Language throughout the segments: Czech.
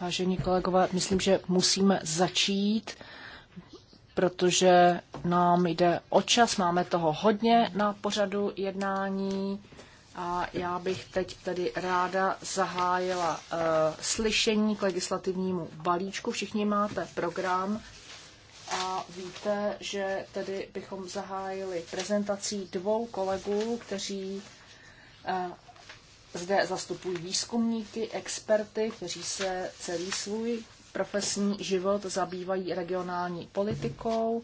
Vážení kolegové, myslím, že musíme začít, protože nám jde o čas, máme toho hodně na pořadu jednání. A já bych teď tedy ráda zahájila uh, slyšení k legislativnímu balíčku. Všichni máte program a víte, že tedy bychom zahájili prezentací dvou kolegů, kteří uh, zde zastupují výzkumníky, experty, kteří se celý svůj profesní život zabývají regionální politikou.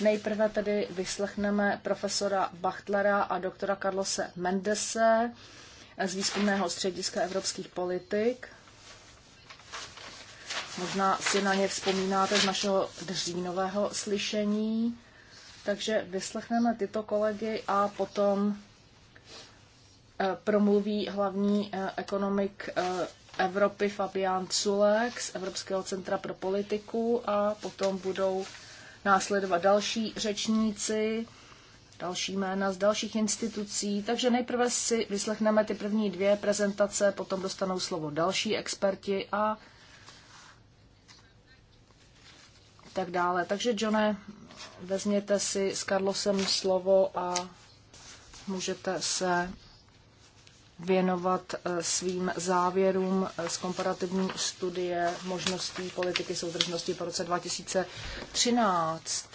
Nejprve tedy vyslechneme profesora Bachtlera a doktora Carlose Mendese z výzkumného střediska evropských politik. Možná si na ně vzpomínáte z našeho dřínového slyšení. Takže vyslechneme tyto kolegy a potom Eh, promluví hlavní eh, ekonomik eh, Evropy Fabián Culek z Evropského centra pro politiku a potom budou následovat další řečníci, další jména z dalších institucí. Takže nejprve si vyslechneme ty první dvě prezentace, potom dostanou slovo další experti a tak dále. Takže, Johne, vezměte si s Karlosem slovo a můžete se věnovat eh, svým závěrům eh, z komparativní studie možností politiky soudržnosti po roce 2013.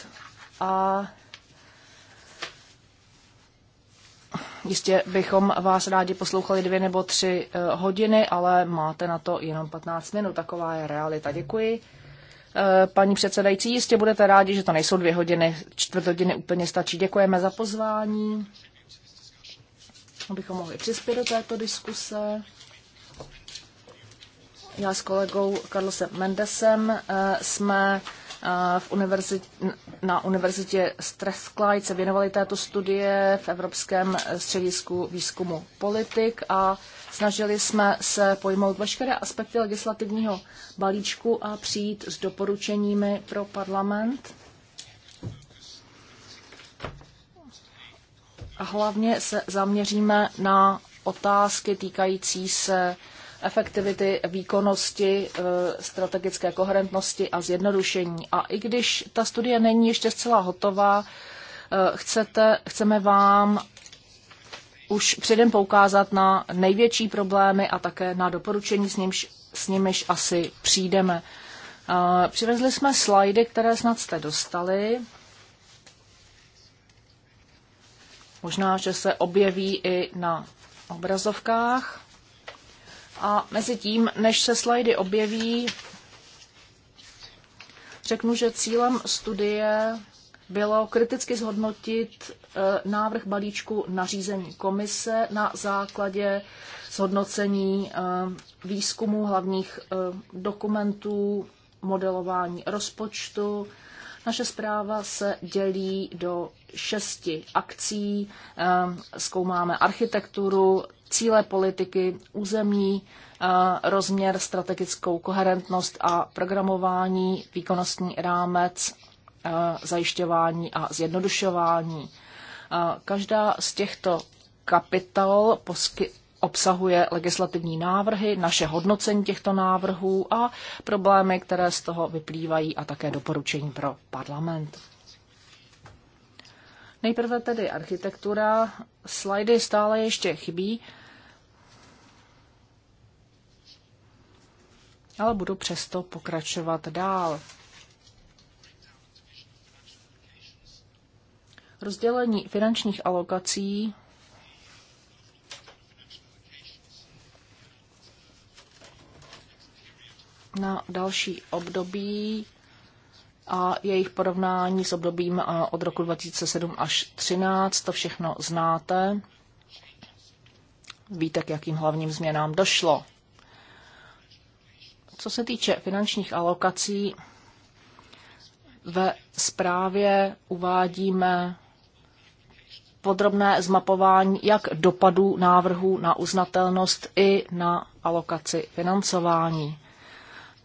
A Jistě bychom vás rádi poslouchali dvě nebo tři eh, hodiny, ale máte na to jenom 15 minut. Taková je realita. Děkuji. Paní předsedající, jistě budete rádi, že to nejsou dvě hodiny, čtvrt hodiny úplně stačí. Děkujeme za pozvání abychom mohli přispět do této diskuse. Já s kolegou Carlosem Mendesem eh, jsme eh, v univerzit, na univerzitě Strathclyde se věnovali této studie v Evropském středisku výzkumu politik a snažili jsme se pojmout veškeré aspekty legislativního balíčku a přijít s doporučeními pro parlament. Hlavně se zaměříme na otázky týkající se efektivity, výkonnosti, e, strategické koherentnosti a zjednodušení. A i když ta studie není ještě zcela hotová, e, chcete, chceme vám už předem poukázat na největší problémy a také na doporučení, s, nímž, s nimiž asi přijdeme. E, přivezli jsme slajdy, které snad jste dostali. Možná, že se objeví i na obrazovkách. A mezi tím, než se slajdy objeví, řeknu, že cílem studie bylo kriticky zhodnotit e, návrh balíčku nařízení komise na základě zhodnocení e, výzkumu hlavních e, dokumentů, modelování rozpočtu, naše zpráva se dělí do šesti akcí. Ehm, zkoumáme architekturu, cíle politiky, území, eh, rozměr, strategickou koherentnost a programování, výkonnostní rámec, eh, zajišťování a zjednodušování. Eh, každá z těchto kapitol posky, obsahuje legislativní návrhy, naše hodnocení těchto návrhů a problémy, které z toho vyplývají a také doporučení pro parlament. Nejprve tedy architektura. Slajdy stále ještě chybí, ale budu přesto pokračovat dál. Rozdělení finančních alokací na další období a jejich porovnání s obdobím od roku 2007 až 2013. To všechno znáte. Víte, k jakým hlavním změnám došlo. Co se týče finančních alokací, ve zprávě uvádíme podrobné zmapování jak dopadů návrhu na uznatelnost i na alokaci financování.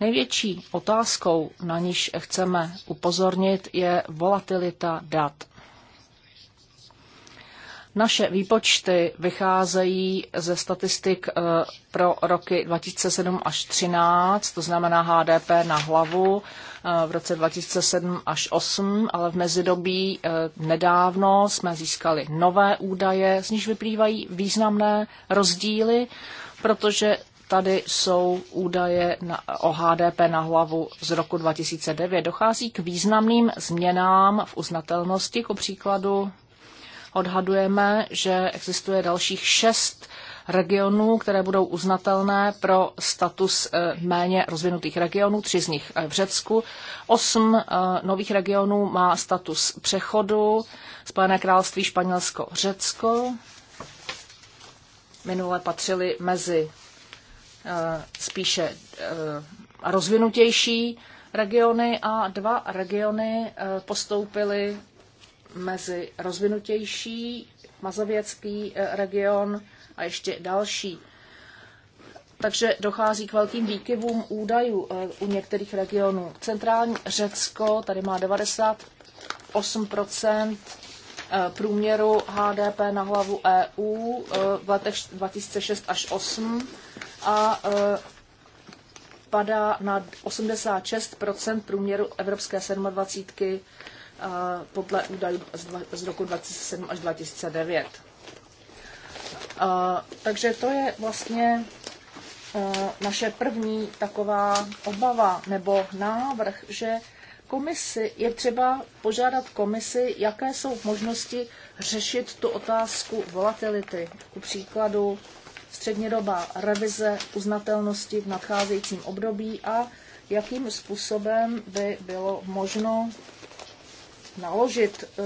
Největší otázkou, na níž chceme upozornit, je volatilita dat. Naše výpočty vycházejí ze statistik eh, pro roky 2007 až 2013, to znamená HDP na hlavu eh, v roce 2007 až 2008, ale v mezidobí eh, nedávno jsme získali nové údaje, z nich vyplývají významné rozdíly, protože Tady jsou údaje na, o HDP na hlavu z roku 2009. Dochází k významným změnám v uznatelnosti. Ku příkladu odhadujeme, že existuje dalších šest regionů, které budou uznatelné pro status eh, méně rozvinutých regionů, tři z nich eh, v Řecku. Osm eh, nových regionů má status přechodu, Spojené království, Španělsko, Řecko. Minule patřili mezi Eh, spíše eh, rozvinutější regiony a dva regiony eh, postoupily mezi rozvinutější mazověcký region a ještě další. Takže dochází k velkým výkyvům údajů u některých regionů. Centrální Řecko tady má 98 Eh, průměru HDP na hlavu EU eh, v letech 2006 až 2008 a eh, padá na 86 průměru Evropské 27 podle údajů z roku 2007 až 2009. Takže to je vlastně naše první taková obava nebo návrh, že komisi, je třeba požádat komisi, jaké jsou možnosti řešit tu otázku volatility. Ku příkladu střednědobá revize uznatelnosti v nadcházejícím období a jakým způsobem by bylo možno naložit e,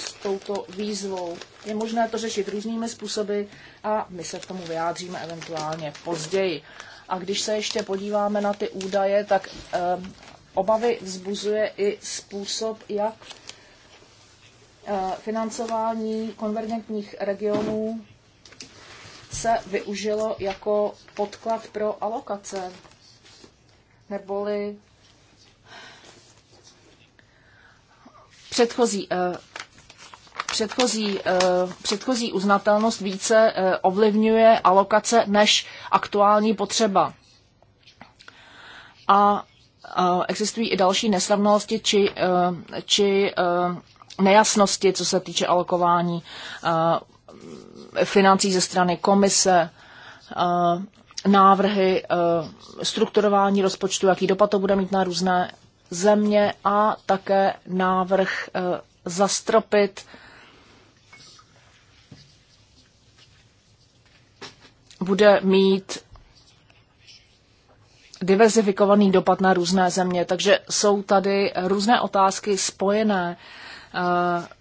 s touto výzvou. Je možné to řešit různými způsoby a my se k tomu vyjádříme eventuálně později. A když se ještě podíváme na ty údaje, tak e, obavy vzbuzuje i způsob, jak eh, financování konvergentních regionů se využilo jako podklad pro alokace, neboli předchozí, eh, předchozí, eh, předchozí uznatelnost více ovlivňuje alokace než aktuální potřeba. A Eh, existují i další neslavnosti či, eh, či eh, nejasnosti, co se týče alokování financí ze strany komise, návrhy strukturování rozpočtu, jaký dopad to bude mít na různé země a také návrh zastropit bude mít diverzifikovaný dopad na různé země. Takže jsou tady různé otázky spojené eh,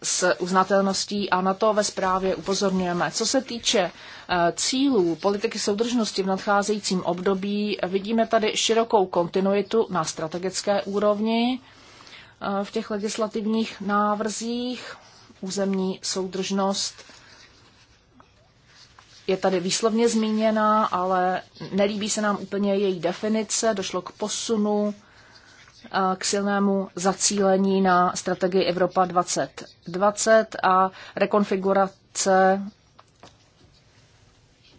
s uznatelností a na to ve zprávě upozorňujeme. Co se týče eh, cílů politiky soudržnosti v nadcházejícím období, vidíme tady širokou kontinuitu na strategické úrovni eh, v těch legislativních návrzích. Územní soudržnost je tady výslovně zmíněna, ale nelíbí se nám úplně její definice. Došlo k posunu k silnému zacílení na strategii Evropa 2020 a rekonfigurace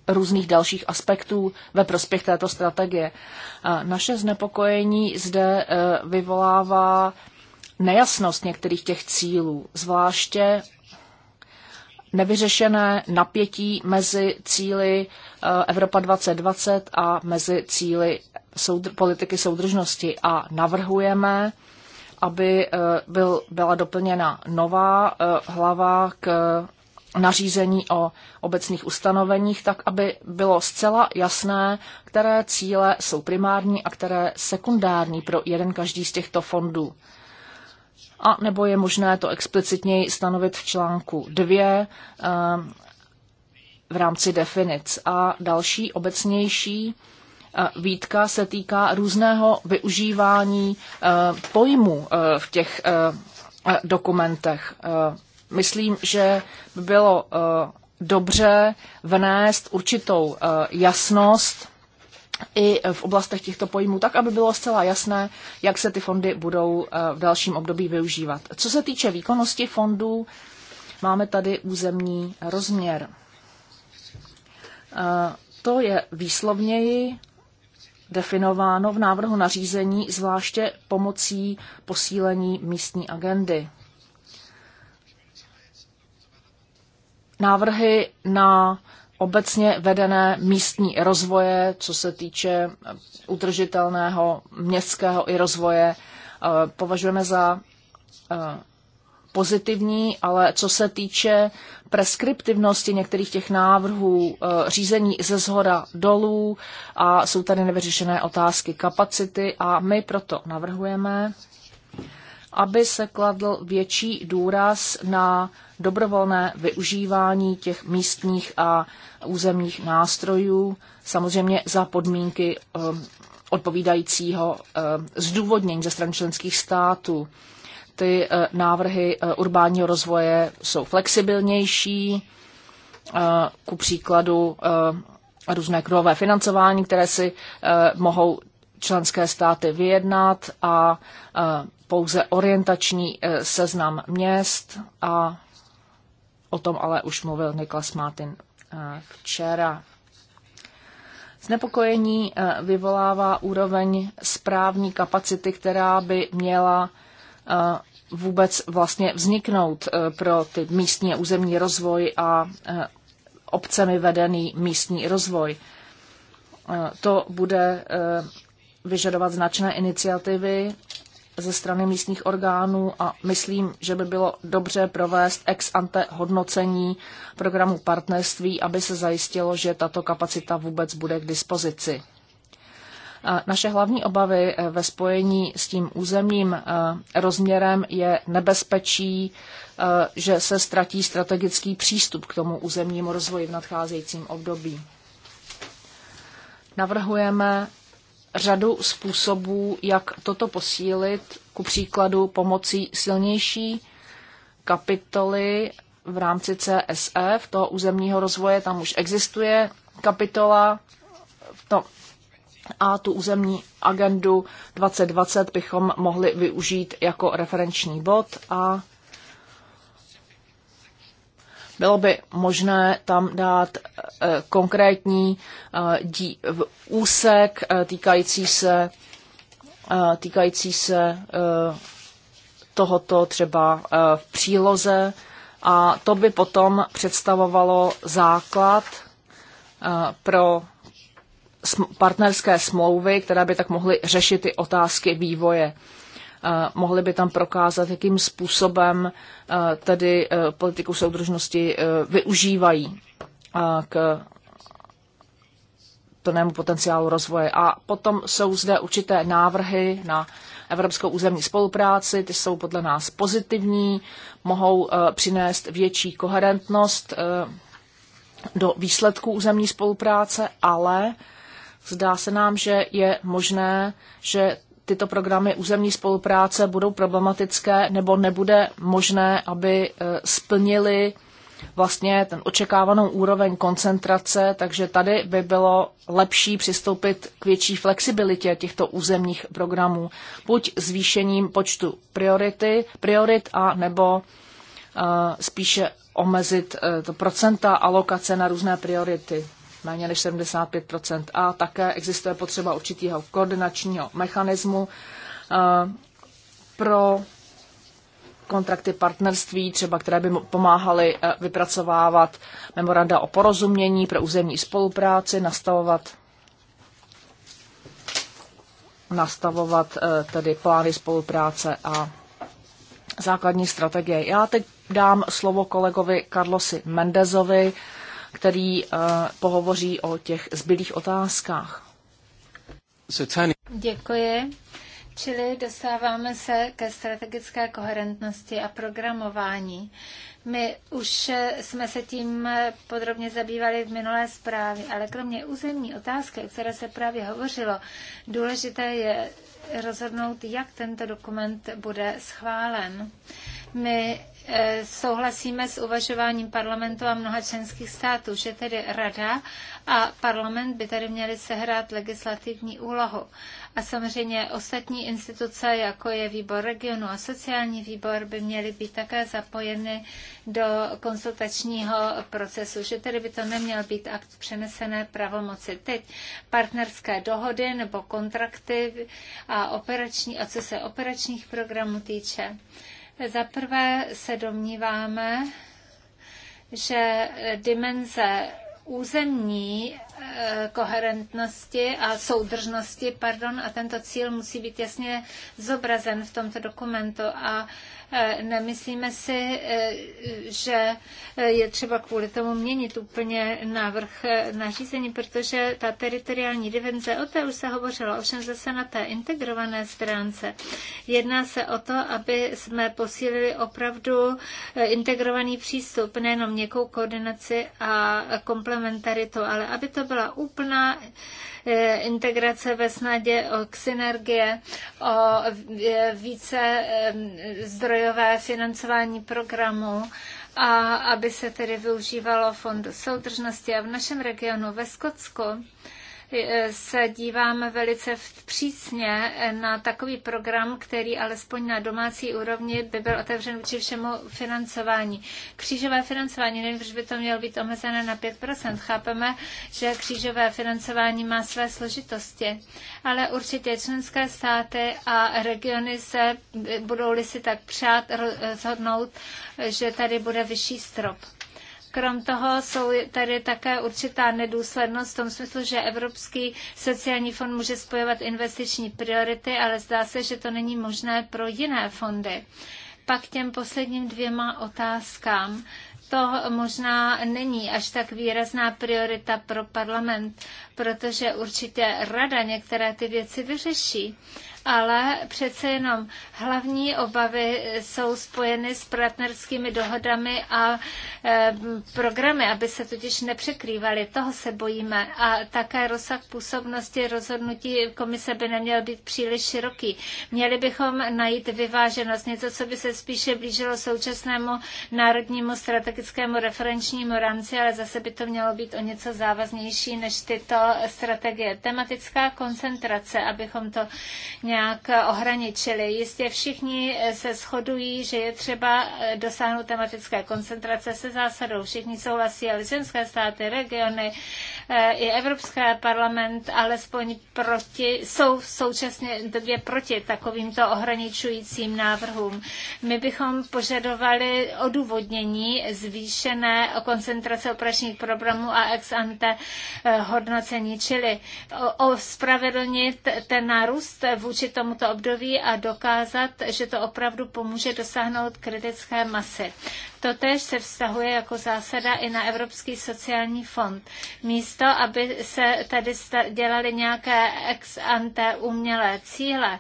různých dalších aspektů ve prospěch této strategie. Naše znepokojení zde e, vyvolává nejasnost některých těch cílů, zvláště nevyřešené napětí mezi cíly eh, Evropa 2020 a mezi cíly soudr- politiky soudržnosti a navrhujeme, aby eh, byl, byla doplněna nová eh, hlava k nařízení o obecných ustanoveních, tak aby bylo zcela jasné, které cíle jsou primární a které sekundární pro jeden každý z těchto fondů a nebo je možné to explicitněji stanovit v článku 2 ehm, v rámci definic. A další obecnější eh, výtka se týká různého využívání eh, pojmů eh, v těch dokumentech. Myslím, že by bylo dobře vnést určitou jasnost i v oblastech těchto pojmů, tak aby bylo zcela jasné, jak se ty fondy budou eh, v dalším období využívat. Co se týče výkonnosti fondů, máme tady územní rozměr. Eh, to je výslovněji definováno v návrhu nařízení, zvláště pomocí posílení místní agendy. Návrhy na obecně vedené místní rozvoje, co se týče udržitelného městského i rozvoje, eh, považujeme za eh, pozitivní, ale co se týče preskriptivnosti některých těch návrhů, eh, řízení ze zhora dolů a jsou tady nevyřešené otázky kapacity a my proto navrhujeme, aby se kladl větší důraz na dobrovolné využívání těch místních a územních nástrojů, samozřejmě za podmínky um, odpovídajícího um, zdůvodnění ze strany členských států. Ty uh, návrhy uh, urbánního rozvoje jsou flexibilnější, uh, ku příkladu různé krové financování, které si mohou členské státy vyjednat a e, pouze orientační e, seznam měst a o tom ale už mluvil Niklas Martin e, včera. Znepokojení vyvolává úroveň správní kapacity, která by měla vůbec vlastně vzniknout pro ty místní územní rozvoj a obcemi vedený místní rozvoj. To bude vyžadovat značné iniciativy ze strany místních orgánů a myslím, že by bylo dobře provést ex ante hodnocení programu partnerství, aby se zajistilo, že tato kapacita vůbec bude k dispozici. Naše hlavní obavy eh, ve spojení s tím územním eh, rozměrem je nebezpečí, eh, že se ztratí strategický přístup k tomu územnímu rozvoji v nadcházejícím období. Navrhujeme řadu způsobů, jak toto posílit, ku příkladu pomocí silnější kapitoly v rámci CSF, toho územního rozvoje, tam už existuje kapitola tom, a tu územní agendu 2020 bychom mohli využít jako referenční bod a bylo by možné tam dát eh, konkrétní eh, úsek eh, týkající se, týkající se tohoto třeba v příloze a to by potom představovalo základ pro partnerské smlouvy, které by tak mohly řešit ty otázky vývoje Eh, mohli by tam prokázat, jakým způsobem eh, tedy eh, politiku soudržnosti využívají k plnému potenciálu rozvoje. A potom jsou zde určité návrhy na evropskou územní spolupráci, ty jsou podle nás pozitivní, mohou přinést větší koherentnost do výsledků územní spolupráce, ale zdá se nám, že je možné, že tyto programy územní spolupráce budou problematické nebo nebude možné, aby e, splnili vlastně ten očekávanou úroveň koncentrace, takže tady by bylo lepší přistoupit k větší flexibilitě těchto územních programů, buď zvýšením počtu priority, priorit a nebo uh, spíše omezit uh, to procenta alokace na různé priority méně než 75 A také existuje potřeba určitého koordinačního mechanismu eh, pro kontrakty partnerství, třeba které by pomáhaly eh, vypracovávat memoranda o porozumění pro územní spolupráci, nastavovat nastavovat eh, tedy plány spolupráce a základní strategie. Já teď dám slovo kolegovi Carlosi Mendezovi, který eh, pohovoří o těch zbylých otázkách. Děkuji. Čili dostáváme se ke strategické koherentnosti a programování. My už eh, jsme se tím eh, podrobně zabývali v minulé zprávě, ale kromě územní otázky, o které se právě hovořilo, důležité je rozhodnout, jak tento dokument bude schválen. My Eh, souhlasíme s uvažováním parlamentu a mnoha členských států, že tedy rada a parlament by tady měly sehrát legislativní úlohu. A samozřejmě ostatní instituce, jako je výbor regionu a sociální výbor, by měly být také zapojeny do konsultačního procesu, že tedy by to neměl být akt přenesené pravomoci. Teď partnerské dohody nebo kontrakty a operační, a co se operačních programů týče. Za prvé se domníváme, že dimenze územní Eh, koherentnosti a soudržnosti, pardon, a tento cíl musí být jasně zobrazen v tomto dokumentu a eh, nemyslíme si, eh, že je třeba kvůli tomu měnit úplně návrh nařízení, protože ta teritoriální divenze, o té už se hovořilo, ovšem zase na té integrované stránce. Jedná se o to, aby jsme posílili opravdu integrovaný přístup, nejenom někou koordinaci a komplementaritu, ale aby to byla úplná eh, integrace ve snadě o synergie, o více zdrojové financování programu a aby se tedy využívalo fondu soudržnosti. A v našem regionu ve Skotsku se dívám velice přísně na takový program, který alespoň na domácí úrovni by byl otevřen vůči všemu financování. Křížové financování, nevím, že by to mělo být omezené na 5%. Chápeme, že křížové financování má své složitosti, ale určitě členské státy a regiony se budou-li si tak přát rozhodnout, že tady bude vyšší strop. Krom toho jsou tady také určitá nedůslednost v tom smyslu, že Evropský sociální fond může spojovat investiční priority, ale zdá se, že to není možné pro jiné fondy. Pak těm posledním dvěma otázkám to možná není až tak výrazná priorita pro parlament, protože určitě rada některé ty věci vyřeší ale přece jenom hlavní obavy jsou spojeny s partnerskými dohodami a e, programy, aby se totiž nepřekrývaly. Toho se bojíme. A také rozsah působnosti rozhodnutí komise by neměl být příliš široký. Měli bychom najít vyváženost, něco, co by se spíše blížilo současnému národnímu strategickému referenčnímu rámci, ale zase by to mělo být o něco závaznější než tyto strategie. Tematická koncentrace, abychom to nějak ohraničili. Jistě všichni se shodují, že je třeba dosáhnout tematické koncentrace se zásadou. Všichni souhlasí, ale ženské státy, regiony, Eh, i Evropský parlament alespoň proti, jsou v současné době proti takovýmto ohraničujícím návrhům. My bychom požadovali odůvodnění zvýšené koncentrace operačních programů a ex ante eh, hodnocení, čili ospravedlnit ten nárůst vůči tomuto období a dokázat, že to opravdu pomůže dosáhnout kritické masy. Totež se vztahuje jako zásada i na Evropský sociální fond. Místo, aby se tady dělaly nějaké ex ante umělé cíle,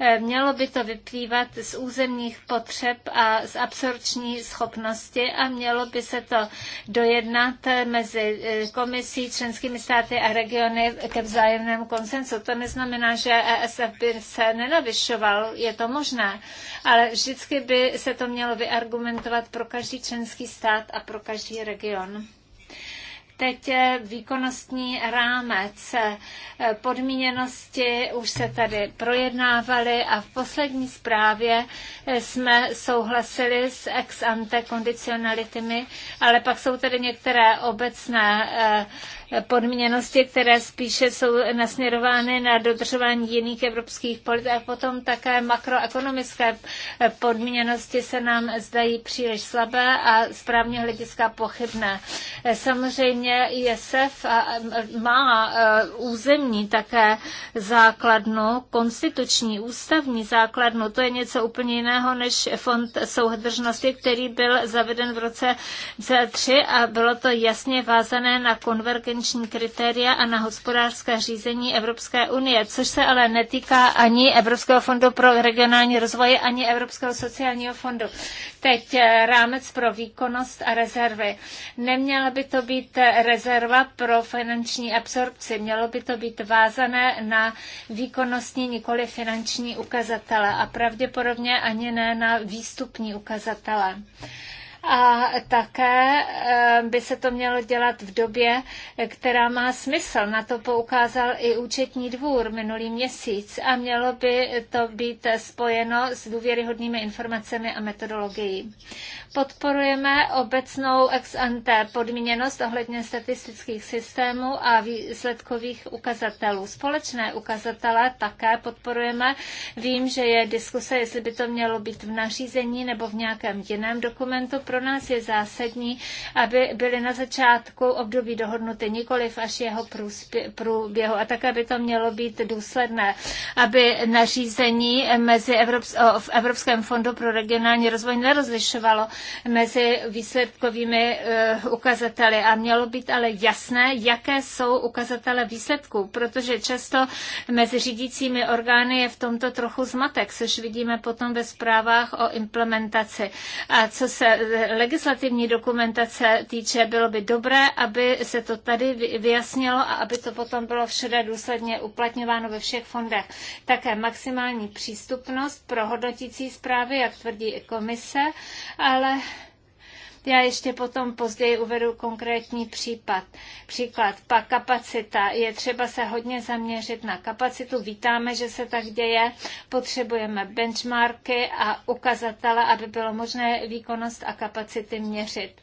eh, mělo by to vyplývat z územních potřeb a z absorční schopnosti a mělo by se to dojednat mezi eh, komisí, členskými státy a regiony ke vzájemnému konsensu. To neznamená, že ESF by se nenavyšoval, je to možné, ale vždycky by se to mělo vyargumentovat pro každý členský stát a pro každý region teď výkonnostní rámec podmíněnosti už se tady projednávaly a v poslední zprávě jsme souhlasili s ex ante kondicionalitami, ale pak jsou tady některé obecné eh, podmíněnosti, které spíše jsou nasměrovány na dodržování jiných evropských politik a potom také makroekonomické podmíněnosti se nám zdají příliš slabé a správně hlediska pochybné. Samozřejmě ISF má e, územní také základnu, konstituční, ústavní základnu. To je něco úplně jiného než fond souhdržnosti, který byl zaveden v roce 2003 a bylo to jasně vázané na konvergenci konvergenční kritéria a na hospodářské řízení Evropské unie, což se ale netýká ani Evropského fondu pro regionální rozvoj, ani Evropského sociálního fondu. Teď eh, rámec pro výkonnost a rezervy. Neměla by to být eh, rezerva pro finanční absorpci, mělo by to být vázané na výkonnostní, nikoli finanční ukazatele a pravděpodobně ani ne na výstupní ukazatele a také eh, by se to mělo dělat v době, která má smysl. Na to poukázal i účetní dvůr minulý měsíc a mělo by to být spojeno s důvěryhodnými informacemi a metodologií. Podporujeme obecnou ex ante podmíněnost ohledně statistických systémů a výsledkových ukazatelů. Společné ukazatele také podporujeme. Vím, že je diskuse, jestli by to mělo být v nařízení nebo v nějakém jiném dokumentu pro pro nás je zásadní, aby byly na začátku období dohodnuty nikoliv až jeho průběhu a tak, aby to mělo být důsledné, aby nařízení mezi Evrops- v Evropském fondu pro regionální rozvoj nerozlišovalo mezi výsledkovými eh, ukazateli a mělo být ale jasné, jaké jsou ukazatele výsledků, protože často mezi řídícími orgány je v tomto trochu zmatek, což vidíme potom ve zprávách o implementaci. A co se legislativní dokumentace týče, bylo by dobré, aby se to tady vyjasnilo a aby to potom bylo všude důsledně uplatňováno ve všech fondech. Také maximální přístupnost pro hodnotící zprávy, jak tvrdí i komise, ale já ještě potom později uvedu konkrétní případ. Příklad, pak kapacita. Je třeba se hodně zaměřit na kapacitu. Vítáme, že se tak děje. Potřebujeme benchmarky a ukazatele, aby bylo možné výkonnost a kapacity měřit.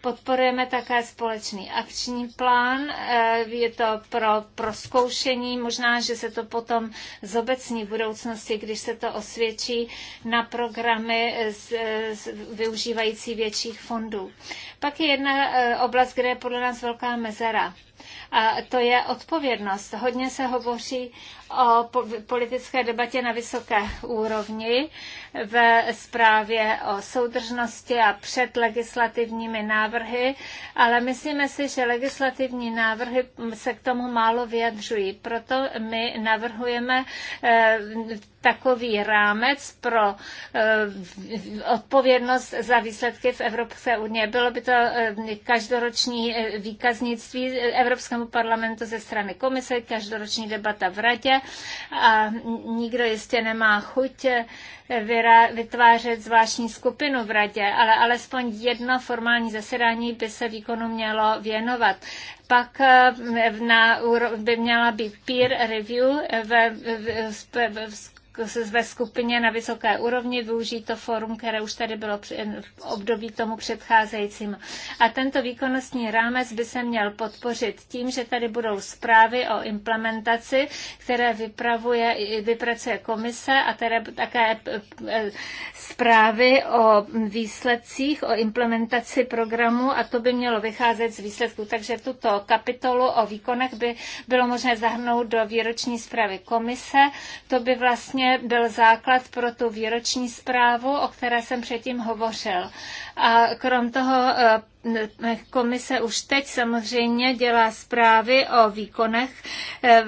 Podporujeme také společný akční plán. Eh, je to pro pro zkoušení. Možná, že se to potom zobecní v budoucnosti, když se to osvědčí na programy z, z, využívající větších fondů fondů. Pak je jedna eh, oblast, kde je podle nás velká mezera. A to je odpovědnost. Hodně se hovoří o politické debatě na vysoké úrovni ve zprávě o soudržnosti a před legislativními návrhy, ale myslíme si, že legislativní návrhy se k tomu málo vyjadřují. Proto my navrhujeme eh, takový rámec pro eh, odpovědnost za výsledky v Evropské unii. Bylo by to eh, každoroční výkaznictví Evropskému parlamentu ze strany komise, každoroční debata v radě a nikdo jistě nemá chuť eh, vytvářet zvláštní skupinu v radě, ale alespoň jedno formální zasedání by se výkonu mělo věnovat pak eh, na, by měla být peer review eh, ve, v, ve, ve ve skupině na vysoké úrovni, využít to fórum, které už tady bylo v období tomu předcházejícím. A tento výkonnostní rámec by se měl podpořit tím, že tady budou zprávy o implementaci, které vypravuje, vypracuje komise a které také e, e, zprávy o výsledcích, o implementaci programu a to by mělo vycházet z výsledků. Takže tuto kapitolu o výkonech by bylo možné zahrnout do výroční zprávy komise. To by vlastně vlastně byl základ pro tu výroční zprávu, o které jsem předtím hovořil. A krom toho eh, Komise už teď samozřejmě dělá zprávy o výkonech. E,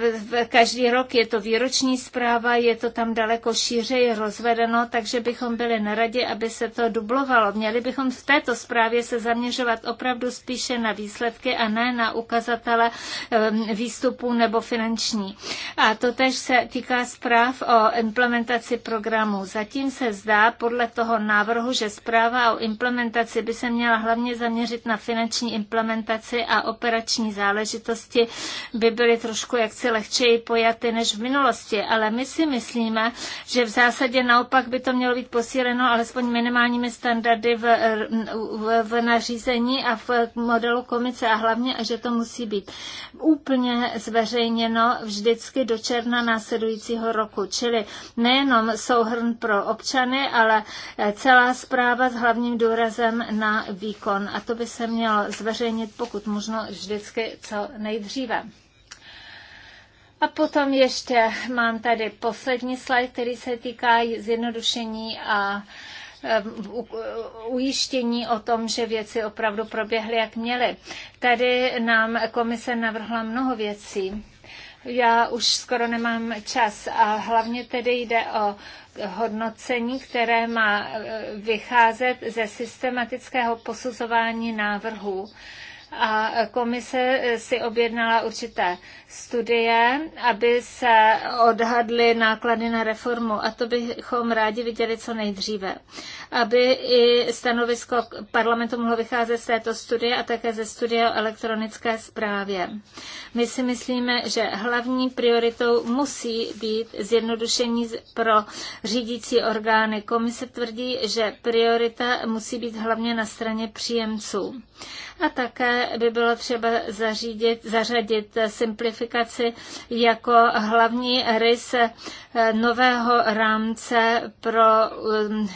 každý rok je to výroční zpráva, je to tam daleko šířeji rozvedeno, takže bychom byli neradi, aby se to dublovalo. Měli bychom v této zprávě se zaměřovat opravdu spíše na výsledky a ne na ukazatele výstupů nebo finanční. A to tež se týká zpráv o implementaci programu. Zatím se zdá podle toho návrhu, že zpráva o implementaci by se měla hlavně zaměřovat zaměřit na finanční implementaci a operační záležitosti, by byly trošku jaksi lehčeji pojaty než v minulosti. Ale my si myslíme, že v zásadě naopak by to mělo být posíleno alespoň minimálními standardy v, v, v nařízení a v modelu komice a hlavně, a že to musí být úplně zveřejněno vždycky do června následujícího roku. Čili nejenom souhrn pro občany, ale celá zpráva s hlavním důrazem na výkon. A to by se měl zveřejnit pokud možno vždycky co nejdříve. A potom ještě mám tady poslední slide, který se týká zjednodušení a ujištění o tom, že věci opravdu proběhly, jak měly. Tady nám komise navrhla mnoho věcí já už skoro nemám čas a hlavně tedy jde o hodnocení, které má eh, vycházet ze systematického posuzování návrhů a komise eh, si objednala určité studie, aby se odhadly náklady na reformu a to bychom rádi viděli co nejdříve aby i stanovisko parlamentu mohlo vycházet z této studie a také ze studie o elektronické zprávě. My si myslíme, že hlavní prioritou musí být zjednodušení pro řídící orgány. Komise tvrdí, že priorita musí být hlavně na straně příjemců. A také by bylo třeba zařídit, zařadit simplifikaci jako hlavní rys eh, nového rámce pro um,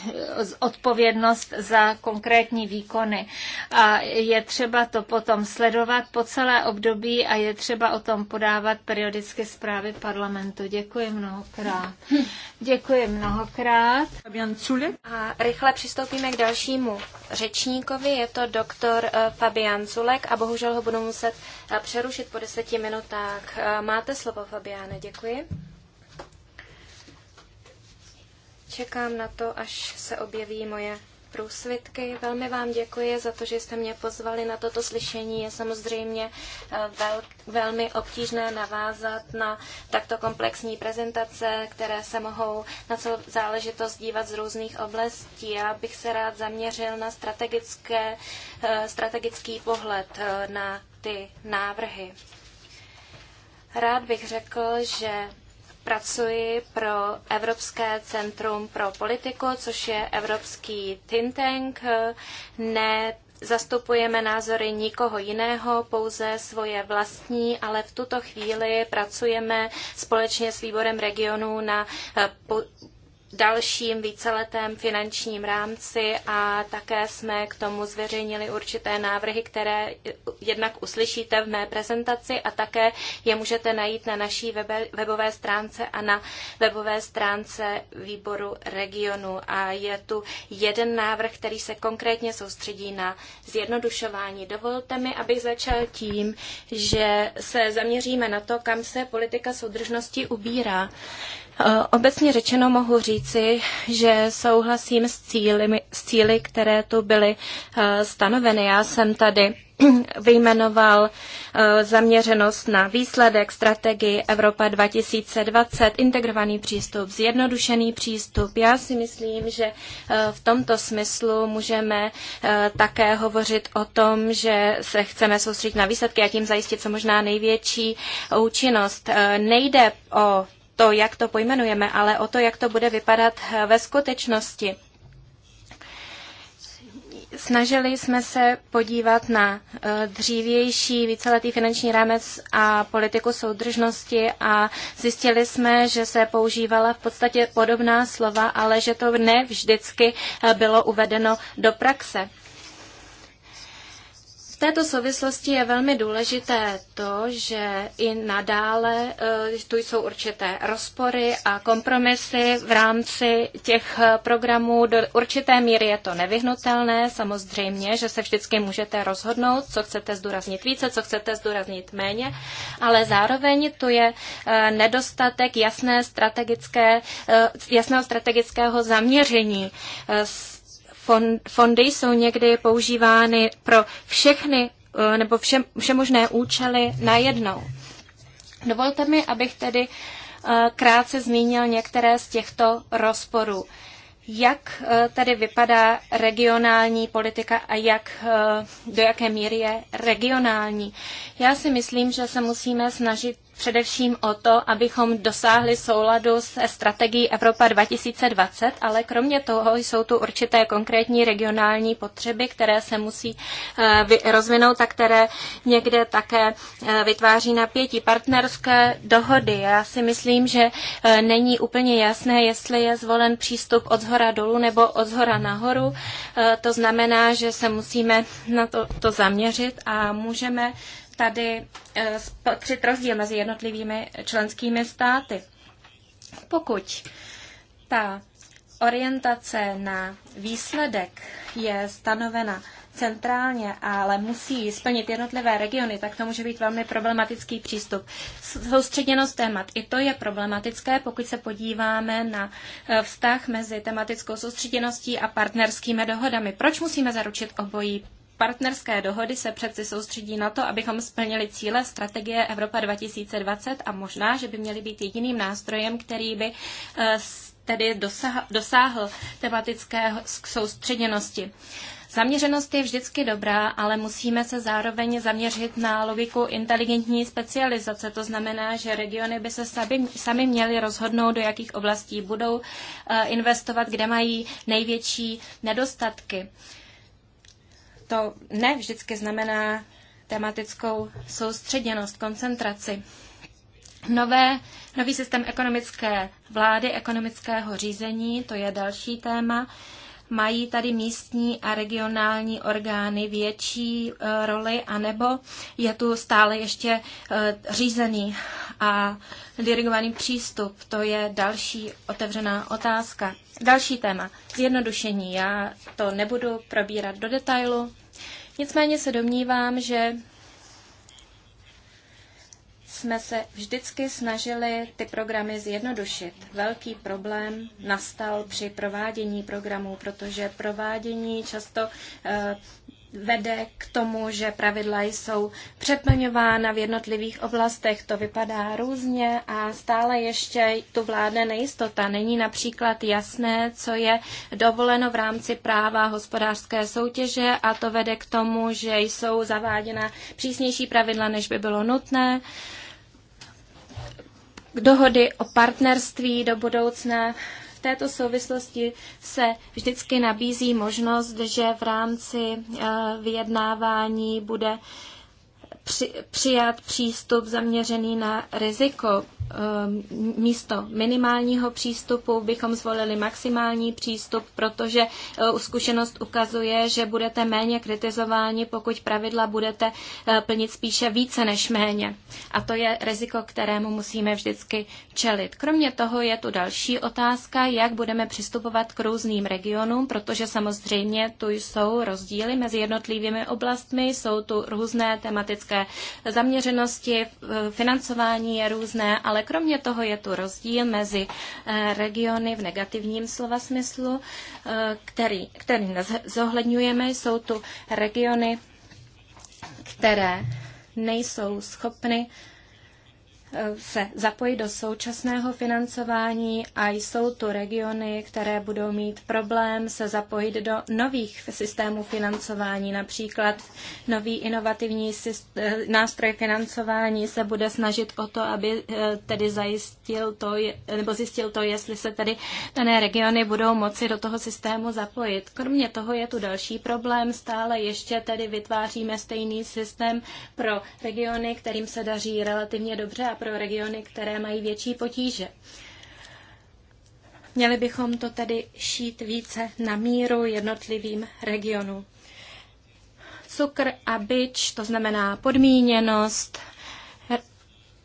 odpovědnost za konkrétní výkony. A je třeba to potom sledovat po celé období a je třeba o tom podávat periodicky zprávy parlamentu. Děkuji mnohokrát. Děkuji mnohokrát. A rychle přistoupíme k dalšímu řečníkovi. Je to doktor eh, Fabian Culek a bohužel ho budu muset eh, přerušit po deseti minutách. Eh, máte slovo, Fabiane, děkuji. Čekám na to, až se objeví moje průsvitky. Velmi vám děkuji za to, že jste mě pozvali na toto slyšení. Je samozřejmě eh, vel, velmi obtížné navázat na takto komplexní prezentace, které se mohou na celou záležitost dívat z různých oblastí. Já bych se rád zaměřil na strategické, eh, strategický pohled eh, na ty návrhy. Rád bych řekl, že pracuji pro Evropské centrum pro politiku, což je evropský think tank. Ne, zastupujeme názory nikoho jiného, pouze svoje vlastní, ale v tuto chvíli pracujeme společně s výborem regionů na eh, dalším víceletém finančním rámci a také jsme k tomu zveřejnili určité návrhy, které jednak uslyšíte v mé prezentaci a také je můžete najít na naší webe, webové stránce a na webové stránce výboru regionu. A je tu jeden návrh, který se konkrétně soustředí na zjednodušování. Dovolte mi, abych začal tím, že se zaměříme na to, kam se politika soudržnosti ubírá. Eh, obecně řečeno mohu říci, že souhlasím s cíly, s cíly které tu byly eh, stanoveny. Já jsem tady vyjmenoval eh, zaměřenost na výsledek, strategii Evropa 2020, integrovaný přístup, zjednodušený přístup. Já si myslím, že v tomto smyslu můžeme také hovořit o tom, že se chceme soustředit na výsledky a tím zajistit co možná největší účinnost. Nejde o to, jak to pojmenujeme, ale o to, jak to bude vypadat eh, ve skutečnosti. Snažili jsme se podívat na eh, dřívější víceletý finanční rámec a politiku soudržnosti a zjistili jsme, že se používala v podstatě podobná slova, ale že to ne vždycky eh, bylo uvedeno do praxe této souvislosti je velmi důležité to, že i nadále eh, tu jsou určité rozpory a kompromisy v rámci těch eh, programů. Do určité míry je to nevyhnutelné, samozřejmě, že se vždycky můžete rozhodnout, co chcete zdůraznit více, co chcete zdůraznit méně, ale zároveň tu je eh, nedostatek jasné strategické, jasného strategického zaměření fondy jsou někdy používány pro všechny eh, nebo vše, všemožné účely najednou. Dovolte mi, abych tedy eh, krátce zmínil některé z těchto rozporů. Jak eh, tady vypadá regionální politika a jak, do jaké míry je regionální? Já si myslím, že se musíme snažit především o to, abychom dosáhli souladu se strategií Evropa 2020, ale kromě toho jsou tu určité konkrétní regionální potřeby, které se musí eh, rozvinout a které někde také eh, vytváří napětí. Partnerské dohody. Já si myslím, že eh, není úplně jasné, jestli je zvolen přístup od zhora dolů nebo od zhora nahoru. To znamená, že se musíme na to, to zaměřit a můžeme tady eh, spatřit rozdíl mezi jednotlivými členskými státy. Pokud ta orientace na výsledek je stanovena centrálně, ale musí splnit jednotlivé regiony, tak to může být velmi problematický přístup. Soustředěnost témat, i to je problematické, pokud se podíváme na eh, vztah mezi tematickou soustředěností a partnerskými dohodami. Proč musíme zaručit obojí partnerské dohody se přeci soustředí na to, abychom splnili cíle strategie Evropa 2020 a možná, že by měly být jediným nástrojem, který by eh, tedy dosáhl, tematické soustředěnosti. Zaměřenost je vždycky dobrá, ale musíme se zároveň zaměřit na logiku inteligentní specializace. To znamená, že regiony by se sami, sami měly rozhodnout, do jakých oblastí budou eh, investovat, kde mají největší nedostatky to ne vždycky znamená tematickou soustředěnost, koncentraci. Nové, nový systém ekonomické vlády, ekonomického řízení, to je další téma mají tady místní a regionální orgány větší eh, roli, anebo je tu stále ještě eh, řízený a dirigovaný přístup? To je další otevřená otázka. Další téma. Zjednodušení. Já to nebudu probírat do detailu. Nicméně se domnívám, že jsme se vždycky snažili ty programy zjednodušit. Velký problém nastal při provádění programů, protože provádění často eh, vede k tomu, že pravidla jsou přeplňována v jednotlivých oblastech. To vypadá různě a stále ještě tu vládne nejistota. Není například jasné, co je dovoleno v rámci práva hospodářské soutěže a to vede k tomu, že jsou zaváděna přísnější pravidla, než by bylo nutné dohody o partnerství do budoucna. V této souvislosti se vždycky nabízí možnost, že v rámci eh, vyjednávání bude při, přijat přístup zaměřený na riziko. Ehm, místo minimálního přístupu bychom zvolili maximální přístup, protože e, zkušenost ukazuje, že budete méně kritizováni, pokud pravidla budete e, plnit spíše více než méně. A to je riziko, kterému musíme vždycky čelit. Kromě toho je tu další otázka, jak budeme přistupovat k různým regionům, protože samozřejmě tu jsou rozdíly mezi jednotlivými oblastmi, jsou tu různé tematické zaměřenosti, eh, financování je různé, ale kromě toho je tu rozdíl mezi eh, regiony v negativním slova smyslu, eh, který, který zohledňujeme. Jsou tu regiony, které nejsou schopny uh, se zapojit do současného financování a jsou tu regiony, které budou mít problém se zapojit do nových systémů financování. Například nový inovativní eh, nástroj financování se bude snažit o to, aby eh, tedy zajistil to, nebo zjistil to, jestli se tedy dané regiony budou moci do toho systému zapojit. Kromě toho je tu další problém. Stále ještě tedy vytváříme stejný systém pro regiony, kterým se daří relativně dobře a pro regiony, které mají větší potíže. Měli bychom to tedy šít více na míru jednotlivým regionům. Cukr a byč, to znamená podmíněnost,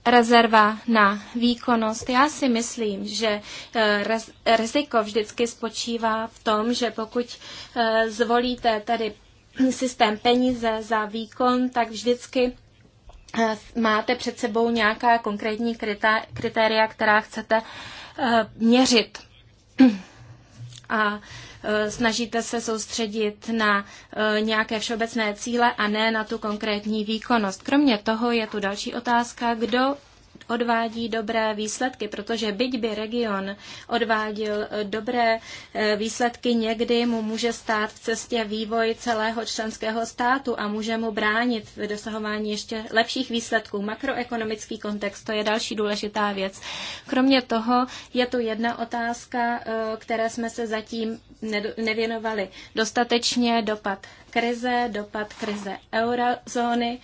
rezerva na výkonnost. Já si myslím, že eh, riziko vždycky spočívá v tom, že pokud eh, zvolíte tedy systém peníze za výkon, tak vždycky Eh, máte před sebou nějaká konkrétní kritéria, která chcete eh, měřit. A eh, snažíte se soustředit na nějaké všeobecné cíle a ne na tu konkrétní výkonnost. Kromě toho je tu další otázka, kdo odvádí dobré výsledky, protože byť by region odváděl eh, dobré eh, výsledky, někdy mu může stát v cestě vývoj celého členského státu a může mu bránit v dosahování ještě lepších výsledků. Makroekonomický kontext, to je další důležitá věc. Kromě toho je tu jedna otázka, eh, které jsme se zatím nevěnovali dostatečně, dopad krize, dopad krize eurozóny.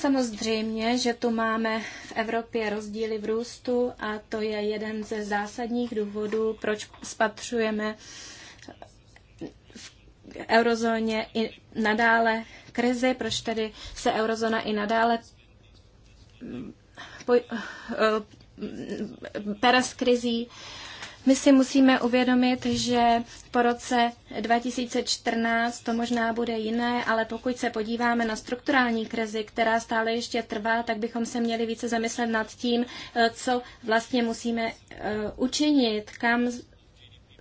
Samozřejmě, že tu máme v Evropě rozdíly v růstu a to je jeden ze zásadních důvodů, proč spatřujeme v eurozóně i nadále krizi, proč tedy se eurozóna i nadále eh, pere s krizí. My si musíme uvědomit, že po roce 2014 to možná bude jiné, ale pokud se podíváme na strukturální krizi, která stále ještě trvá, tak bychom se měli více zamyslet nad tím, eh, co vlastně musíme eh, učinit, kam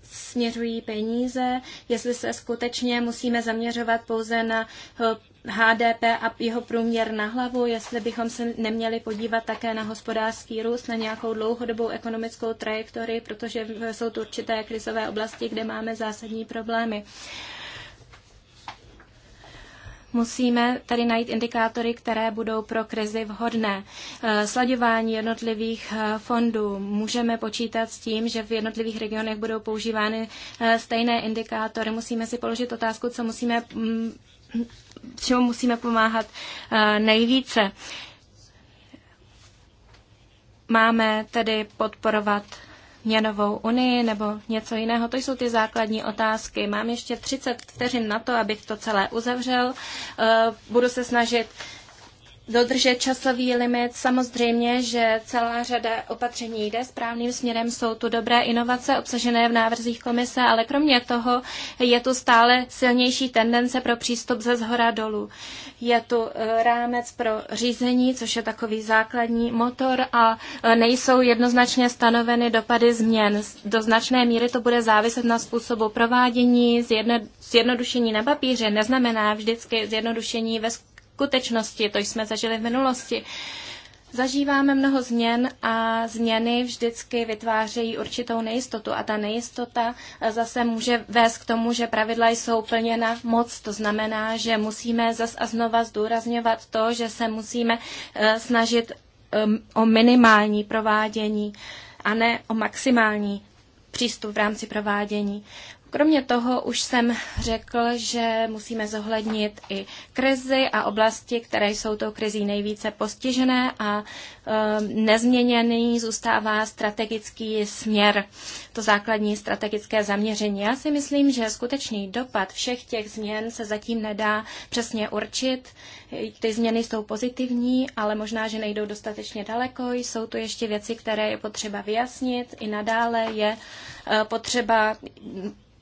směřují peníze, jestli se skutečně musíme zaměřovat pouze na eh, HDP a jeho průměr na hlavu, jestli bychom se neměli podívat také na hospodářský růst, na nějakou dlouhodobou ekonomickou trajektorii, protože jsou tu určité krizové oblasti, kde máme zásadní problémy. Musíme tady najít indikátory, které budou pro krizi vhodné. Eh, Sladěvání jednotlivých eh, fondů. Můžeme počítat s tím, že v jednotlivých regionech budou používány eh, stejné indikátory. Musíme si položit otázku, co musíme mm, čemu musíme pomáhat eh, nejvíce. Máme tedy podporovat měnovou unii nebo něco jiného. To jsou ty základní otázky. Mám ještě 30 vteřin na to, abych to celé uzavřel. Eh, budu se snažit dodržet časový limit. Samozřejmě, že celá řada opatření jde správným směrem. Jsou tu dobré inovace obsažené v návrzích komise, ale kromě toho je tu stále silnější tendence pro přístup ze zhora dolů. Je tu eh, rámec pro řízení, což je takový základní motor a eh, nejsou jednoznačně stanoveny dopady změn. Do značné míry to bude záviset na způsobu provádění, zjednodušení na papíře neznamená vždycky zjednodušení ve skutečnosti skutečnosti, to jsme zažili v minulosti. Zažíváme mnoho změn a změny vždycky vytvářejí určitou nejistotu a ta nejistota eh, zase může vést k tomu, že pravidla jsou plněna moc. To znamená, že musíme zas a znova zdůrazňovat to, že se musíme eh, snažit o minimální provádění a ne o maximální přístup v rámci provádění. Kromě toho už jsem řekl, že musíme zohlednit i krizi a oblasti, které jsou tou krizí nejvíce postižené a e, nezměněný zůstává strategický směr, to základní strategické zaměření. Já si myslím, že skutečný dopad všech těch změn se zatím nedá přesně určit. Ty změny jsou pozitivní, ale možná, že nejdou dostatečně daleko. Jsou tu ještě věci, které je potřeba vyjasnit. I nadále je uh, potřeba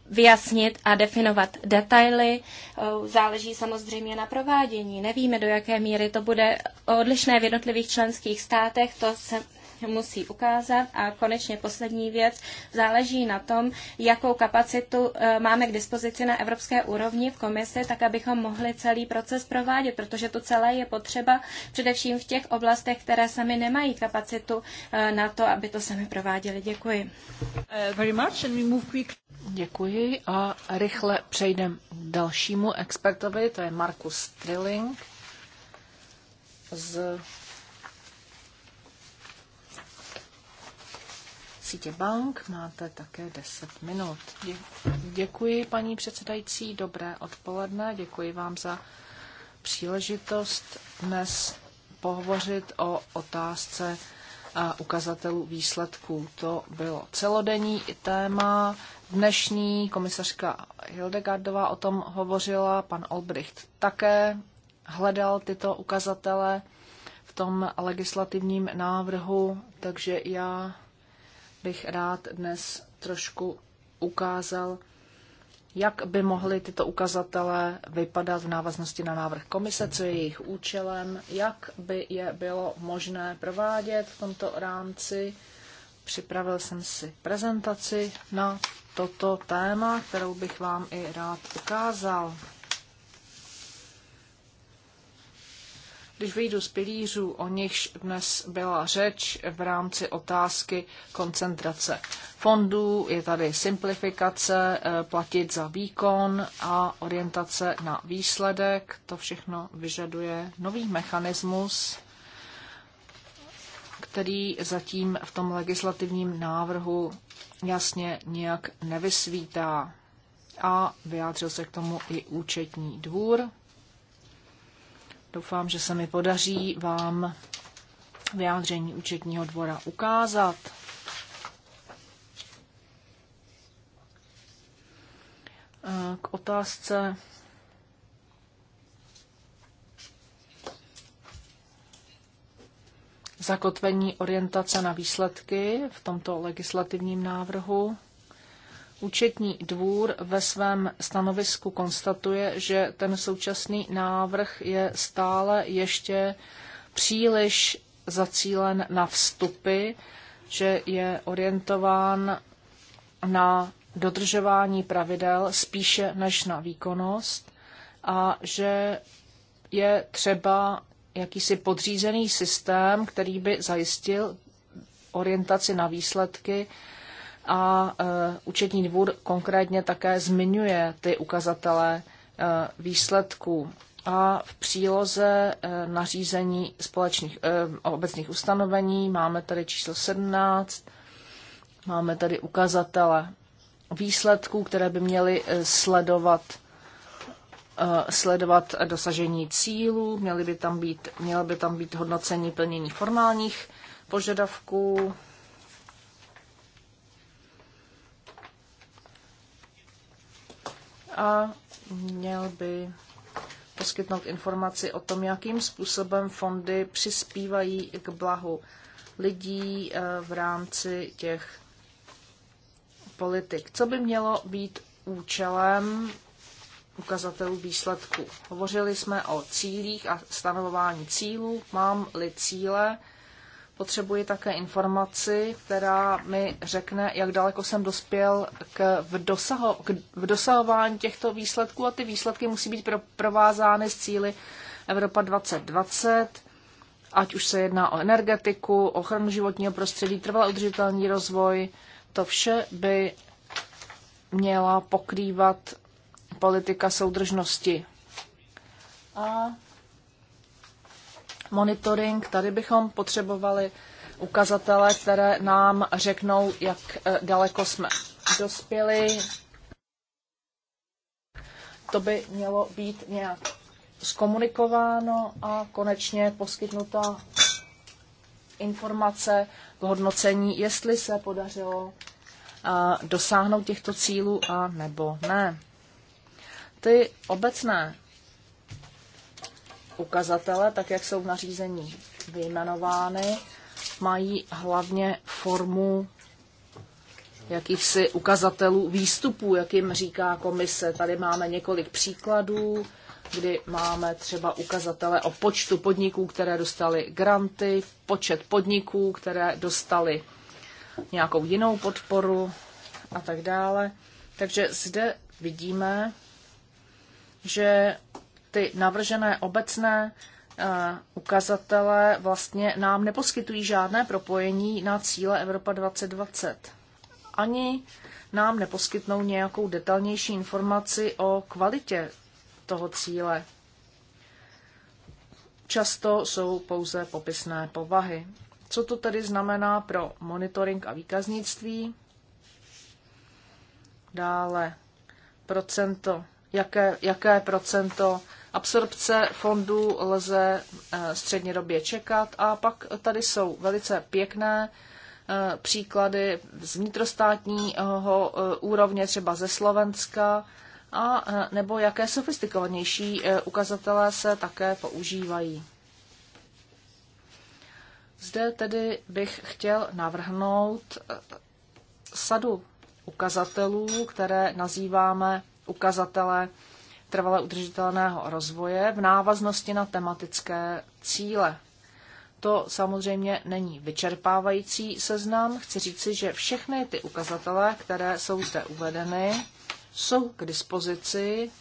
vyjasnit a definovat detaily. Eh, záleží samozřejmě na provádění. Nevíme, do jaké míry to bude odlišné v jednotlivých členských státech, to se musí ukázat. A konečně poslední věc, záleží na tom, jakou kapacitu eh, máme k dispozici na evropské úrovni v komisi, tak abychom mohli celý proces provádět, protože to celé je potřeba především v těch oblastech, které sami nemají kapacitu eh, na to, aby to sami prováděli. Děkuji. Eh, Děkuji a rychle přejdeme k dalšímu expertovi, to je Markus Trilling z sítě bank. Máte také 10 minut. Děkuji, paní předsedající. Dobré odpoledne. Děkuji vám za příležitost dnes pohovořit o otázce ukazatelů výsledků. To bylo celodenní téma. Dnešní komisařka Hildegardová o tom hovořila, pan Olbricht také hledal tyto ukazatele v tom legislativním návrhu, takže já bych rád dnes trošku ukázal, jak by mohly tyto ukazatele vypadat v návaznosti na návrh komise, co je jejich účelem, jak by je bylo možné provádět v tomto rámci. Připravil jsem si prezentaci na toto téma, kterou bych vám i rád ukázal. Když vyjdu z pilířů, o nichž dnes byla řeč v rámci otázky koncentrace fondů, je tady simplifikace, eh, platit za výkon a orientace na výsledek. To všechno vyžaduje nový mechanismus, který zatím v tom legislativním návrhu jasně nijak nevysvítá. A vyjádřil se k tomu i účetní dvůr Doufám, že se mi podaří vám vyjádření účetního dvora ukázat. Eh, k otázce zakotvení orientace na výsledky v tomto legislativním návrhu. Účetní dvůr ve svém stanovisku konstatuje, že ten současný návrh je stále ještě příliš zacílen na vstupy, že je orientován na dodržování pravidel spíše než na výkonnost a že je třeba jakýsi podřízený systém, který by zajistil orientaci na výsledky a e, účetní dvůr konkrétně také zmiňuje ty ukazatele e, výsledků. A v příloze e, nařízení společných obecných ustanovení máme tady číslo 17, máme tady ukazatele výsledků, které by měly sledovat sledovat dosažení cílů, měly by tam být, mělo by tam být hodnocení plnění formálních požadavků, a měl by poskytnout informaci o tom, jakým způsobem fondy přispívají k blahu lidí eh, v rámci těch politik. Co by mělo být účelem ukazatelů výsledků? Hovořili jsme o cílích a stanovování cílů. Mám-li cíle, Potřebuji také informaci, která mi řekne, jak daleko jsem dospěl k, v, dosaho, k, v dosahování těchto výsledků a ty výsledky musí být pro, provázány s cíly Evropa 2020, ať už se jedná o energetiku, ochranu životního prostředí, trvalý udržitelný rozvoj. To vše by měla pokrývat politika soudržnosti. A monitoring. Tady bychom potřebovali ukazatele, které nám řeknou, jak eh, daleko jsme dospěli. To by mělo být nějak zkomunikováno a konečně poskytnuta informace k hodnocení, jestli se podařilo eh, dosáhnout těchto cílů a nebo ne. Ty obecné ukazatele, tak jak jsou v nařízení vyjmenovány, mají hlavně formu jakýchsi ukazatelů výstupů, jak jim říká komise. Tady máme několik příkladů, kdy máme třeba ukazatele o počtu podniků, které dostaly granty, počet podniků, které dostaly nějakou jinou podporu a tak dále. Takže zde vidíme, že ty navržené obecné eh, ukazatele vlastně nám neposkytují žádné propojení na cíle Evropa 2020. Ani nám neposkytnou nějakou detailnější informaci o kvalitě toho cíle. Často jsou pouze popisné povahy. Co to tedy znamená pro monitoring a výkaznictví? Dále procento jaké, jaké procento absorpce fondů lze eh, střednědobě čekat. A pak tady jsou velice pěkné eh, příklady z vnitrostátního eh, úrovně, třeba ze Slovenska, a nebo jaké sofistikovanější ukazatelé se také používají. Zde tedy bych chtěl navrhnout sadu ukazatelů, které nazýváme ukazatele trvale udržitelného rozvoje v návaznosti na tematické cíle. To samozřejmě není vyčerpávající seznam. Chci říci, že všechny ty ukazatele, které jsou zde uvedeny, jsou k dispozici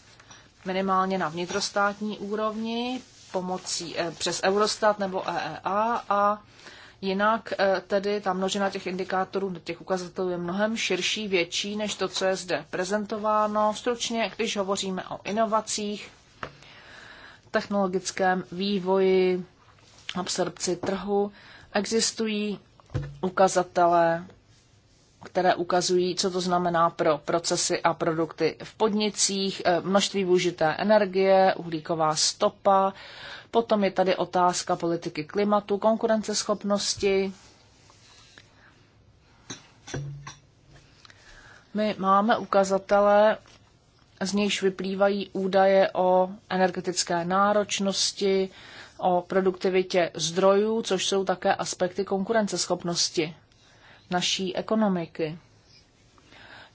minimálně na vnitrostátní úrovni pomocí eh, přes Eurostat nebo EEA a Jinak eh, tedy ta množina těch indikátorů, těch ukazatelů je mnohem širší, větší než to, co je zde prezentováno. Stručně, když hovoříme o inovacích, technologickém vývoji, absorpci trhu, existují ukazatele které ukazují, co to znamená pro procesy a produkty v podnicích, eh, množství využité energie, uhlíková stopa. Potom je tady otázka politiky klimatu, konkurenceschopnosti. My máme ukazatele, z nějž vyplývají údaje o energetické náročnosti, o produktivitě zdrojů, což jsou také aspekty konkurenceschopnosti naší ekonomiky.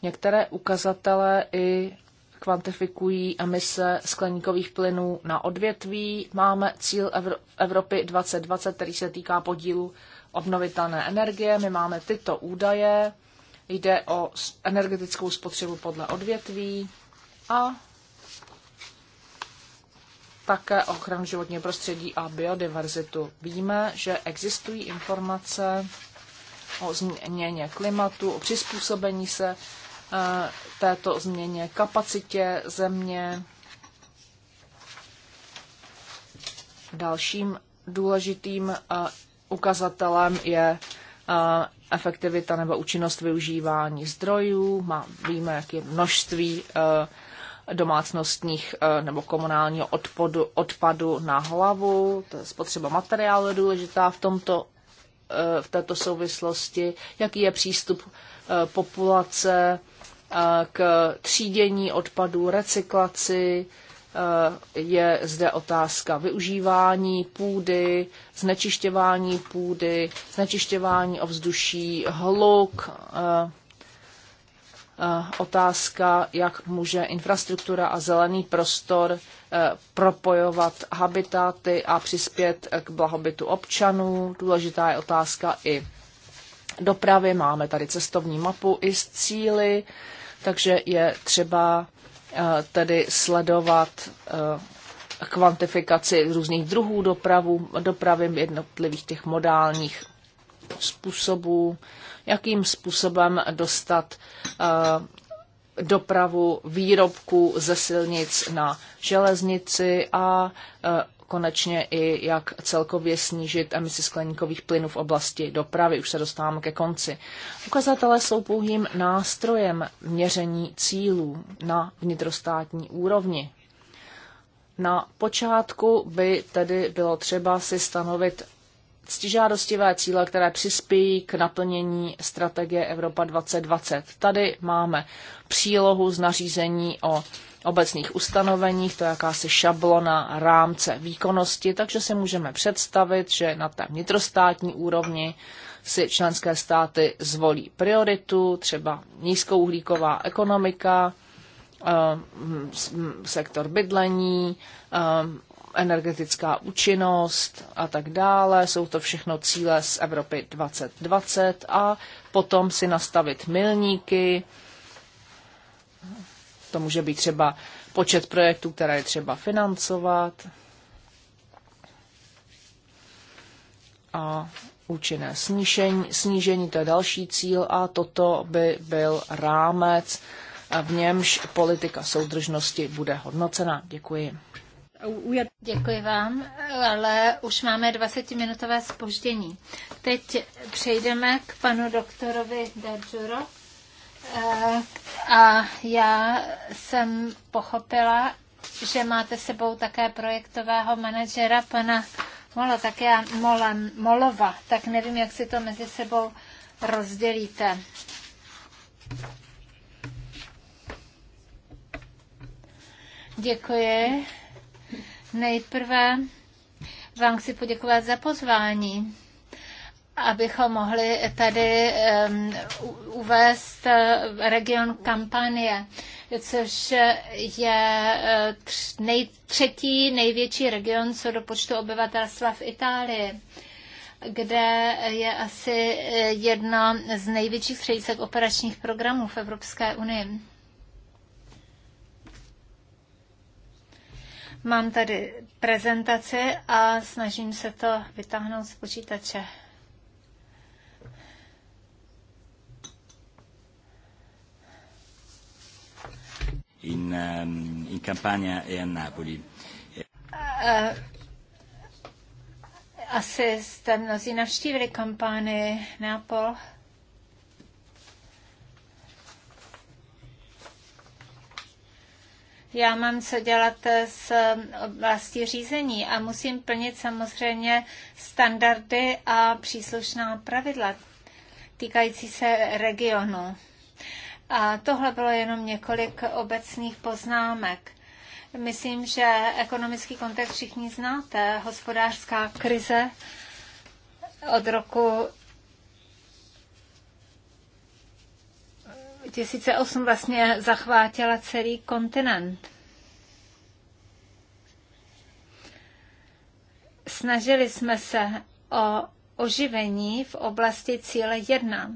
Některé ukazatele i kvantifikují emise skleníkových plynů na odvětví. Máme cíl Evropy 2020, který se týká podílu obnovitelné energie. My máme tyto údaje. Jde o energetickou spotřebu podle odvětví a také ochranu životního prostředí a biodiverzitu. Víme, že existují informace o změně klimatu, o přizpůsobení se e, této změně, kapacitě země. Dalším důležitým e, ukazatelem je e, efektivita nebo účinnost využívání zdrojů. Má, víme, jak je množství domácnostních nebo komunálního odpadu, odpadu na hlavu. To je spotřeba materiálu je důležitá v tomto v této souvislosti, jaký je přístup eh, populace eh, k třídění odpadů, recyklaci, eh, je zde otázka využívání půdy, znečišťování půdy, znečišťování ovzduší, hluk, otázka, jak může infrastruktura a zelený prostor Eh, propojovat habitáty a přispět k blahobytu občanů. Důležitá je otázka i dopravy. Máme tady cestovní mapu i s cíly, takže je třeba eh, tedy sledovat eh, kvantifikaci různých druhů dopravu, dopravy jednotlivých těch modálních způsobů, jakým způsobem dostat dopravu výrobků ze silnic na železnici a e, konečně i jak celkově snížit emisi skleníkových plynů v oblasti dopravy. Už se dostáváme ke konci. Ukazatele jsou pouhým nástrojem měření cílů na vnitrostátní úrovni. Na počátku by tedy bylo třeba si stanovit ctižádostivé cíle, které přispějí k naplnění strategie Evropa 2020. Tady máme přílohu z nařízení o obecných ustanoveních, to je jakási šablona rámce výkonnosti, takže si můžeme představit, že na té vnitrostátní úrovni si členské státy zvolí prioritu, třeba nízkouhlíková ekonomika, eh, sektor bydlení, eh, energetická účinnost a tak dále. Jsou to všechno cíle z Evropy 2020 a potom si nastavit milníky. To může být třeba počet projektů, které je třeba financovat a účinné snížení, snížení, to je další cíl a toto by byl rámec, v němž politika soudržnosti bude hodnocena. Děkuji. Děkuji vám, ale už máme 20-minutové spoždění. Teď přejdeme k panu doktorovi Dadžuro. Eh, a já jsem pochopila, že máte sebou také projektového manažera pana Mola, tak já Mola, Molova, tak nevím, jak si to mezi sebou rozdělíte. Děkuji. Nejprve vám chci poděkovat za pozvání abychom mohli tady um, uvést eh, region Kampanie, což je eh, nej, třetí největší region co do počtu obyvatelstva v Itálii kde je asi eh, jedno z největších středisek operačních programů v Evropské unii. Mám tady prezentaci a snažím se to vytáhnout z počítače. In, um, in Campania e a Napoli. Uh, asi jste mnozí navštívili kampány Neapol. já mám co dělat s oblastí řízení a musím plnit samozřejmě standardy a příslušná pravidla týkající se regionu. A tohle bylo jenom několik obecných poznámek. Myslím, že ekonomický kontext všichni znáte. Hospodářská krize od roku 2008 vlastně zachvátila celý kontinent. Snažili jsme se o oživení v oblasti cíle 1,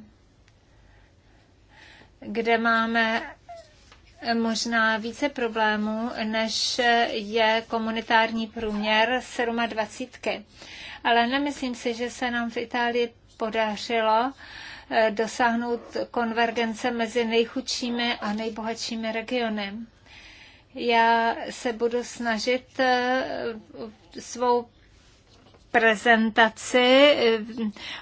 kde máme možná více problémů, než je komunitární průměr 27. Ale nemyslím si, že se nám v Itálii podařilo dosáhnout konvergence mezi nejchudšími a nejbohatšími regiony. Já se budu snažit eh, svou prezentaci eh,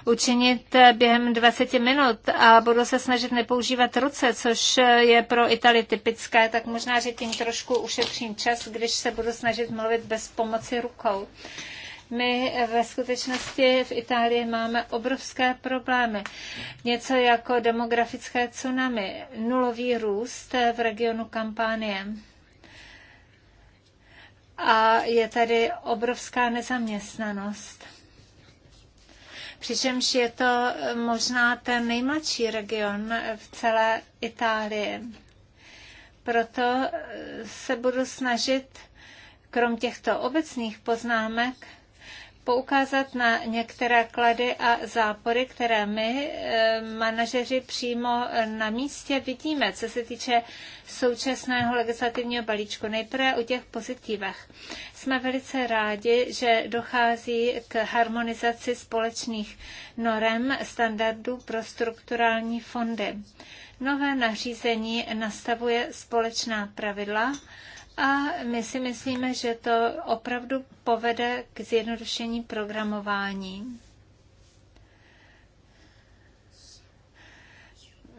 učinit eh, během 20 minut a budu se snažit nepoužívat ruce, což je pro Itali typické, tak možná, že tím trošku ušetřím čas, když se budu snažit mluvit bez pomoci rukou. My ve skutečnosti v Itálii máme obrovské problémy. Něco jako demografické tsunami, nulový růst v regionu Kampánie. A je tady obrovská nezaměstnanost. Přičemž je to možná ten nejmladší region v celé Itálii. Proto se budu snažit, krom těchto obecných poznámek, poukázat na některé klady a zápory, které my, eh, manažeři, přímo na místě vidíme, co se týče současného legislativního balíčku. Nejprve o těch pozitivech. Jsme velice rádi, že dochází k harmonizaci společných norem standardů pro strukturální fondy. Nové nařízení nastavuje společná pravidla, a my si myslíme, že to opravdu povede k zjednodušení programování.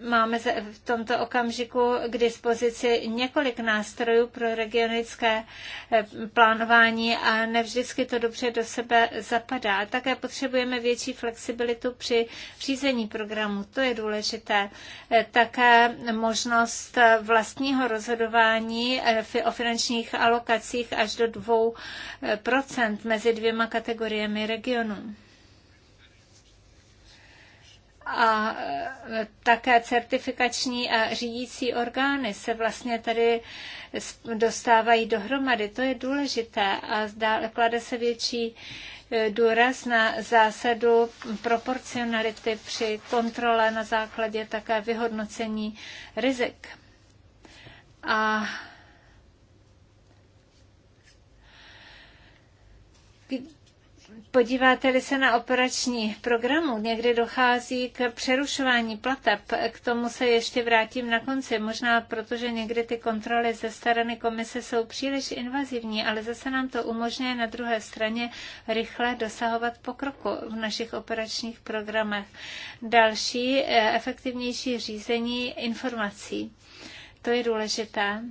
Máme v tomto okamžiku k dispozici několik nástrojů pro regionické eh, plánování a nevždycky to dobře do sebe zapadá. Také potřebujeme větší flexibilitu při řízení programu, to je důležité. Eh, také možnost eh, vlastního rozhodování o finančních alokacích až do 2% mezi dvěma kategoriemi regionů a e, také certifikační a řídící orgány se vlastně tady dostávají dohromady. To je důležité a klade se větší e, důraz na zásadu proporcionality při kontrole na základě také vyhodnocení rizik. A Podíváte-li se na operační programu, někdy dochází k přerušování plateb. K tomu se ještě vrátím na konci, možná protože někdy ty kontroly ze strany komise jsou příliš invazivní, ale zase nám to umožňuje na druhé straně rychle dosahovat pokroku v našich operačních programech. Další eh, efektivnější řízení informací. To je důležité.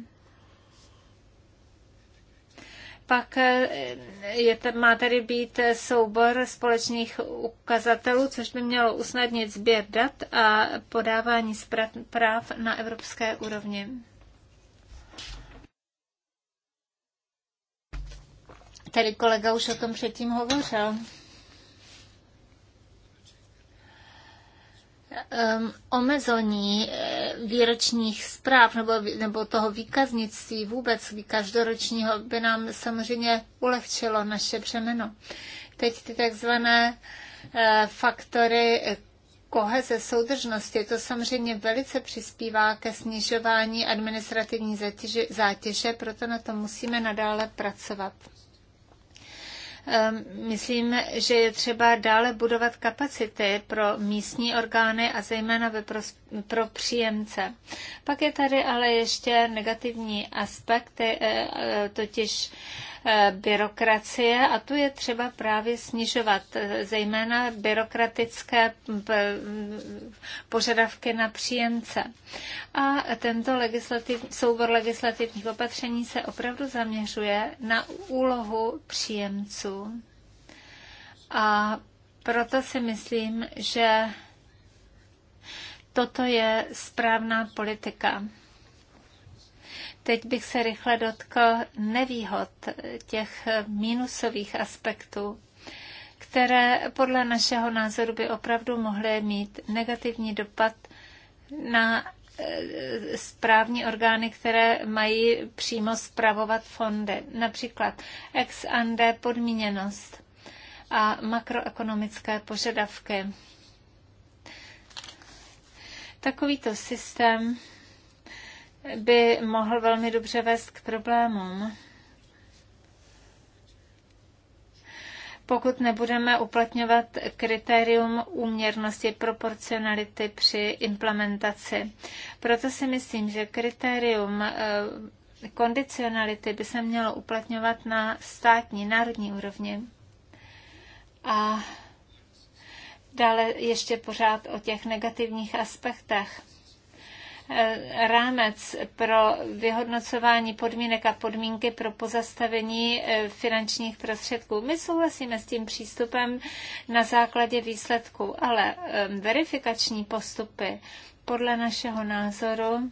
Pak eh, je, má tady být eh, soubor společných ukazatelů, což by mělo usnadnit sběr dat a podávání zpráv na evropské úrovni. Tady kolega už o tom předtím hovořil. um, omezení eh, výročních zpráv nebo, nebo toho výkaznictví vůbec každoročního by nám samozřejmě ulehčilo naše břemeno. Teď ty takzvané eh, faktory eh, koheze, soudržnosti, to samozřejmě velice přispívá ke snižování administrativní zátěže, zátěže, proto na to musíme nadále pracovat. Ehm, myslím, že je třeba dále budovat kapacity pro místní orgány a zejména pro, pro příjemce. Pak je tady ale ještě negativní aspekt, eh, eh, totiž Eh, byrokracie a tu je třeba právě snižovat eh, zejména byrokratické eh, požadavky na příjemce. A tento legislativ, soubor legislativních opatření se opravdu zaměřuje na úlohu příjemců. A proto si myslím, že toto je správná politika. Teď bych se rychle dotkl nevýhod těch mínusových aspektů, které podle našeho názoru by opravdu mohly mít negativní dopad na eh, správní orgány, které mají přímo zpravovat fondy. Například ex ante podmíněnost a makroekonomické požadavky. Takovýto systém by mohl velmi dobře vést k problémům. pokud nebudeme uplatňovat kritérium úměrnosti proporcionality při implementaci. Proto si myslím, že kritérium eh, kondicionality by se mělo uplatňovat na státní, národní úrovni. A dále ještě pořád o těch negativních aspektech. Eh, rámec pro vyhodnocování podmínek a podmínky pro pozastavení eh, finančních prostředků. My souhlasíme s tím přístupem na základě výsledků, ale eh, verifikační postupy podle našeho názoru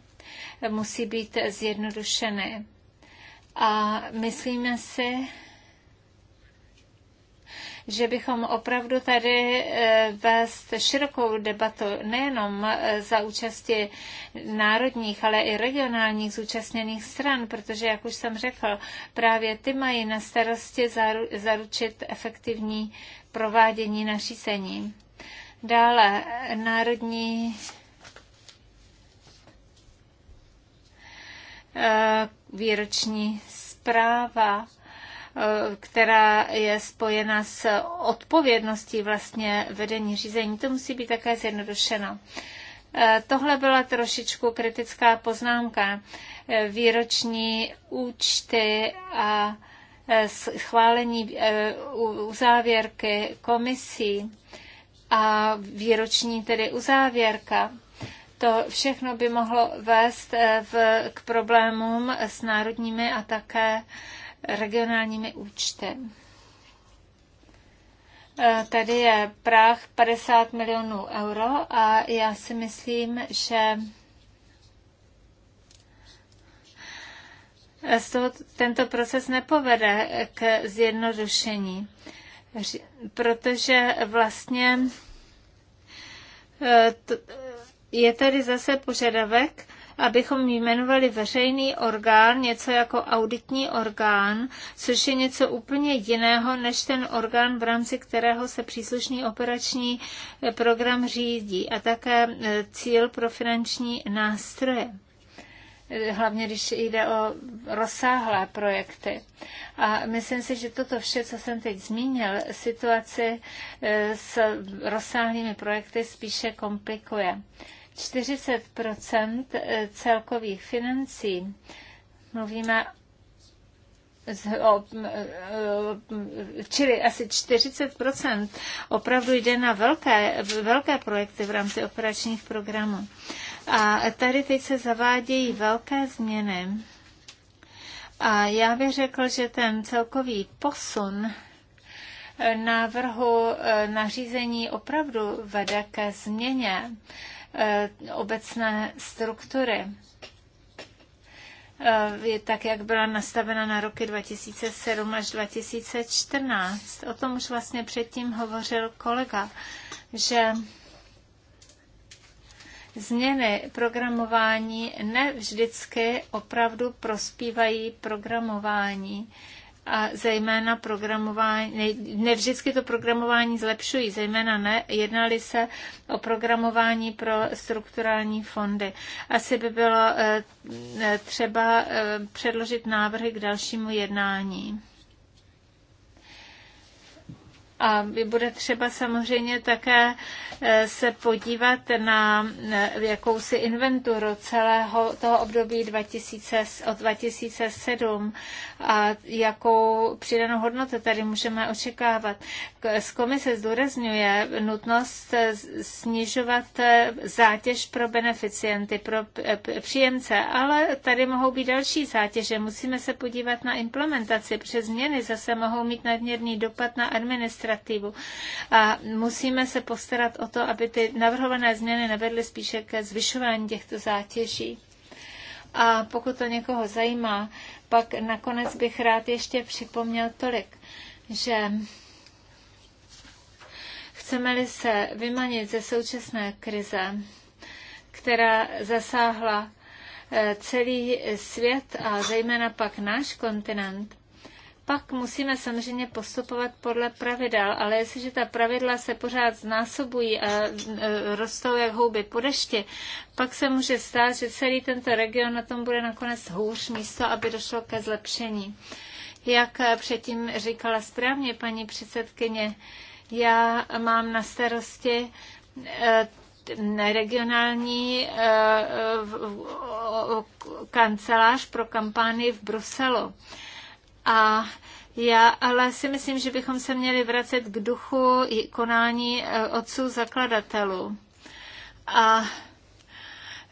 musí být zjednodušeny. A myslíme si, že bychom opravdu tady eh, vést širokou debatu nejenom eh, za účasti národních, ale i regionálních zúčastněných stran, protože, jak už jsem řekl, právě ty mají na starosti zaručit efektivní provádění nařízení. Dále národní eh, výroční zpráva Eh, která je spojena s odpovědností vlastně vedení řízení. To musí být také zjednodušeno. Eh, tohle byla trošičku kritická poznámka. Eh, výroční účty a schválení uzávěrky komisí a výroční tedy uzávěrka. To všechno by mohlo vést v, k problémům s národními a také regionálními účty. E, tady je práh 50 milionů euro a já si myslím, že tento proces nepovede k zjednodušení, protože vlastně e, je tady zase požadavek, abychom jmenovali veřejný orgán něco jako auditní orgán, což je něco úplně jiného než ten orgán, v rámci kterého se příslušný operační eh, program řídí a také eh, cíl pro finanční nástroje eh, hlavně když jde o rozsáhlé projekty. A myslím si, že toto vše, co jsem teď zmínil, situaci s rozsáhlými projekty spíše komplikuje. 40 eh, celkových financí, mluvíme eh, čili asi 40% opravdu jde na velké, velké projekty v rámci operačních programů. A tady teď se zavádějí velké změny. A já bych řekl, že ten celkový posun eh, návrhu nařízení opravdu vede ke změně Eh, obecné struktury eh, je tak, jak byla nastavena na roky 2007 až 2014. O tom už vlastně předtím hovořil kolega, že změny programování ne vždycky opravdu prospívají programování a zejména programování, ne vždycky to programování zlepšují, zejména ne, jednali se o programování pro strukturální fondy. Asi by bylo eh, eh, třeba eh, předložit návrhy k dalšímu jednání. A bude třeba samozřejmě také eh, se podívat na eh, jakousi inventuru celého toho období 2000, od 2007 a jakou přidanou hodnotu tady můžeme očekávat. Z komise zdůrazňuje nutnost eh, snižovat zátěž pro beneficienty, pro příjemce, ale tady mohou být další zátěže. Musíme se podívat na implementaci, protože změny zase mohou mít nadměrný dopad na administraci administrativu. A musíme se postarat o to, aby ty navrhované změny nevedly spíše ke zvyšování těchto zátěží. A pokud to někoho zajímá, pak nakonec bych rád ještě připomněl tolik, že chceme-li se vymanit ze současné krize, která zasáhla eh, celý svět a zejména pak náš kontinent, pak musíme samozřejmě postupovat podle pravidel, ale jestliže ta pravidla se pořád znásobují a e, rostou jak houby po dešti, pak se může stát, že celý tento region na tom bude nakonec hůř místo, aby došlo ke zlepšení. Jak e, předtím říkala správně paní předsedkyně, já mám na starosti e, regionální kancelář pro kampány v Bruselu. A já ale si myslím, že bychom se měli vracet k duchu i konání e, otců zakladatelů. A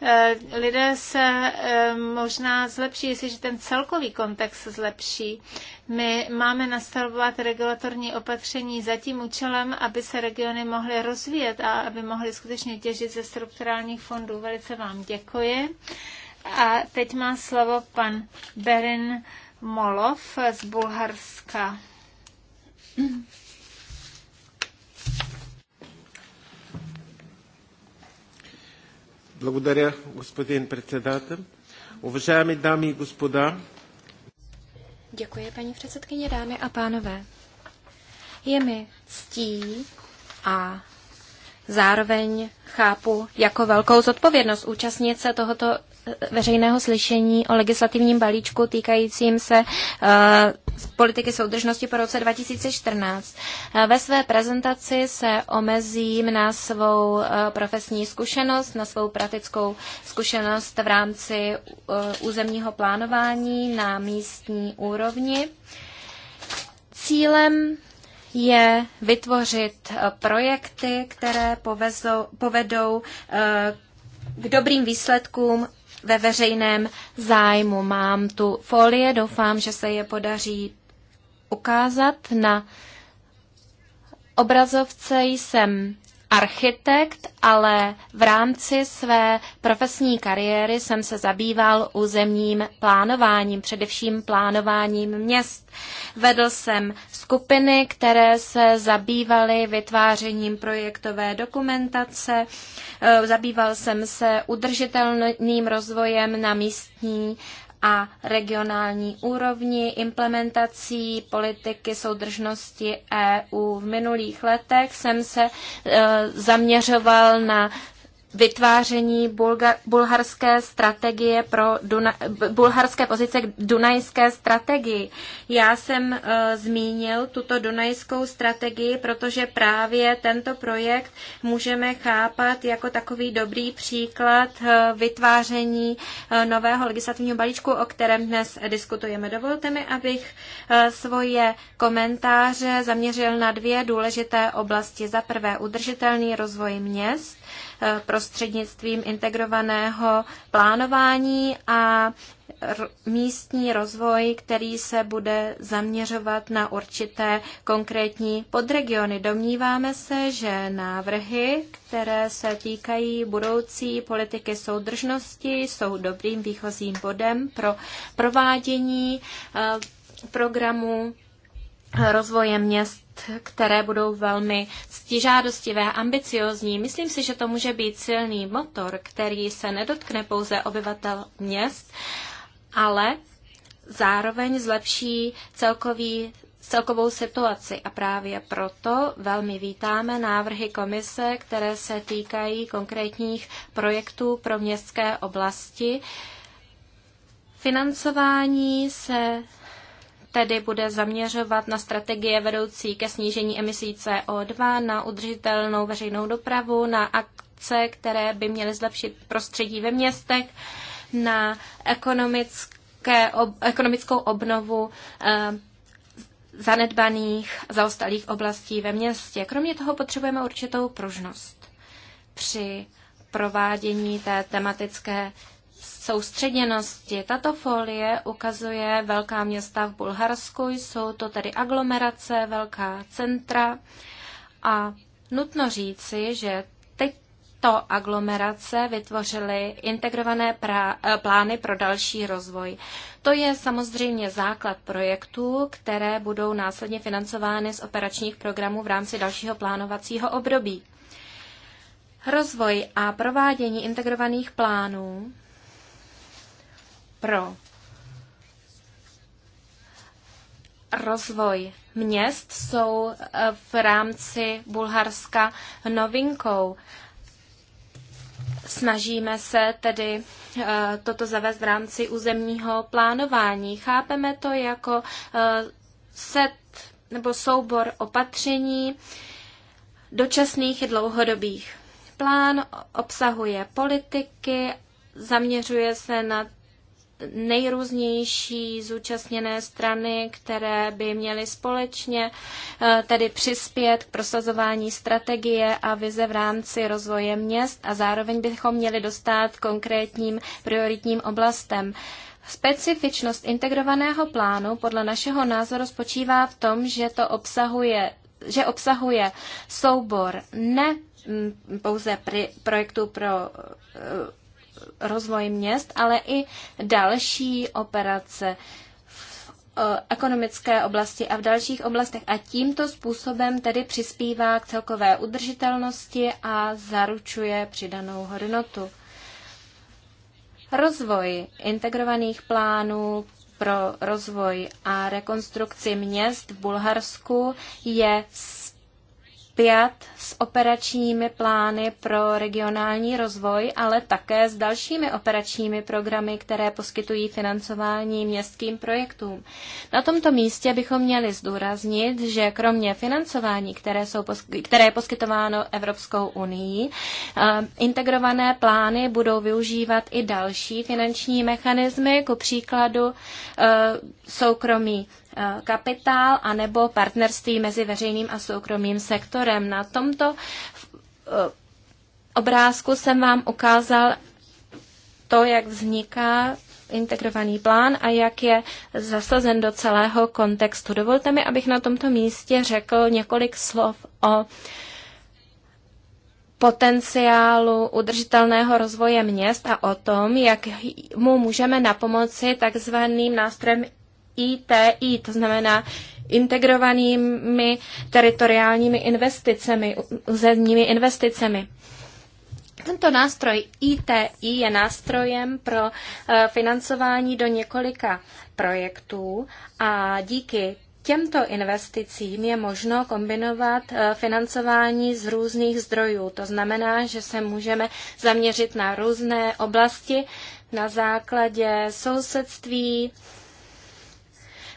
e, lidé se e, možná zlepší, jestliže ten celkový kontext se zlepší. My máme nastavovat regulatorní opatření za tím účelem, aby se regiony mohly rozvíjet a aby mohly skutečně těžit ze strukturálních fondů. Velice vám děkuji. A teď má slovo pan Berin Molov z Bulharska. Благодаря, господин председател. Уважаеми дами и господа. Děkuji, paní předsedkyně, dámy a pánové. Je mi ctí a zároveň chápu jako velkou zodpovědnost účastnit se tohoto veřejného slyšení o legislativním balíčku týkajícím se eh, politiky soudržnosti po roce 2014. Eh, ve své prezentaci se omezím na svou eh, profesní zkušenost, na svou praktickou zkušenost v rámci územního plánování na místní úrovni. Cílem je vytvořit projekty, které povezou, povedou k dobrým výsledkům ve veřejném zájmu. Mám tu folie, doufám, že se je podaří ukázat. Na obrazovce jsem architekt, ale v rámci své profesní kariéry jsem se zabýval územním plánováním, především plánováním měst. Vedl jsem skupiny, které se zabývaly vytvářením projektové dokumentace, e, zabýval jsem se udržitelným rozvojem na místní a regionální úrovni implementací politiky soudržnosti EU. V minulých letech jsem se eh, zaměřoval na vytváření bulga, bulharské strategie pro Duna, bulharské pozice k dunajské strategii. Já jsem uh, zmínil tuto dunajskou strategii, protože právě tento projekt můžeme chápat jako takový dobrý příklad uh, vytváření uh, nového legislativního balíčku, o kterém dnes diskutujeme. Dovolte mi, abych uh, svoje komentáře zaměřil na dvě důležité oblasti. Za prvé udržitelný rozvoj měst Eh, prostřednictvím integrovaného plánování a místní rozvoj, který se bude zaměřovat na určité konkrétní podregiony. Domníváme se, že návrhy, které se týkají budoucí politiky soudržnosti, jsou dobrým výchozím bodem pro provádění eh, programu rozvoje měst, které budou velmi stižádostivé a ambiciozní. Myslím si, že to může být silný motor, který se nedotkne pouze obyvatel měst, ale zároveň zlepší celkový celkovou situaci a právě proto velmi vítáme návrhy komise, které se týkají konkrétních projektů pro městské oblasti. Financování se tedy bude zaměřovat na strategie vedoucí ke snížení emisí CO2, na udržitelnou veřejnou dopravu, na akce, které by měly zlepšit prostředí ve městech, na ob, ekonomickou obnovu eh, zanedbaných, zaostalých oblastí ve městě. Kromě toho potřebujeme určitou pružnost při provádění té tematické soustředěnosti. Tato folie ukazuje velká města v Bulharsku, jsou to tedy aglomerace, velká centra a nutno říci, že tyto aglomerace vytvořily integrované prá- eh, plány pro další rozvoj. To je samozřejmě základ projektů, které budou následně financovány z operačních programů v rámci dalšího plánovacího období. Rozvoj a provádění integrovaných plánů pro rozvoj měst jsou eh, v rámci Bulharska novinkou. Snažíme se tedy eh, toto zavést v rámci územního plánování. Chápeme to jako eh, set nebo soubor opatření dočasných i dlouhodobých. Plán obsahuje politiky, zaměřuje se na nejrůznější zúčastněné strany, které by měly společně eh, tedy přispět k prosazování strategie a vize v rámci rozvoje měst a zároveň bychom měli dostat konkrétním prioritním oblastem. Specifičnost integrovaného plánu podle našeho názoru spočívá v tom, že to obsahuje že obsahuje soubor ne mm, pouze pri, projektů pro eh, rozvoj měst, ale i další operace v e, ekonomické oblasti a v dalších oblastech. A tímto způsobem tedy přispívá k celkové udržitelnosti a zaručuje přidanou hodnotu. Rozvoj integrovaných plánů pro rozvoj a rekonstrukci měst v Bulharsku je spjat s operačními plány pro regionální rozvoj, ale také s dalšími operačními programy, které poskytují financování městským projektům. Na tomto místě bychom měli zdůraznit, že kromě financování, které, jsou, které je poskytováno Evropskou unii, eh, integrované plány budou využívat i další finanční mechanismy, ku příkladu eh, soukromí. Eh, kapitál anebo partnerství mezi veřejným a soukromým sektorem. Na tomto eh, obrázku jsem vám ukázal to, jak vzniká integrovaný plán a jak je zasazen do celého kontextu. Dovolte mi, abych na tomto místě řekl několik slov o potenciálu udržitelného rozvoje měst a o tom, jak mu můžeme napomoci takzvaným nástrojem ITI, to znamená integrovanými teritoriálními investicemi, územními investicemi. Tento nástroj ITI je nástrojem pro eh, financování do několika projektů a díky těmto investicím je možno kombinovat eh, financování z různých zdrojů. To znamená, že se můžeme zaměřit na různé oblasti na základě sousedství,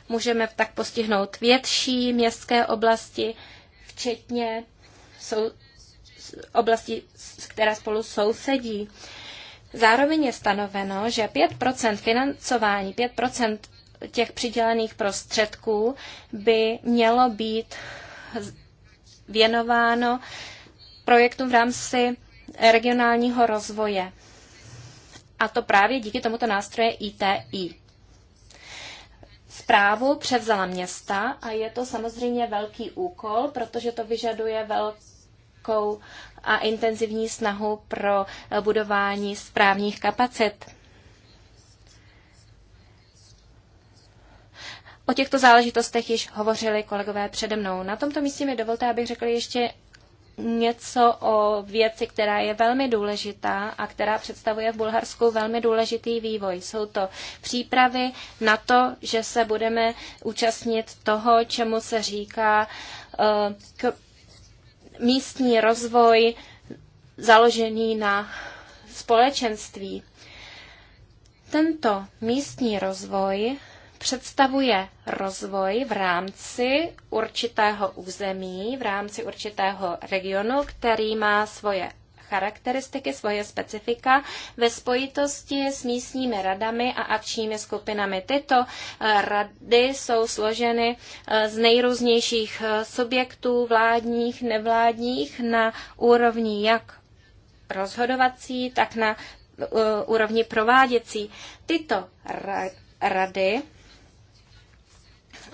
Můžeme tak postihnout větší městské oblasti, včetně sou, oblasti, které spolu sousedí. Zároveň je stanoveno, že 5% financování, 5% těch přidělených prostředků by mělo být věnováno projektům v rámci regionálního rozvoje. A to právě díky tomuto nástroje ITI zprávu převzala města a je to samozřejmě velký úkol, protože to vyžaduje velkou a intenzivní snahu pro eh, budování správních kapacit. O těchto záležitostech již hovořili kolegové přede mnou. Na tomto místě mi dovolte, abych řekl ještě něco o věci, která je velmi důležitá a která představuje v Bulharsku velmi důležitý vývoj. Jsou to přípravy na to, že se budeme účastnit toho, čemu se říká uh, místní rozvoj založený na společenství. Tento místní rozvoj představuje rozvoj v rámci určitého území, v rámci určitého regionu, který má svoje charakteristiky, svoje specifika ve spojitosti s místními radami a akčními skupinami. Tyto eh, rady jsou složeny eh, z nejrůznějších eh, subjektů, vládních, nevládních, na úrovni jak rozhodovací, tak na úrovni prováděcí. Tyto rady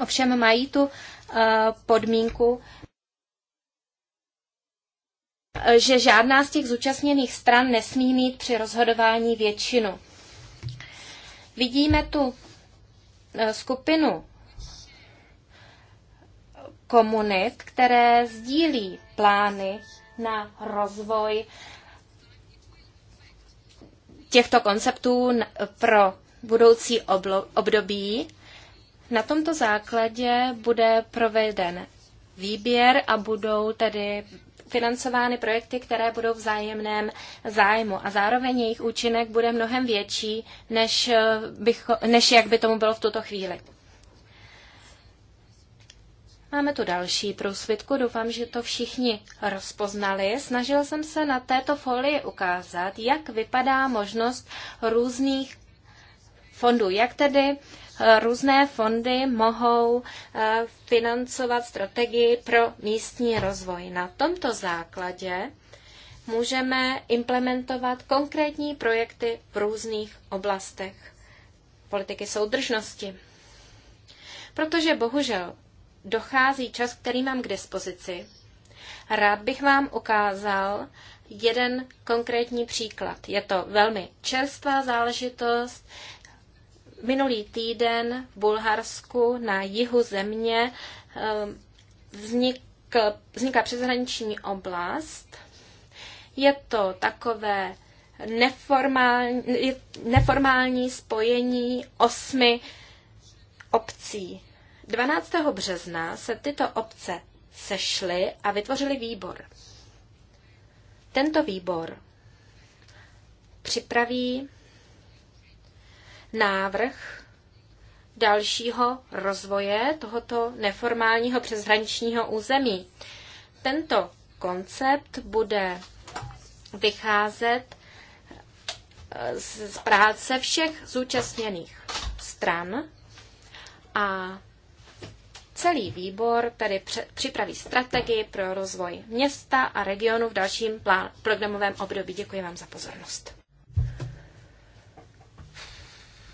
Ovšem mají tu eh, podmínku, že žádná z těch zúčastněných stran nesmí mít při rozhodování většinu. Vidíme tu eh, skupinu komunit, které sdílí plány na rozvoj těchto konceptů pro budoucí období na tomto základě bude proveden výběr a budou tedy financovány projekty, které budou v zájemném zájmu a zároveň jejich účinek bude mnohem větší, než, eh, bych, než jak by tomu bylo v tuto chvíli. Máme tu další průsvitku, doufám, že to všichni rozpoznali. Snažil jsem se na této folii ukázat, jak vypadá možnost různých fondů, jak tedy různé fondy mohou eh, financovat strategii pro místní rozvoj. Na tomto základě můžeme implementovat konkrétní projekty v různých oblastech politiky soudržnosti. Protože bohužel dochází čas, který mám k dispozici, rád bych vám ukázal jeden konkrétní příklad. Je to velmi čerstvá záležitost, Minulý týden v Bulharsku na jihu země ehm, vznikl, vznikla přeshraniční oblast. Je to takové neformální, neformální spojení osmi obcí. 12. března se tyto obce sešly a vytvořili výbor. Tento výbor připraví návrh dalšího rozvoje tohoto neformálního přeshraničního území. Tento koncept bude vycházet eh, z práce všech zúčastněných stran a celý výbor tedy připraví strategii pro rozvoj města a regionu v dalším programovém období. Děkuji vám za pozornost.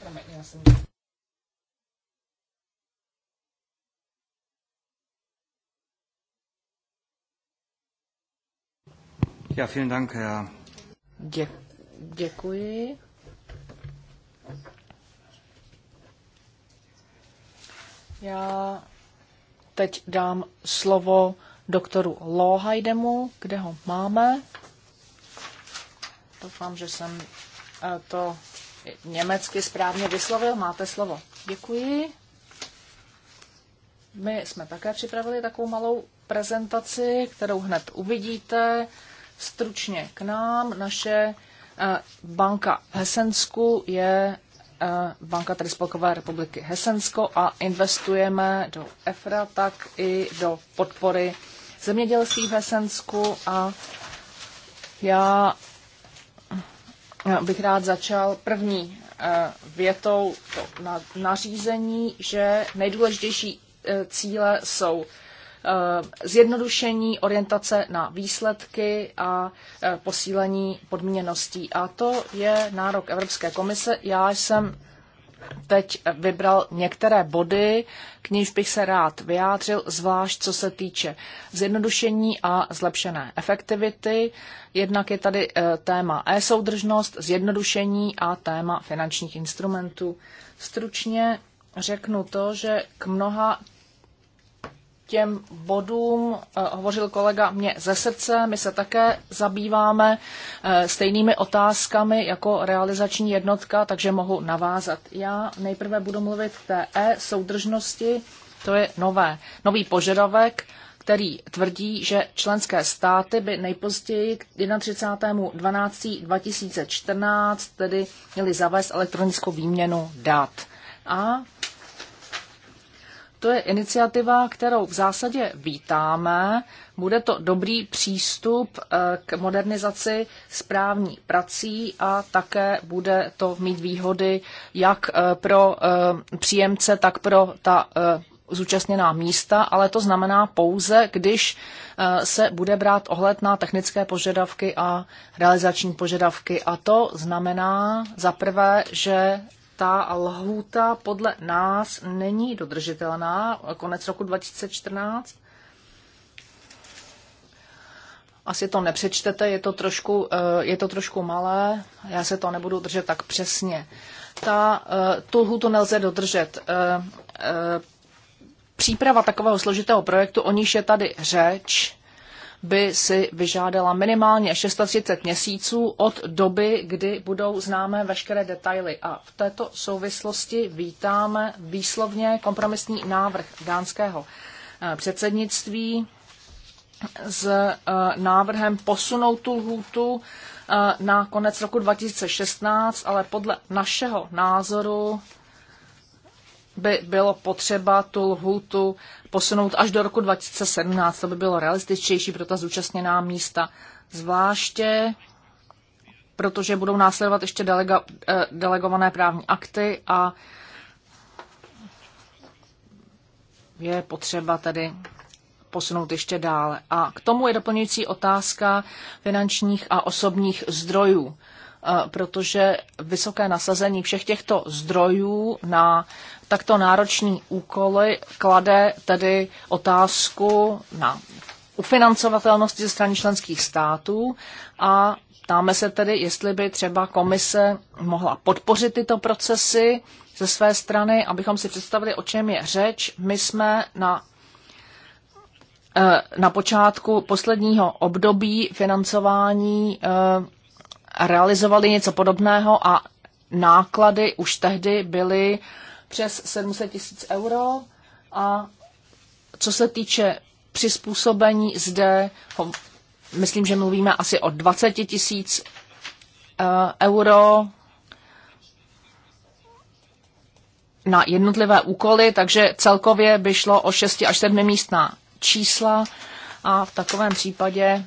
Demek jasný. Ja, vielen Dank, Dě- děkuji. Já teď dám slovo doktoru Lohajdemu, kde ho máme. Doufám, že jsem eh, to německy správně vyslovil. Máte slovo. Děkuji. My jsme také připravili takovou malou prezentaci, kterou hned uvidíte. Stručně k nám. Naše eh, banka v Hesensku je eh, banka tedy Spolkové republiky Hesensko a investujeme do EFRA, tak i do podpory zemědělství v Hesensku a já bych rád začal první eh, větou to na, nařízení, že nejdůležitější eh, cíle jsou eh, zjednodušení orientace na výsledky a posílení podmíněností. A to je nárok Evropské komise. Já jsem teď vybral některé body, k níž bych se rád vyjádřil, zvlášť co se týče zjednodušení a zlepšené efektivity. Jednak je tady eh, téma e-soudržnost, zjednodušení a téma finančních instrumentů. Stručně řeknu to, že k mnoha těm bodům eh, hovořil kolega mě ze srdce. My se také zabýváme eh, stejnými otázkami jako realizační jednotka, takže mohu navázat. Já nejprve budu mluvit k té e-soudržnosti. To je nové, nový požadavek, který tvrdí, že členské státy by nejpozději k 31.12.2014 tedy měly zavést elektronickou výměnu dat. A to je iniciativa, kterou v zásadě vítáme. Bude to dobrý přístup eh, k modernizaci správní prací a také bude to mít výhody jak eh, pro eh, příjemce, tak pro ta zúčastněná místa, ale to znamená pouze, když se bude brát ohled na technické požadavky a realizační požadavky. A to znamená za prvé, že ta lhůta podle nás není dodržitelná, konec roku 2014. Asi to nepřečtete, je to trošku, eh, je to trošku malé, já se to nebudu držet tak přesně. Ta, eh, tu lhůtu nelze dodržet. Eh, příprava takového složitého projektu, o níž je tady řeč, by si vyžádala minimálně 630 měsíců od doby, kdy budou známé veškeré detaily. A v této souvislosti vítáme výslovně kompromisní návrh dánského eh, předsednictví s eh, návrhem posunout tu lhůtu eh, na konec roku 2016, ale podle našeho názoru by bylo potřeba tu lhůtu posunout až do roku 2017. To by bylo realističtější pro ta zúčastněná místa. Zvláště protože budou následovat ještě delega, eh, delegované právní akty a je potřeba tedy posunout ještě dále. A k tomu je doplňující otázka finančních a osobních zdrojů, eh, protože vysoké nasazení všech těchto zdrojů na takto náročný úkoly klade tedy otázku na ufinancovatelnosti ze strany členských států a ptáme se tedy, jestli by třeba komise mohla podpořit tyto procesy ze své strany, abychom si představili, o čem je řeč. My jsme na eh, na počátku posledního období financování eh, realizovali něco podobného a náklady už tehdy byly přes 700 tisíc euro a co se týče přizpůsobení zde, myslím, že mluvíme asi o 20 tisíc eh, euro na jednotlivé úkoly, takže celkově by šlo o 6 až 7 místná čísla a v takovém případě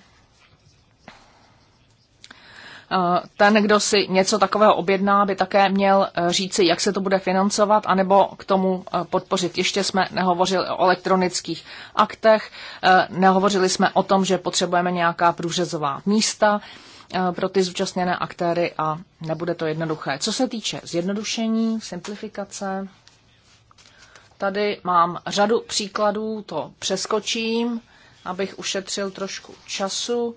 Eh, ten, kdo si něco takového objedná, by také měl eh, říci, jak se to bude financovat, anebo k tomu eh, podpořit. Ještě jsme nehovořili o elektronických aktech, nehovořili jsme o tom, že potřebujeme nějaká průřezová místa pro ty zúčastněné aktéry a nebude to jednoduché. Co se týče zjednodušení, simplifikace, tady mám řadu příkladů, to přeskočím, abych ušetřil trošku času.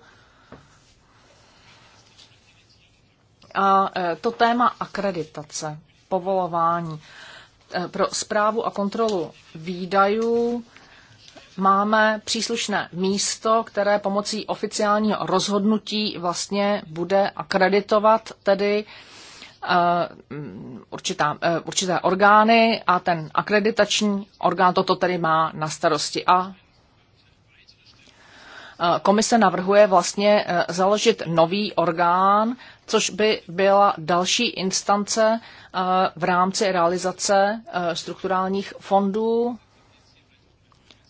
A e, to téma akreditace, povolování. E, pro zprávu a kontrolu výdajů máme příslušné místo, které pomocí oficiálního rozhodnutí vlastně bude akreditovat tedy e, určitá, určité orgány a ten akreditační orgán toto tedy má na starosti. A Eh, komise navrhuje vlastně eh, založit nový orgán, což by byla další instance eh, v rámci realizace strukturálních fondů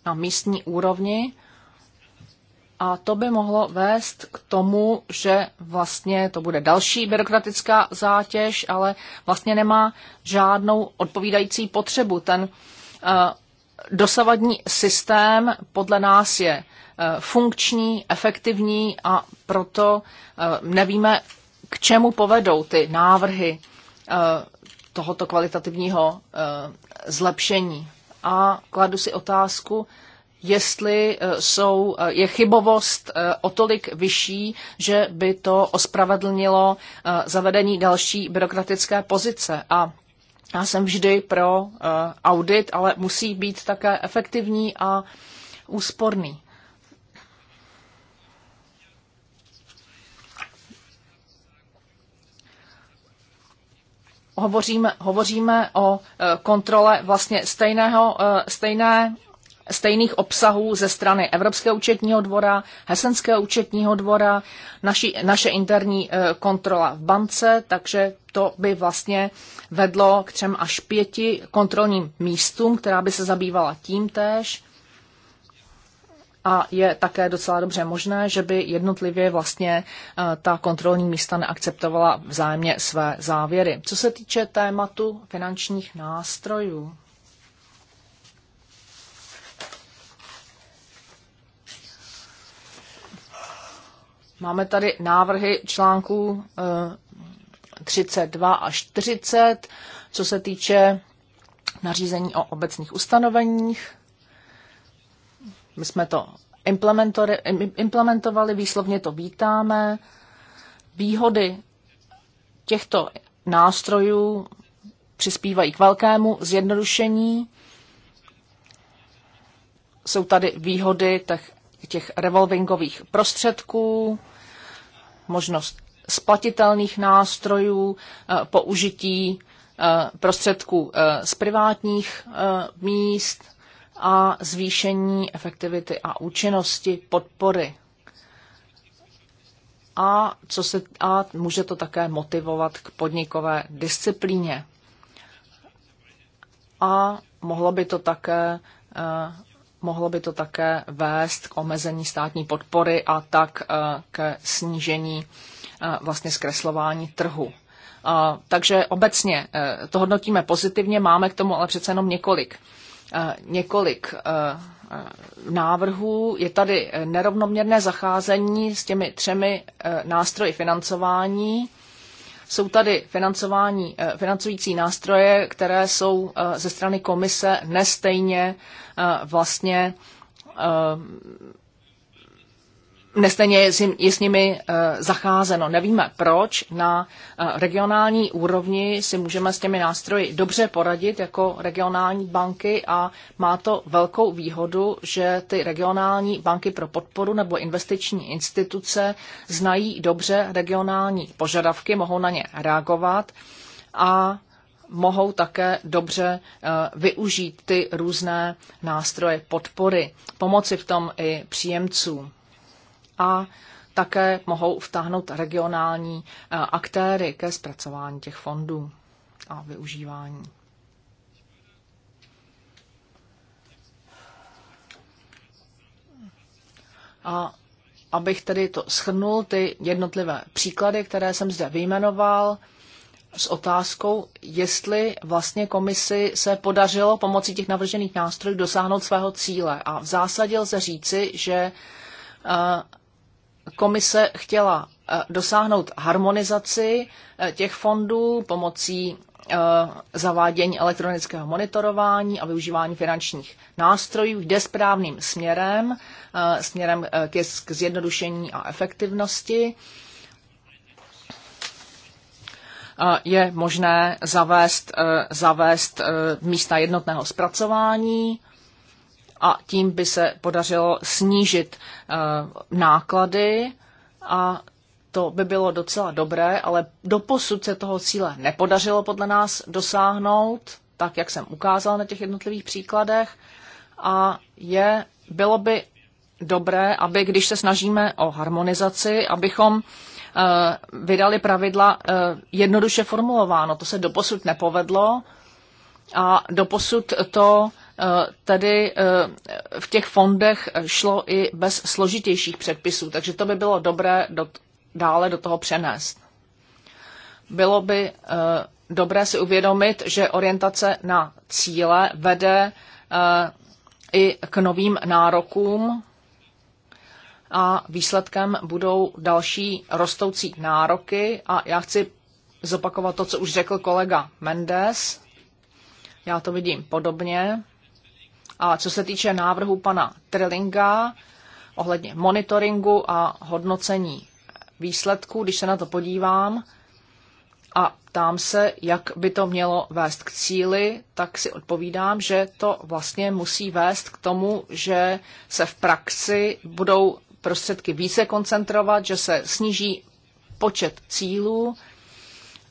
na místní úrovni. A to by mohlo vést k tomu, že vlastně to bude další byrokratická zátěž, ale vlastně nemá žádnou odpovídající potřebu. Ten dosavadní systém podle nás je Eh, funkční, efektivní a proto eh, nevíme, k čemu povedou ty návrhy eh, tohoto kvalitativního zlepšení. A kladu si otázku, jestli jsou, je chybovost o tolik vyšší, že by to ospravedlnilo zavedení další byrokratické pozice. A já jsem vždy pro audit, ale musí být také efektivní a úsporný. hovoříme, hovoříme o e, kontrole vlastně stejného, e, stejné, stejných obsahů ze strany Evropského účetního dvora, Hesenského účetního dvora, naši, naše interní e, kontrola v bance, takže to by vlastně vedlo k třem až pěti kontrolním místům, která by se zabývala tím též a je také docela dobře možné, že by jednotlivě vlastně eh, ta kontrolní místa neakceptovala vzájemně své závěry. Co se týče tématu finančních nástrojů, Máme tady návrhy článků 32 eh, až 40, co se týče nařízení o obecných ustanoveních. My jsme to implementovali, výslovně to vítáme. Výhody těchto nástrojů přispívají k velkému zjednodušení. Jsou tady výhody těch, těch revolvingových prostředků, možnost splatitelných nástrojů, eh, použití eh, prostředků eh, z privátních míst, a zvýšení efektivity a účinnosti podpory. A, co se, a může to také motivovat k podnikové disciplíně. A mohlo by to také eh, mohlo by to také vést k omezení státní podpory a tak eh, ke snížení eh, vlastně zkreslování trhu. Takže obecně to hodnotíme pozitivně, máme k tomu ale přece jenom několik Eh, několik eh, eh, návrhů. Je tady nerovnoměrné zacházení s těmi třemi nástroji financování. Jsou tady financování, financující nástroje, které jsou ze strany komise nestejně vlastně nestejně je, je s nimi eh, zacházeno. Nevíme proč. Na eh, regionální úrovni si můžeme s těmi nástroji dobře poradit jako regionální banky a má to velkou výhodu, že ty regionální banky pro podporu nebo investiční instituce znají dobře regionální požadavky, mohou na ně reagovat a mohou také dobře eh, využít ty různé nástroje podpory, pomoci v tom i příjemcům a také mohou vtáhnout regionální eh, aktéry ke zpracování těch fondů a využívání. A abych tedy to schrnul, ty jednotlivé příklady, které jsem zde vyjmenoval, s otázkou, jestli vlastně komisi se podařilo pomocí těch navržených nástrojů dosáhnout svého cíle. A v zásadě lze říci, že eh, komise chtěla eh, dosáhnout harmonizaci eh, těch fondů pomocí eh, zavádění elektronického monitorování a využívání finančních nástrojů jde správným směrem, směrem k zjednodušení a efektivnosti. Je možné zavést, zavést místa jednotného zpracování a tím by se podařilo snížit eh, náklady a to by bylo docela dobré, ale doposud se toho cíle nepodařilo podle nás dosáhnout, tak jak jsem ukázal na těch jednotlivých příkladech. A je, bylo by dobré, aby když se snažíme o harmonizaci, abychom eh, vydali pravidla eh, jednoduše formulováno. To se doposud nepovedlo a doposud to Eh, Tedy eh, v těch fondech šlo i bez složitějších předpisů, takže to by bylo dobré do, dále do toho přenést. Bylo by eh, dobré si uvědomit, že orientace na cíle vede i k novým nárokům a výsledkem budou další rostoucí nároky a já chci zopakovat to, co už řekl kolega Mendes. Já to vidím podobně. A co se týče návrhu pana Trillinga ohledně monitoringu a hodnocení výsledků, když se na to podívám a ptám se, jak by to mělo vést k cíli, tak si odpovídám, že to vlastně musí vést k tomu, že se v praxi budou prostředky více koncentrovat, že se sníží počet cílů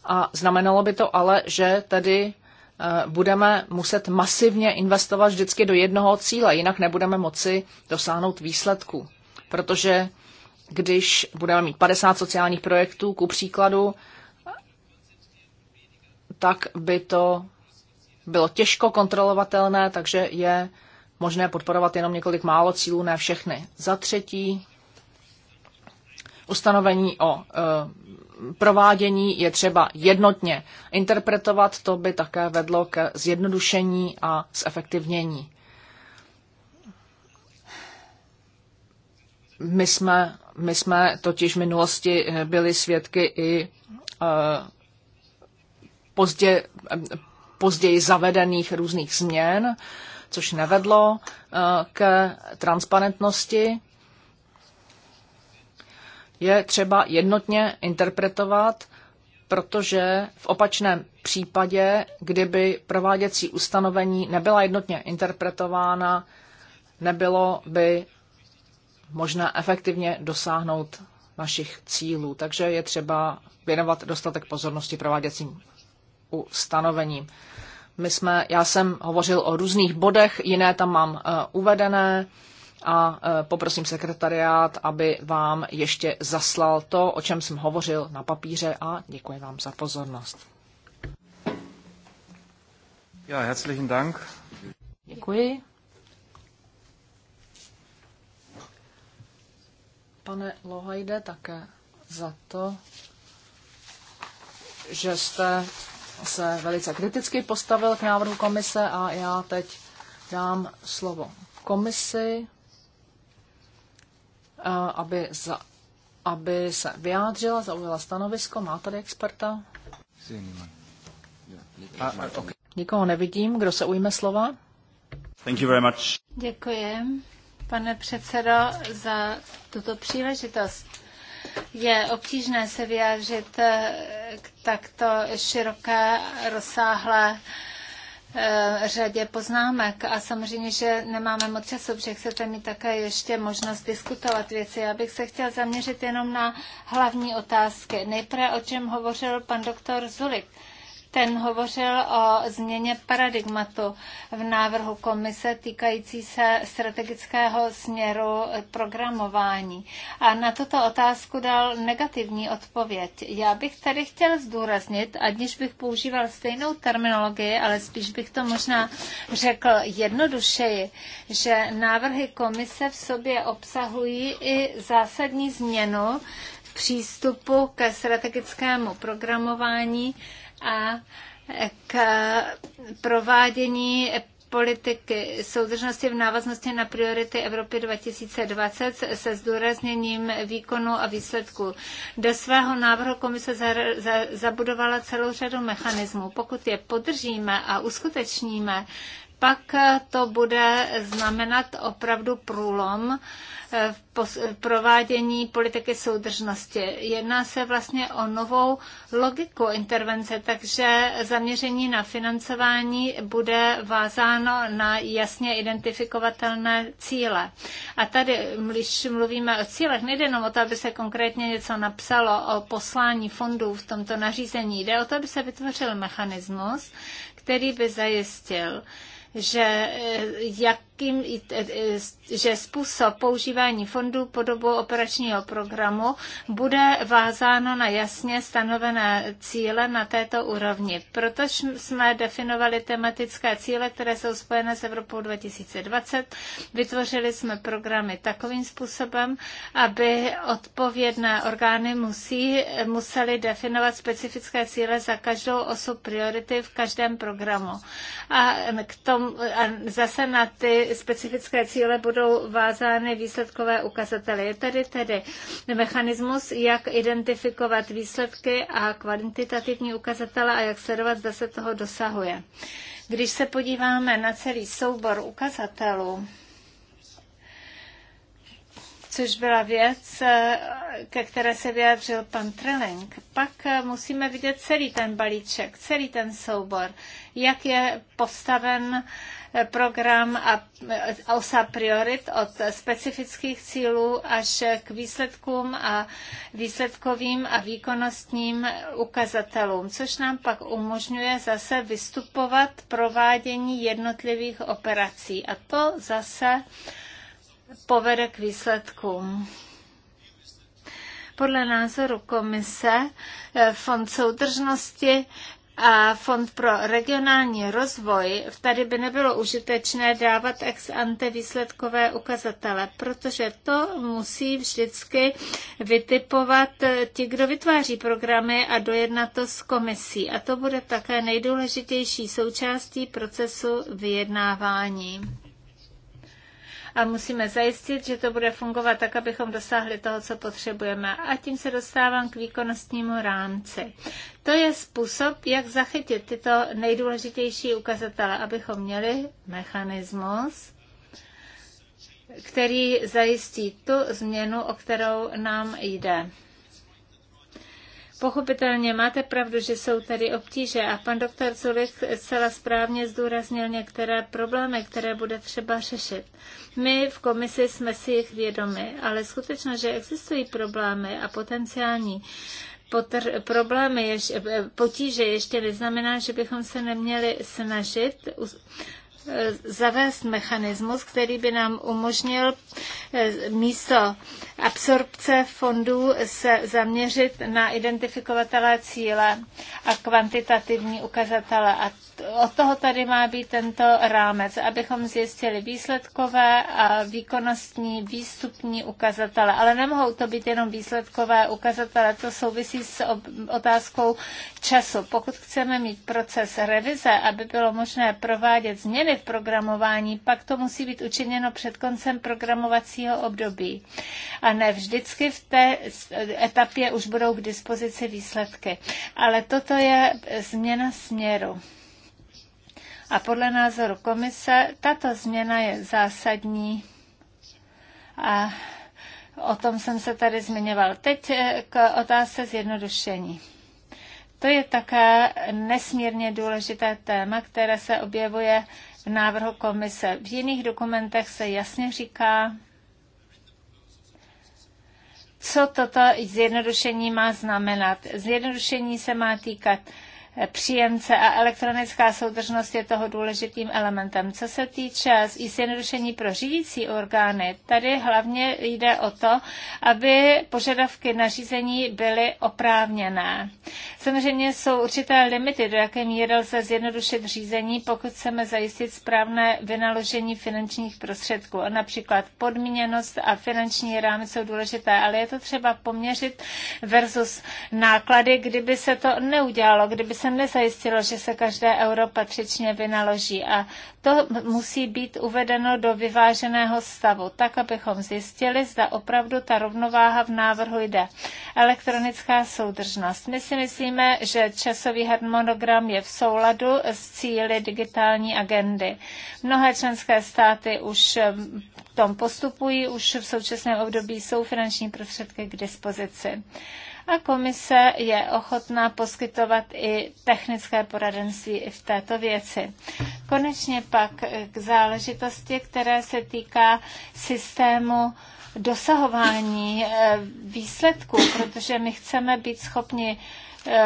a znamenalo by to ale, že tedy Eh, budeme muset masivně investovat vždycky do jednoho cíle, jinak nebudeme moci dosáhnout výsledku. Protože když budeme mít 50 sociálních projektů, ku příkladu, tak by to bylo těžko kontrolovatelné, takže je možné podporovat jenom několik málo cílů, ne všechny. Za třetí, ustanovení o eh, provádění je třeba jednotně interpretovat, to by také vedlo ke zjednodušení a zefektivnění. My jsme, my jsme totiž v minulosti eh, byli svědky i eh, pozdě, eh, později zavedených různých změn, což nevedlo ke transparentnosti je třeba jednotně interpretovat, protože v opačném případě, kdyby prováděcí ustanovení nebyla jednotně interpretována, nebylo by možné efektivně dosáhnout našich cílů. Takže je třeba věnovat dostatek pozornosti prováděcím ustanovením. My jsme, já jsem hovořil o různých bodech, jiné tam mám uh, uvedené a e, poprosím sekretariát, aby vám ještě zaslal to, o čem jsem hovořil na papíře a děkuji vám za pozornost. Ja, herzlichen Dank. Děkuji. Pane Lohajde, také za to, že jste se velice kriticky postavil k návrhu komise a já teď dám slovo komisi. Eh, aby, za, aby se vyjádřila, zaujala stanovisko. Má tady experta? Nikoho nevidím. Kdo se ujme slova? Thank you very much. Děkuji, pane předsedo, za tuto příležitost. Je obtížné se vyjádřit eh, k takto široké, rozsáhlé Eh, řadě poznámek a samozřejmě, že nemáme moc času, protože chcete mít také ještě možnost diskutovat věci. Já bych se chtěla zaměřit jenom na hlavní otázky. Nejprve, o čem hovořil pan doktor Zulik. Ten hovořil o změně paradigmatu v návrhu komise týkající se strategického směru programování. A na tuto otázku dal negativní odpověď. Já bych tady chtěl zdůraznit, aniž bych používal stejnou terminologii, ale spíš bych to možná řekl jednodušeji, že návrhy komise v sobě obsahují i zásadní změnu přístupu ke strategickému programování a k provádění politiky soudržnosti v návaznosti na priority Evropy 2020 se zdůrazněním výkonu a výsledku. Do svého návrhu komise za, za, zabudovala celou řadu mechanismů. Pokud je podržíme a uskutečníme, pak to bude znamenat opravdu průlom eh, v provádění politiky soudržnosti. Jedná se vlastně o novou logiku intervence, takže zaměření na financování bude vázáno na jasně identifikovatelné cíle. A tady, když mluvíme o cílech, nejde jenom o to, aby se konkrétně něco napsalo o poslání fondů v tomto nařízení, jde o to, aby se vytvořil mechanismus, který by zajistil, že eh, jak členským, e, e, že způsob používání fondů po dobu operačního programu bude vázáno na jasně stanovené cíle na této úrovni. Proto jsme definovali tematické cíle, které jsou spojené s Evropou 2020. Vytvořili jsme programy takovým způsobem, aby odpovědné orgány musí, museli definovat specifické cíle za každou osu priority v každém programu. A, k tomu, a zase na ty specifické cíle budou vázány výsledkové ukazatele. Je tady tedy mechanismus, jak identifikovat výsledky a kvantitativní ukazatele a jak sledovat, zda se toho dosahuje. Když se podíváme na celý soubor ukazatelů, což byla věc, ke které se vyjádřil pan Trilling. Pak musíme vidět celý ten balíček, celý ten soubor, jak je postaven program a osa priorit od specifických cílů až k výsledkům a výsledkovým a výkonnostním ukazatelům, což nám pak umožňuje zase vystupovat provádění jednotlivých operací. A to zase povede k výsledkům. Podle názoru komise eh, Fond soudržnosti a Fond pro regionální rozvoj, tady by nebylo užitečné dávat ex ante výsledkové ukazatele, protože to musí vždycky vytipovat eh, ti, kdo vytváří programy a dojednat to s komisí. A to bude také nejdůležitější součástí procesu vyjednávání a musíme zajistit, že to bude fungovat tak, abychom dosáhli toho, co potřebujeme. A tím se dostávám k výkonnostnímu rámci. To je způsob, jak zachytit tyto nejdůležitější ukazatele, abychom měli mechanismus, který zajistí tu změnu, o kterou nám jde. Pochopitelně máte pravdu, že jsou tady obtíže a pan doktor Zulich zcela správně zdůraznil některé problémy, které bude třeba řešit. My v komisi jsme si jich vědomi, ale skutečně, že existují problémy a potenciální potr- problémy, jež, potíže ještě neznamená, že bychom se neměli snažit zavést mechanismus, který by nám umožnil eh, místo absorpce fondů se zaměřit na identifikovatelé cíle a kvantitativní ukazatele. A od toho tady má být tento rámec, abychom zjistili výsledkové a výkonnostní výstupní ukazatele. Ale nemohou to být jenom výsledkové ukazatele, to souvisí s otázkou času. Pokud chceme mít proces revize, aby bylo možné provádět změny v programování, pak to musí být učiněno před koncem programovacího období. A ne vždycky v té etapě už budou k dispozici výsledky. Ale toto je změna směru. A podle názoru komise tato změna je zásadní a o tom jsem se tady zmiňoval. Teď eh, k otázce zjednodušení. To je také nesmírně důležité téma, které se objevuje v návrhu komise. V jiných dokumentech se jasně říká, co toto zjednodušení má znamenat? Zjednodušení se má týkat příjemce a elektronická soudržnost je toho důležitým elementem. Co se týče zjednodušení pro řídící orgány, tady hlavně jde o to, aby požadavky na řízení byly oprávněné. Samozřejmě jsou určité limity, do jaké míry lze zjednodušit řízení, pokud chceme zajistit správné vynaložení finančních prostředků. Například podmíněnost a finanční rámy jsou důležité, ale je to třeba poměřit versus náklady, kdyby se to neudělalo, kdyby se nezajistilo, že se každé euro patřičně vynaloží. A to musí být uvedeno do vyváženého stavu, tak, abychom zjistili, zda opravdu ta rovnováha v návrhu jde. Elektronická soudržnost. My si myslíme, že časový harmonogram je v souladu s cíly digitální agendy. Mnohé členské státy už v tom postupují, už v současném období jsou finanční prostředky k dispozici a komise je ochotná poskytovat i technické poradenství i v této věci. Konečně pak k záležitosti, které se týká systému dosahování eh, výsledků, protože my chceme být schopni eh,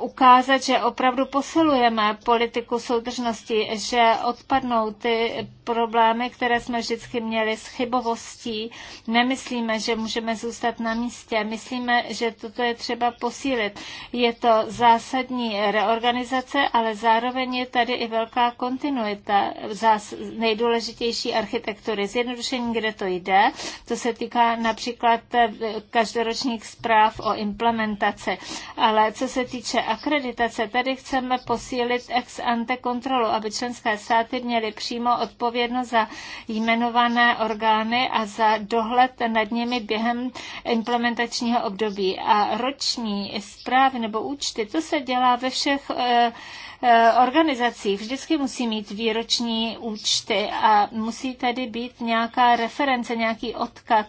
ukázat, že opravdu posilujeme politiku soudržnosti, že odpadnou ty problémy, které jsme vždycky měli s chybovostí. Nemyslíme, že můžeme zůstat na místě. Myslíme, že toto je třeba posílit. Je to zásadní reorganizace, ale zároveň je tady i velká kontinuita zás nejdůležitější architektury. Zjednodušení, kde to jde, to se týká například eh, každoročních zpráv o implementaci. Ale co se týče týče akreditace, tady chceme posílit ex ante kontrolu, aby členské státy měly přímo odpovědnost za jmenované orgány a za dohled nad nimi během implementačního období. A roční zprávy nebo účty, to se dělá ve všech eh, eh, organizací vždycky musí mít výroční účty a musí tady být nějaká reference, nějaký odkaz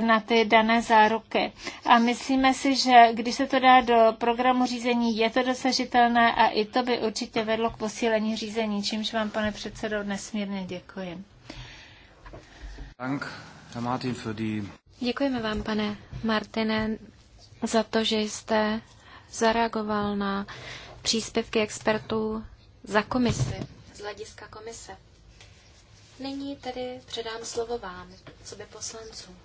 na ty dané záruky. A myslíme si, že když se to dá do programu řízení, je to dosažitelné a i to by určitě vedlo k posílení řízení, čímž vám, pane předsedo, nesmírně děkuji. Dank, Martin, für die... Děkujeme vám, pane Martine, za to, že jste zareagoval na příspěvky expertů za komisi, z hlediska komise. Nyní tedy předám slovo vám, co by poslancům.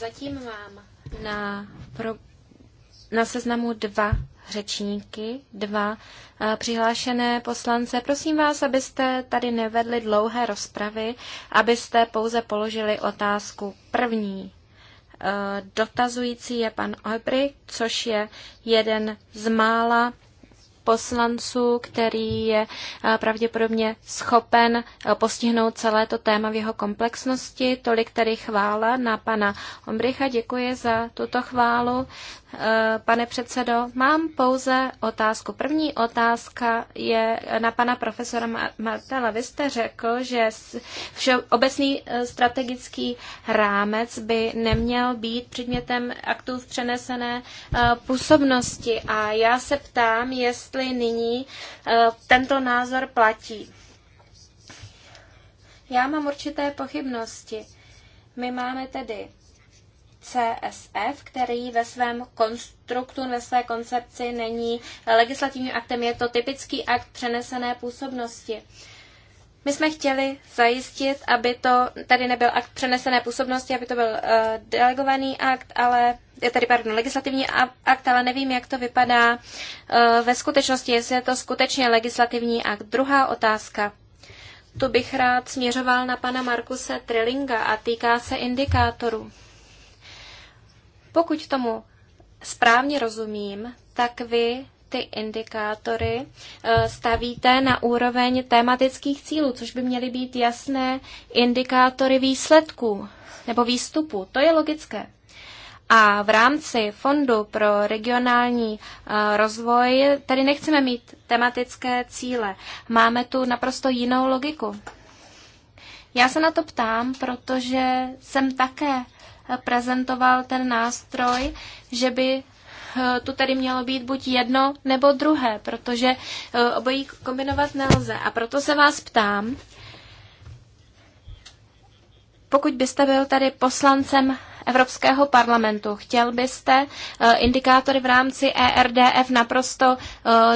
Zatím mám na, pro, na seznamu dva řečníky, dva eh, přihlášené poslance. Prosím vás, abyste tady nevedli dlouhé rozpravy, abyste pouze položili otázku první. Eh, dotazující je pan Ojbry, což je jeden z mála poslanců, který je eh, pravděpodobně schopen eh, postihnout celé to téma v jeho komplexnosti. Tolik tedy chvála na pana Ombricha. Děkuji za tuto chválu. Eh, pane předsedo. Mám pouze otázku. První otázka je na pana profesora Martela. Vy jste řekl, že obecný eh, strategický rámec by neměl být předmětem aktů v přenesené eh, působnosti. A já se ptám, jestli nyní tento názor platí. Já mám určité pochybnosti. My máme tedy CSF, který ve svém konstruktu, ve své koncepci není legislativním aktem, je to typický akt přenesené působnosti. My jsme chtěli zajistit, aby to tady nebyl akt přenesené působnosti, aby to byl uh, delegovaný akt, ale tady pardon, legislativní akt, ale nevím, jak to vypadá uh, ve skutečnosti, jestli je to skutečně legislativní akt. Druhá otázka. Tu bych rád směřoval na pana Markuse Trillinga a týká se indikátorů. Pokud tomu správně rozumím, tak vy ty indikátory eh, stavíte na úroveň tématických cílů, což by měly být jasné indikátory výsledků nebo výstupu. To je logické. A v rámci Fondu pro regionální eh, rozvoj tady nechceme mít tematické cíle. Máme tu naprosto jinou logiku. Já se na to ptám, protože jsem také prezentoval ten nástroj, že by eh, tu tedy mělo být buď jedno nebo druhé, protože eh, obojí kombinovat nelze. A proto se vás ptám, pokud byste byl tady poslancem Evropského parlamentu, chtěl byste eh, indikátory v rámci ERDF naprosto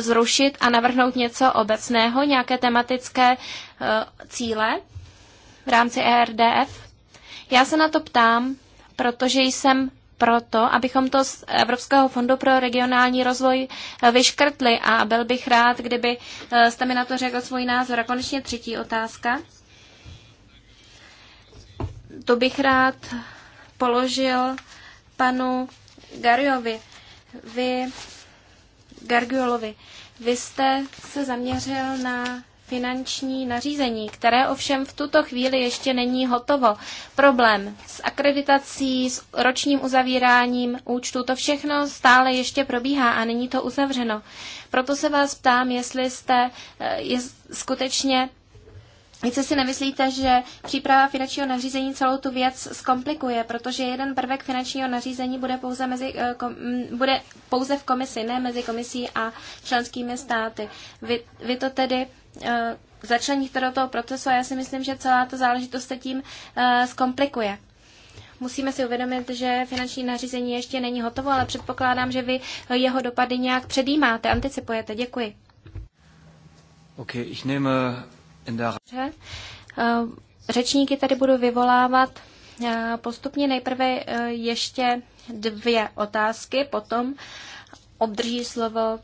zrušit a navrhnout něco obecného, nějaké tematické cíle v rámci ERDF? Já se na to ptám, protože jsem proto, abychom to z Evropského fondu pro regionální rozvoj eh, vyškrtli a byl bych rád, kdyby eh, jste mi na to řekl svůj názor. A konečně třetí otázka. To bych rád položil panu Gariovi. Vy, Gargiolovi, vy jste se zaměřil na finanční nařízení, které ovšem v tuto chvíli ještě není hotovo. Problém s akreditací, s ročním uzavíráním účtu, to všechno stále ještě probíhá a není to uzavřeno. Proto se vás ptám, jestli jste eh, je, skutečně Více si nemyslíte, že příprava finančního nařízení celou tu věc zkomplikuje, protože jeden prvek finančního nařízení bude pouze, mezi, eh, kom, mm, bude pouze v komisi, ne mezi komisí a členskými státy. Vy, vy to tedy Eh, začlenit do toho procesu a já si myslím, že celá ta záležitost se tím eh, zkomplikuje. Musíme si uvědomit, že finanční nařízení ještě není hotovo, ale předpokládám, že vy jeho dopady nějak předjímáte, anticipujete. Děkuji. Okay, ich nehme eh, in der... Řečníky tady budu vyvolávat postupně nejprve ještě dvě otázky, potom obdrží slovo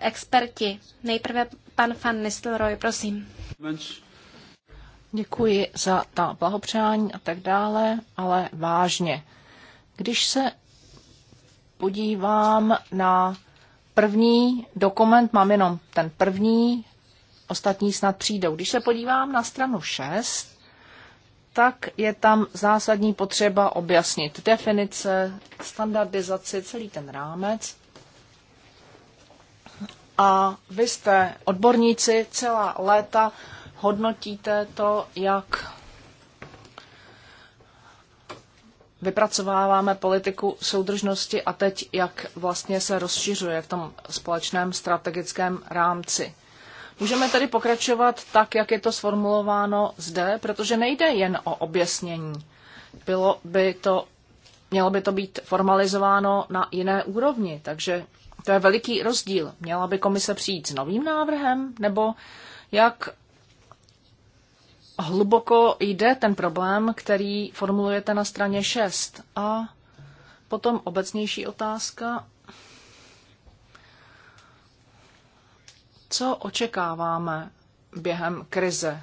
experti. Nejprve pan Van Nistelrooy, prosím. Děkuji za ta blahopřání a tak dále, ale vážně. Když se podívám na první dokument, mám jenom ten první, ostatní snad přijdou. Když se podívám na stranu 6, tak je tam zásadní potřeba objasnit definice, standardizaci, celý ten rámec a vy jste odborníci celá léta, hodnotíte to, jak vypracováváme politiku soudržnosti a teď, jak vlastně se rozšiřuje v tom společném strategickém rámci. Můžeme tedy pokračovat tak, jak je to sformulováno zde, protože nejde jen o objasnění. Bylo by to, mělo by to být formalizováno na jiné úrovni, takže to je veliký rozdíl. Měla by komise přijít s novým návrhem, nebo jak hluboko jde ten problém, který formulujete na straně 6? A potom obecnější otázka. Co očekáváme během krize?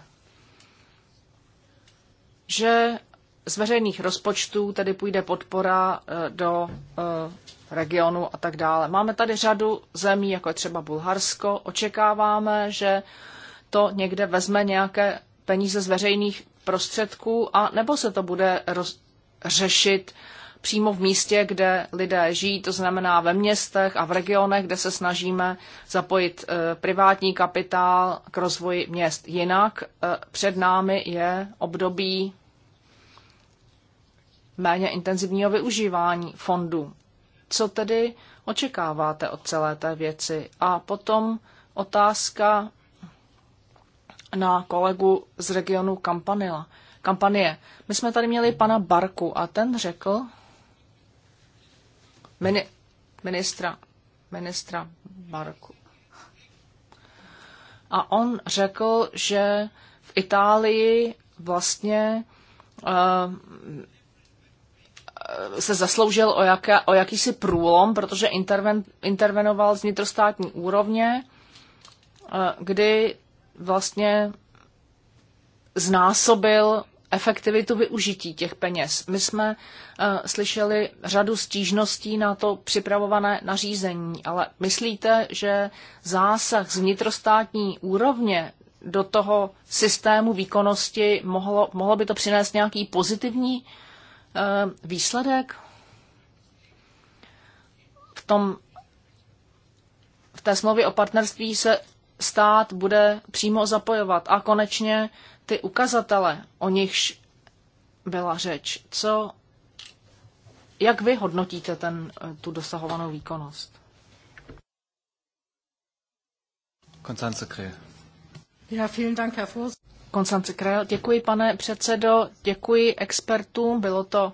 Že z veřejných rozpočtů tedy půjde podpora eh, do eh, regionu a tak dále. Máme tady řadu zemí, jako je třeba Bulharsko. Očekáváme, že to někde vezme nějaké peníze z veřejných prostředků a nebo se to bude roz, řešit přímo v místě, kde lidé žijí, to znamená ve městech a v regionech, kde se snažíme zapojit eh, privátní kapitál k rozvoji měst. Jinak před námi je období méně intenzivního využívání fondů. Co tedy očekáváte od celé té věci? A potom otázka na kolegu z regionu Kampanila. Kampanie. My jsme tady měli pana Barku a ten řekl, mini, ministra, ministra Barku. A on řekl, že v Itálii vlastně eh, se zasloužil o, jaké, o jakýsi průlom, protože interven, intervenoval z vnitrostátní úrovně, eh, kdy vlastně znásobil efektivitu využití těch peněz. My jsme uh, slyšeli řadu stížností na to připravované nařízení, ale myslíte, že zásah z vnitrostátní úrovně do toho systému výkonnosti mohlo, mohlo by to přinést nějaký pozitivní Eh, výsledek v, tom, v té smlouvě o partnerství se stát bude přímo zapojovat. A konečně ty ukazatele, o nichž byla řeč, co, jak vy hodnotíte ten, eh, tu dosahovanou výkonnost? Konstance Kriel. Ja, vielen Dank, Herr Vorsitzender. Konstanci Krel. Děkuji, pane předsedo, děkuji expertům, bylo to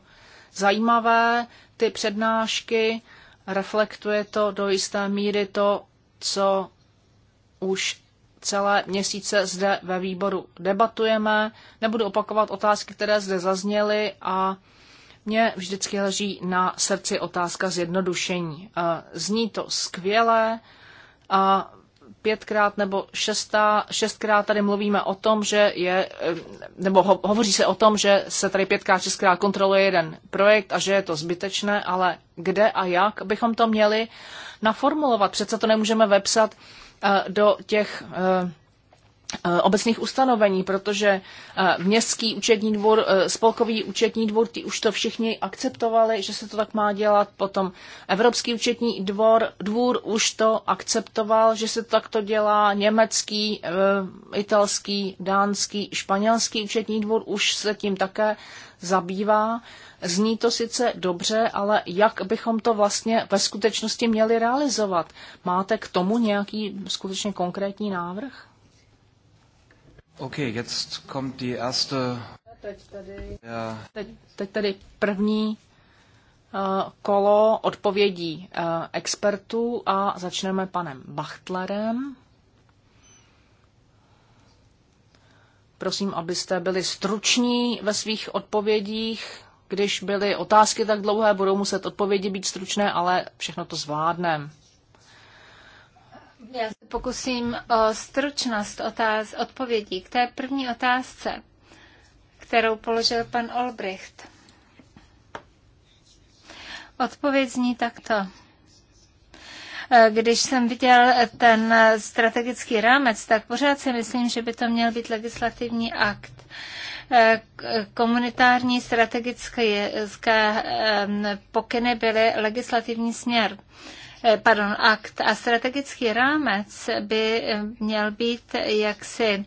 zajímavé, ty přednášky, reflektuje to do jisté míry to, co už celé měsíce zde ve výboru debatujeme. Nebudu opakovat otázky, které zde zazněly a mně vždycky leží na srdci otázka zjednodušení. E, zní to skvěle a pětkrát nebo šestá, šestkrát tady mluvíme o tom, že je, eh, nebo ho, hovoří se o tom, že se tady pětkrát, šestkrát kontroluje jeden projekt a že je to zbytečné, ale kde a jak bychom to měli naformulovat? Přece to nemůžeme vepsat eh, do těch eh, Eh, obecných ustanovení, protože eh, městský účetní dvor, eh, spolkový účetní dvor, ty už to všichni akceptovali, že se to tak má dělat, potom Evropský účetní dvor, dvůr už to akceptoval, že se to takto dělá, německý, italský, dánský, španělský účetní dvor už se tím také zabývá. Zní to sice dobře, ale jak bychom to vlastně ve skutečnosti měli realizovat? Máte k tomu nějaký skutečně konkrétní návrh? Ok, jetzt kommt die erste... Teď tady, teď, teď tady první uh, kolo odpovědí uh, expertů a začneme panem Bachtlerem. Prosím, abyste byli struční ve svých odpovědích. Když byly otázky tak dlouhé, budou muset odpovědi být stručné, ale všechno to zvládneme. Já se pokusím o stručnost otáz, odpovědí k té první otázce, kterou položil pan Olbricht. Odpověď zní takto. Eh, když jsem viděl ten strategický rámec, tak pořád si myslím, že by to měl být legislativní akt eh, komunitární strategické eh, pokyny byly legislativní směr. Eh, pardon, akt a strategický rámec by eh, měl být jaksi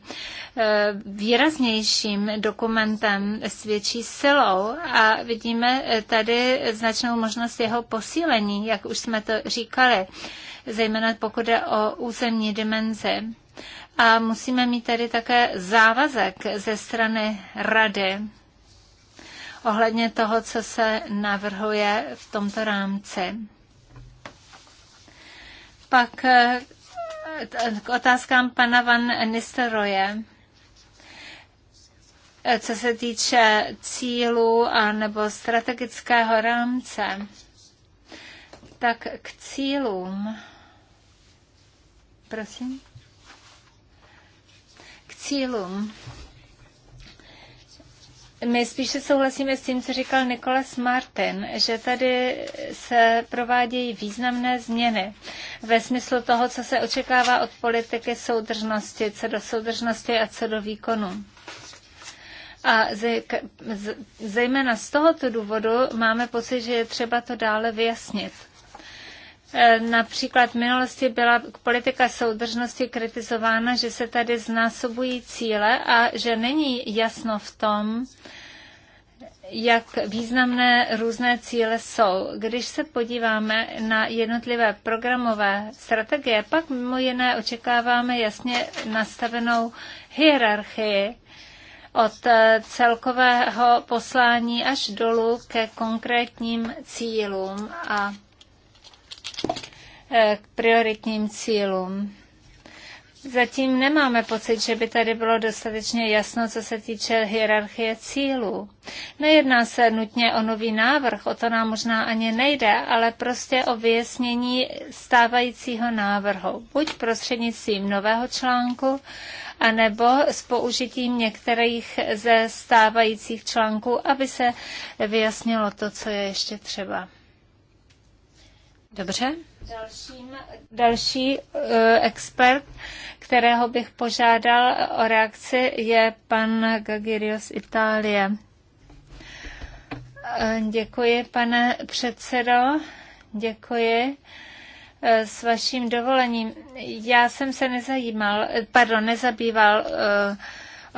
eh, výraznějším dokumentem s větší silou a vidíme tady značnou možnost jeho posílení, jak už jsme to říkali, zejména pokud je o územní dimenzi. A musíme mít tady také závazek ze strany rady ohledně toho, co se navrhuje v tomto rámci. Pak eh, k otázkám pana Van Nistelrooye eh, co se týče cílů a nebo strategického rámce, tak k cílům, prosím, k cílům my spíše souhlasíme s tím, co říkal Nikolas Martin, že tady se provádějí významné změny ve smyslu toho, co se očekává od politiky soudržnosti, co do soudržnosti a co do výkonu. A zejména z tohoto důvodu máme pocit, že je třeba to dále vyjasnit. E, například v minulosti byla politika soudržnosti kritizována, že se tady znásobují cíle a že není jasno v tom, jak významné různé cíle jsou. Když se podíváme na jednotlivé programové strategie, pak mimo jiné očekáváme jasně nastavenou hierarchii od e, celkového poslání až dolů ke konkrétním cílům a Eh, k prioritním cílům. Zatím nemáme pocit, že by tady bylo dostatečně jasno, co se týče hierarchie cílů. Nejedná se nutně o nový návrh, o to nám možná ani nejde, ale prostě o vyjasnění stávajícího návrhu, buď prostřednictvím nového článku, anebo s použitím některých ze stávajících článků, aby se vyjasnilo to, co je ještě třeba. Dobře. Dalším, další uh, expert, kterého bych požádal o reakci, je pan Gagirios Itálie. Eh, děkuji, pane předsedo. Děkuji eh, s vaším dovolením. Já jsem se nezajímal, pardon, nezabýval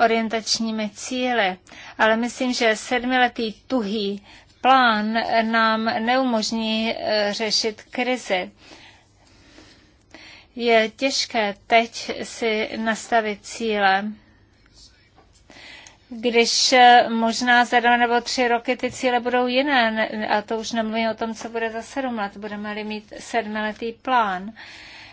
orientačními cíly, ale myslím, že sedmiletý tuhý plán nám neumožní eh, řešit krizi. Je těžké teď si nastavit cíle když eh, možná za dva nebo tři roky ty cíle budou jiné, a to už nemluvím o tom, co bude za sedm let, budeme-li mít sedmiletý plán.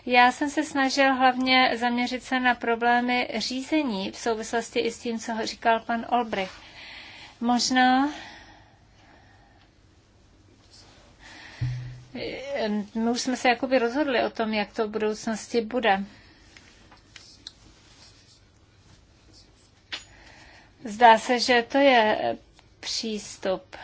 Já jsem se snažil hlavně zaměřit se na problémy řízení v souvislosti i s tím, co říkal pan Olbrich. Možná my už jsme se jakoby rozhodli o tom, jak to v budoucnosti bude. Zdá se, že to je přístup,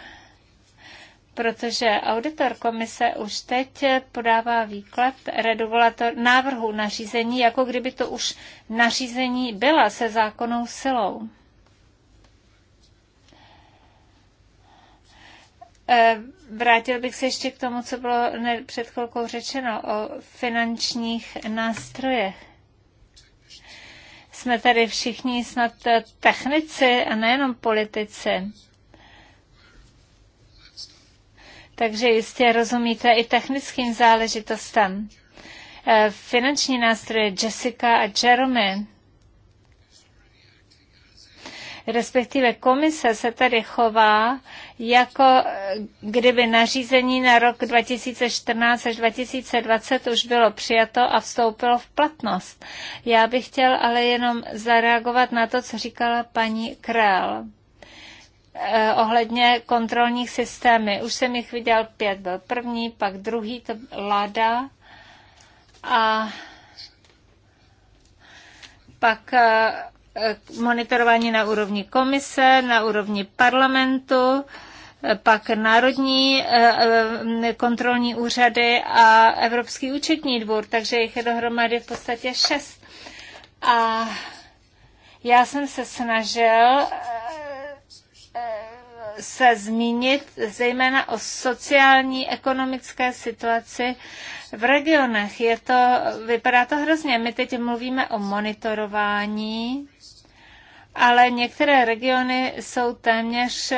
protože auditor komise už teď podává výklad redovolator návrhu nařízení, jako kdyby to už nařízení byla se zákonnou silou. E Vrátil bych se ještě k tomu, co bylo před chvilkou řečeno o finančních nástrojech. Jsme tady všichni snad technici a nejenom politici. Takže jistě rozumíte i technickým záležitostem. Eh, finanční nástroje Jessica a Jeremy respektive komise se tady chová jako eh, kdyby nařízení na rok 2014 až 2020 už bylo přijato a vstoupilo v platnost. Já bych chtěl ale jenom zareagovat na to, co říkala paní Král eh, ohledně kontrolních systémy. Už jsem jich viděl pět. Byl první, pak druhý, to Lada a pak eh, monitorování na úrovni komise, na úrovni parlamentu, pak národní eh, kontrolní úřady a Evropský účetní dvůr, takže jich je dohromady v podstatě šest. A já jsem se snažil eh, se zmínit zejména o sociální, ekonomické situaci v regionech. Je to, vypadá to hrozně. My teď mluvíme o monitorování, ale některé regiony jsou téměř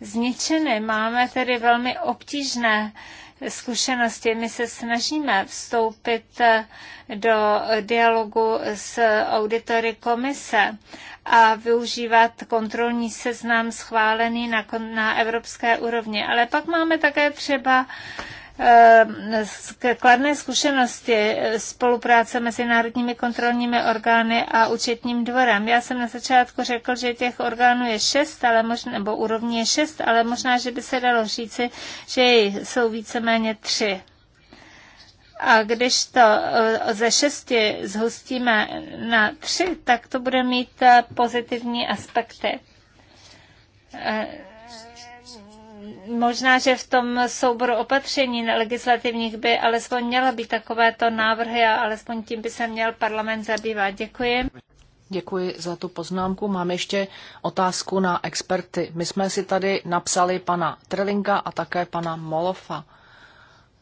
zničeny. Máme tedy velmi obtížné zkušenosti. My se snažíme vstoupit eh, do dialogu s auditory komise a využívat kontrolní seznam schválený na, na evropské úrovni. Ale pak máme také třeba Ehm, kladné zkušenosti eh, spolupráce mezi národními kontrolními orgány a účetním dvorem. Já jsem na začátku řekl, že těch orgánů je šest, ale možná, nebo úrovně je šest, ale možná, že by se dalo říci, že jsou víceméně tři. A když to eh, ze šesti zhustíme na tři, tak to bude mít eh, pozitivní aspekty možná, že v tom souboru opatření legislativních by alespoň měla být takovéto návrhy a alespoň tím by se měl parlament zabývat. Děkuji. Děkuji za tu poznámku. Mám ještě otázku na experty. My jsme si tady napsali pana Trelinga a také pana Molofa.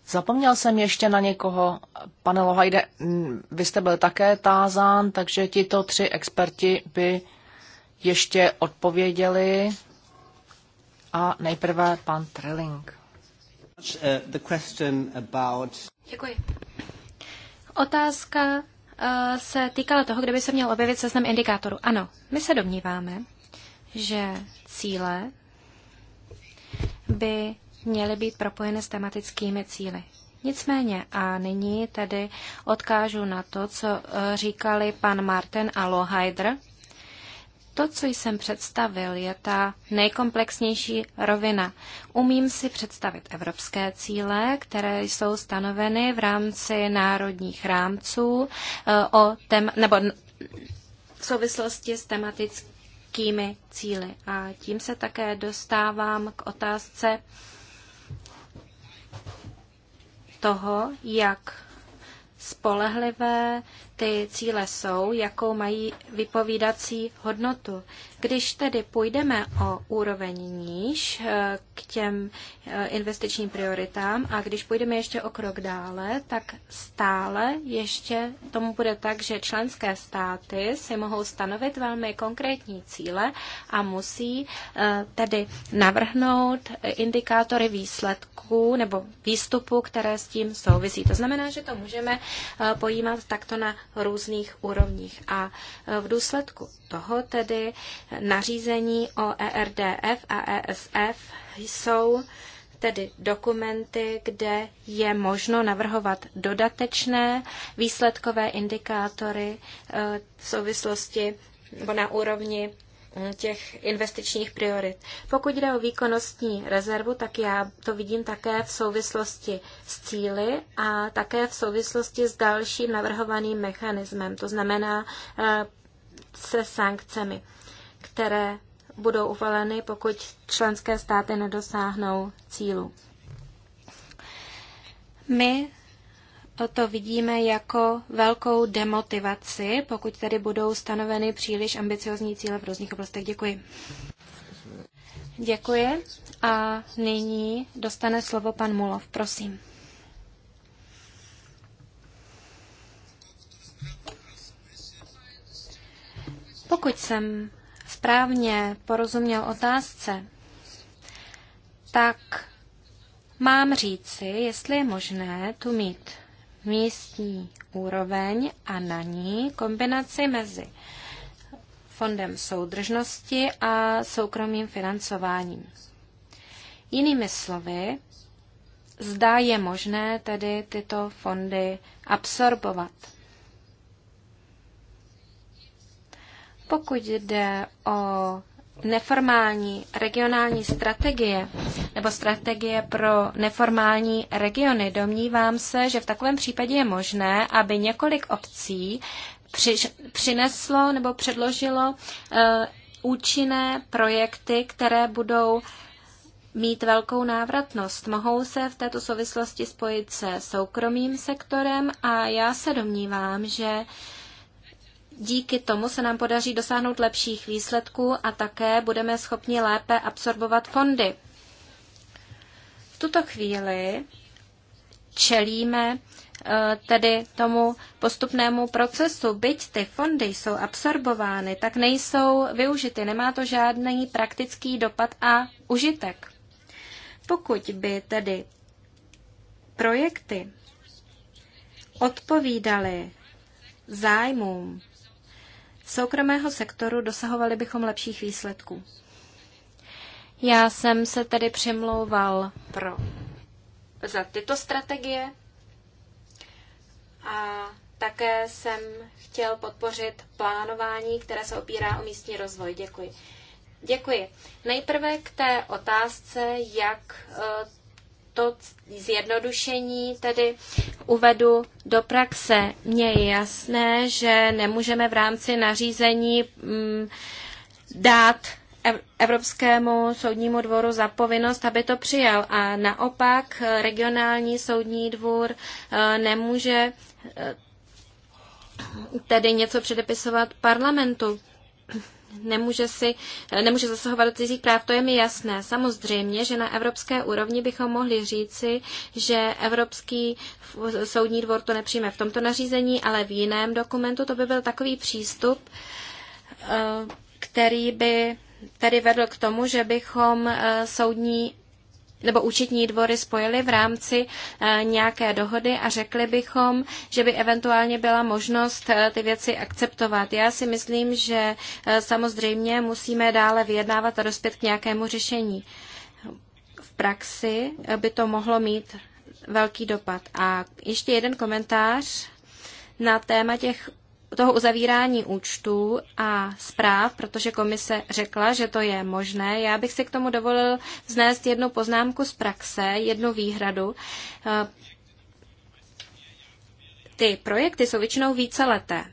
Zapomněl jsem ještě na někoho. Pane Lohajde, vy jste byl také tázán, takže tito tři experti by ještě odpověděli. A nejprve pan Trilling. Děkuji. Otázka eh, se týkala toho, kde by se měl objevit seznam indikátorů. Ano, my se domníváme, že cíle by měly být propojeny s tematickými cíly. Nicméně a nyní tedy odkážu na to, co eh, říkali pan Martin a Lohajdr, to, co jsem představil, je ta nejkomplexnější rovina. Umím si představit evropské cíle, které jsou stanoveny v rámci národních rámců eh, o tem, nebo v souvislosti s tematickými cíly. A tím se také dostávám k otázce toho, jak spolehlivé ty cíle jsou, jakou mají vypovídací hodnotu. Když tedy půjdeme o úroveň níž eh, k těm eh, investičním prioritám a když půjdeme ještě o krok dále, tak stále ještě tomu bude tak, že členské státy si mohou stanovit velmi konkrétní cíle a musí eh, tedy navrhnout indikátory výsledků nebo výstupů, které s tím souvisí. To znamená, že to můžeme pojímat takto na různých úrovních. A e, v důsledku toho tedy nařízení o ERDF a ESF jsou tedy dokumenty, kde je možno navrhovat dodatečné výsledkové indikátory e, v souvislosti nebo na úrovni Eh, těch investičních priorit. Pokud jde o výkonnostní rezervu, tak já to vidím také v souvislosti s cíly a také v souvislosti s dalším navrhovaným mechanismem, to znamená eh, se sankcemi, které budou uvaleny, pokud členské státy nedosáhnou cílu. My to vidíme jako velkou demotivaci, pokud tady budou stanoveny příliš ambiciozní cíle v různých oblastech. Děkuji. Děkuji. A nyní dostane slovo pan Mulov. Prosím. Pokud jsem správně porozuměl otázce, tak mám říci, jestli je možné tu mít místní úroveň a na ní kombinaci mezi fondem soudržnosti a soukromým financováním. Jinými slovy, zdá je možné tedy tyto fondy absorbovat. Pokud jde o neformální regionální strategie nebo strategie pro neformální regiony, domnívám se, že v takovém případě je možné, aby několik obcí při, přineslo nebo předložilo uh, účinné projekty, které budou mít velkou návratnost. Mohou se v této souvislosti spojit se soukromým sektorem a já se domnívám, že uh, Díky tomu se nám podaří dosáhnout lepších výsledků a také budeme schopni lépe absorbovat fondy. V tuto chvíli čelíme eh, tedy tomu postupnému procesu, byť ty fondy jsou absorbovány, tak nejsou využity, nemá to žádný praktický dopad a užitek. Pokud by tedy projekty odpovídaly zájmům soukromého sektoru, dosahovali bychom lepších výsledků. Já jsem se tedy přimlouval pro za tyto strategie a také jsem chtěl podpořit plánování, které se opírá o místní rozvoj. Děkuji. Děkuji. Nejprve k té otázce, jak eh, to zjednodušení tedy uvedu do praxe. Mně je jasné, že nemůžeme v rámci nařízení mm, dát Evropskému soudnímu dvoru za povinnost, aby to přijal. A naopak regionální soudní dvůr e, nemůže e, tedy něco předepisovat parlamentu nemůže, si, nemůže zasahovat do cizích práv, to je mi jasné. Samozřejmě, že na evropské úrovni bychom mohli říci, že Evropský soudní dvor to nepřijme v tomto nařízení, ale v jiném dokumentu to by byl takový přístup, eh, který by tady vedl k tomu, že bychom eh, soudní nebo účetní dvory spojily v rámci eh, nějaké dohody a řekli bychom, že by eventuálně byla možnost eh, ty věci akceptovat. Já si myslím, že eh, samozřejmě musíme dále vyjednávat a dospět k nějakému řešení. V praxi by to mohlo mít velký dopad. A ještě jeden komentář na téma těch toho uzavírání účtů a zpráv, protože komise řekla, že to je možné. Já bych si k tomu dovolil vznést jednu poznámku z praxe, jednu výhradu. Eh, ty projekty jsou většinou víceleté.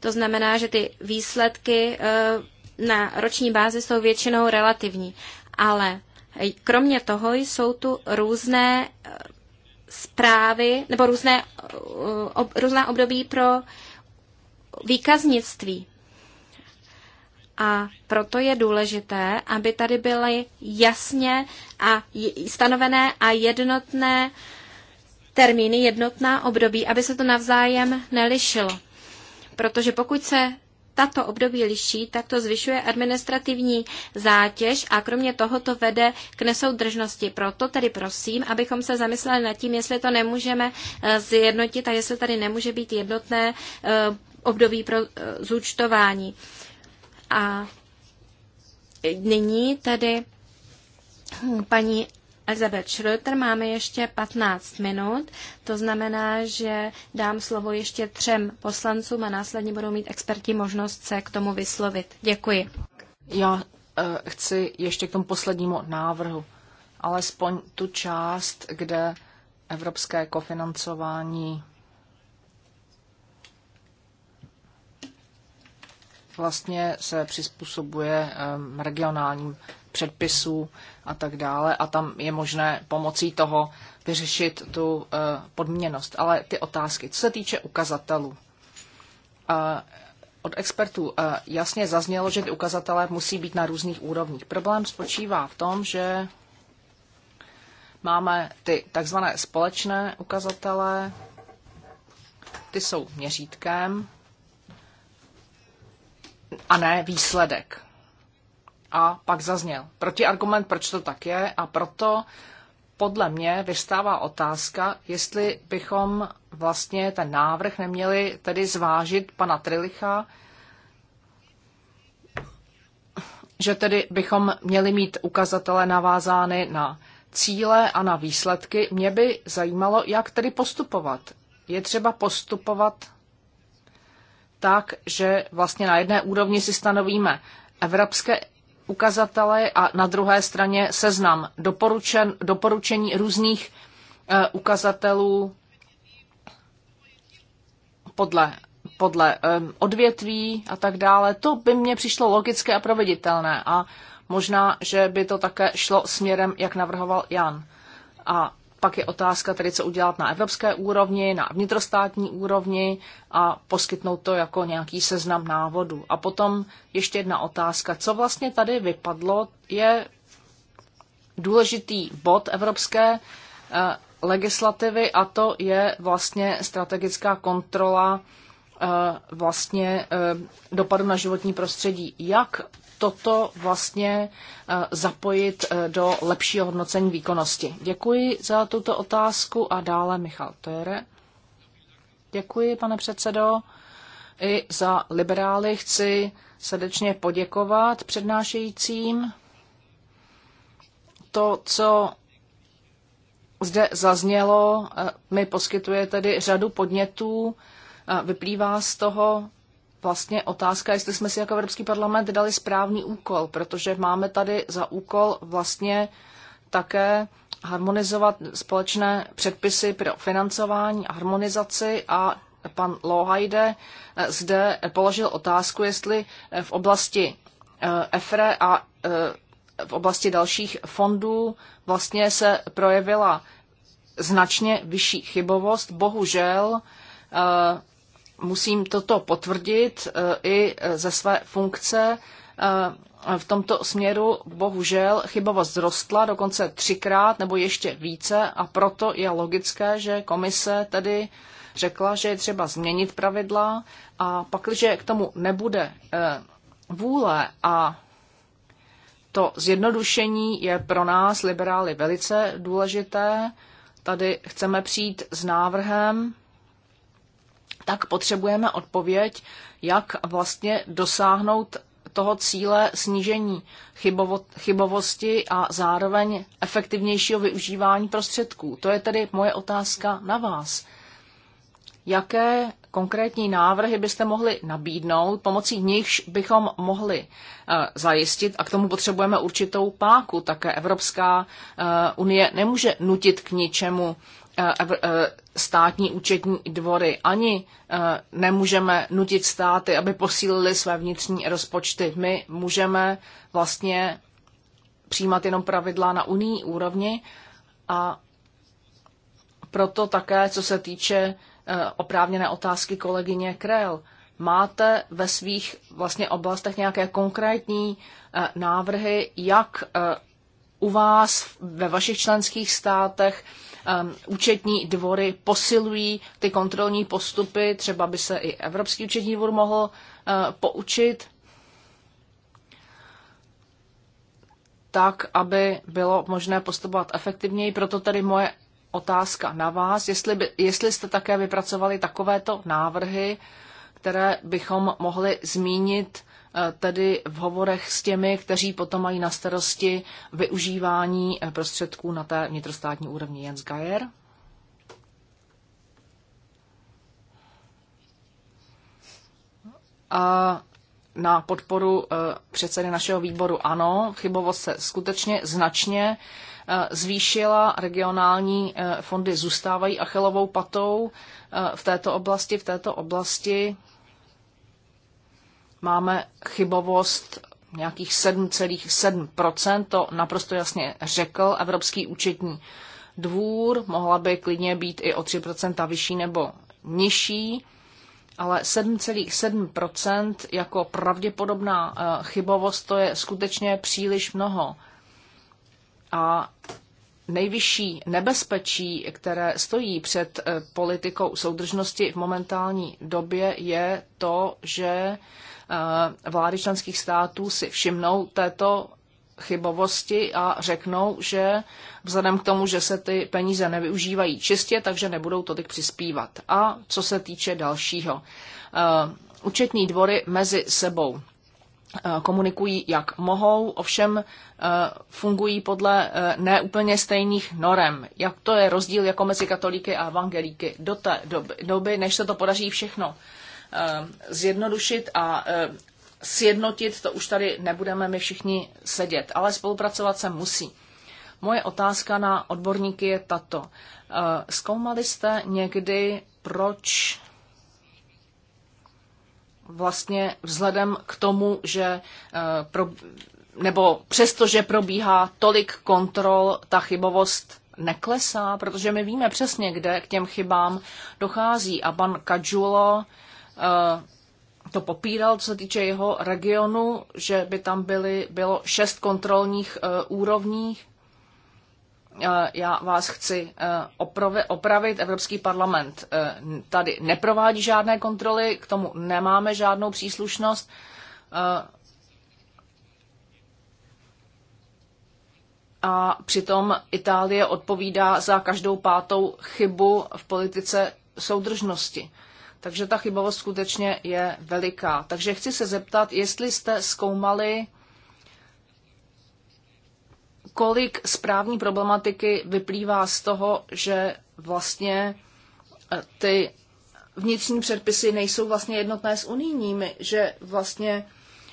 To znamená, že ty výsledky eh, na roční bázi jsou většinou relativní. Ale eh, kromě toho jsou tu různé zprávy nebo různé, různá období pro výkaznictví. A proto je důležité, aby tady byly jasně a stanovené a jednotné termíny, jednotná období, aby se to navzájem nelišilo. Protože pokud se tato období liší, tak to zvyšuje administrativní zátěž a kromě toho to vede k nesoudržnosti. Proto tedy prosím, abychom se zamysleli nad tím, jestli to nemůžeme eh, zjednotit a jestli tady nemůže být jednotné eh, období pro eh, zúčtování. A nyní tedy hm, paní Elizabeth Schröter, máme ještě 15 minut, to znamená, že dám slovo ještě třem poslancům a následně budou mít experti možnost se k tomu vyslovit. Děkuji. Já uh, chci ještě k tomu poslednímu návrhu, alespoň tu část, kde evropské kofinancování vlastně se přizpůsobuje regionálním předpisů a tak dále a tam je možné pomocí toho vyřešit tu e, podměnost. Ale ty otázky, co se týče ukazatelů, e, od expertů e, jasně zaznělo, že ty ukazatele musí být na různých úrovních. Problém spočívá v tom, že máme ty takzvané společné ukazatele, ty jsou měřítkem, a ne výsledek. A pak zazněl protiargument, proč to tak je a proto podle mě vystává otázka, jestli bychom vlastně ten návrh neměli tedy zvážit pana Trilicha, že tedy bychom měli mít ukazatele navázány na cíle a na výsledky. Mě by zajímalo, jak tedy postupovat. Je třeba postupovat tak, že vlastně na jedné úrovni si stanovíme evropské ukazatele a na druhé straně seznam doporučen, doporučení různých e, ukazatelů podle, podle e, odvětví a tak dále. To by mně přišlo logické a proveditelné a možná, že by to také šlo směrem, jak navrhoval Jan. A pak je otázka tedy, co udělat na evropské úrovni, na vnitrostátní úrovni a poskytnout to jako nějaký seznam návodu A potom ještě jedna otázka, co vlastně tady vypadlo, je důležitý bod evropské eh, legislativy a to je vlastně strategická kontrola eh, vlastně eh, dopadu na životní prostředí. Jak toto vlastně e, zapojit e, do lepšího hodnocení výkonnosti? Děkuji za tuto otázku a dále Michal Tere. Děkuji, pane předsedo. I za liberály chci srdečně poděkovat přednášejícím. To, co zde zaznělo, e, mi poskytuje tedy řadu podnětů. Vyplývá z toho, vlastně otázka, jestli jsme si jako Evropský parlament dali správný úkol, protože máme tady za úkol vlastně také harmonizovat společné předpisy pro financování a harmonizaci a pan Lohajde eh, zde položil otázku, jestli eh, v oblasti eh, EFRE a v oblasti dalších fondů vlastně se projevila značně vyšší chybovost. Bohužel musím toto potvrdit e, i e, ze své funkce. E, v tomto směru bohužel chybovost zrostla dokonce třikrát nebo ještě více a proto je logické, že komise tedy řekla, že je třeba změnit pravidla a pakliže k tomu nebude vůle a to zjednodušení je pro nás, liberály, velice důležité. Tady chceme přijít s návrhem, tak potřebujeme odpověď, jak vlastně dosáhnout toho cíle snížení chybovo- chybovosti a zároveň efektivnějšího využívání prostředků. To je tedy moje otázka na vás. Jaké konkrétní návrhy byste mohli nabídnout, pomocí nichž bychom mohli eh, zajistit, a k tomu potřebujeme určitou páku, také Evropská eh, unie nemůže nutit k ničemu Eh, eh, státní účetní dvory, ani eh, nemůžeme nutit státy, aby posílili své vnitřní rozpočty. My můžeme vlastně přijímat jenom pravidla na unijní úrovni a proto také, co se týče oprávněné otázky kolegyně Krell, máte ve svých vlastně oblastech nějaké konkrétní návrhy, jak u vás ve vašich členských státech Ehm, účetní dvory posilují ty kontrolní postupy, třeba by se i Evropský účetní dvor mohl eh, poučit, tak, aby bylo možné postupovat efektivněji. Proto tady moje otázka na vás, jestli, by, jestli jste také vypracovali takovéto návrhy, které bychom mohli zmínit Eh, tedy v hovorech s těmi, kteří potom mají na starosti využívání eh, prostředků na té vnitrostátní úrovni. Jens Geier. A na podporu eh, předsedy našeho výboru ano, chybovost se skutečně značně zvýšila, regionální fondy zůstávají achelovou patou v této oblasti, v této oblasti máme chybovost nějakých 7,7%, to naprosto jasně řekl Evropský účetní dvůr, mohla by klidně být i o 3% vyšší nebo nižší, ale 7,7% jako pravděpodobná eh, chybovost, to je skutečně příliš mnoho. A nejvyšší nebezpečí, které stojí před eh, politikou soudržnosti v momentální době, je to, že Eh, vlády členských států si všimnou této chybovosti a řeknou, že vzhledem k tomu, že se ty peníze nevyužívají čistě, takže nebudou tolik přispívat. A co se týče dalšího, eh, účetní dvory mezi sebou eh, komunikují, jak mohou, ovšem fungují podle neúplně stejných norem. Jak to je rozdíl jako mezi katolíky a evangelíky do té doby, doby než se to podaří všechno Eh, zjednodušit a eh, sjednotit, to už tady nebudeme my všichni sedět, ale spolupracovat se musí. Moje otázka na odborníky je tato. Eh, zkoumali jste někdy, proč vlastně vzhledem k tomu, že pro, nebo že probíhá tolik kontrol, ta chybovost neklesá, protože my víme přesně, kde k těm chybám dochází. A pan Kadžulo Eh, to popíral, co se týče jeho regionu, že by tam byly, bylo šest kontrolních eh, úrovní. Eh, já vás chci opravit. Evropský parlament tady neprovádí žádné kontroly, k tomu nemáme žádnou příslušnost. a přitom Itálie odpovídá za každou pátou chybu v politice soudržnosti. Takže ta chybovost skutečně je veliká. Takže chci se zeptat, jestli jste zkoumali, kolik správní problematiky vyplývá z toho, že vlastně eh, ty vnitřní předpisy nejsou vlastně jednotné s unijními, že vlastně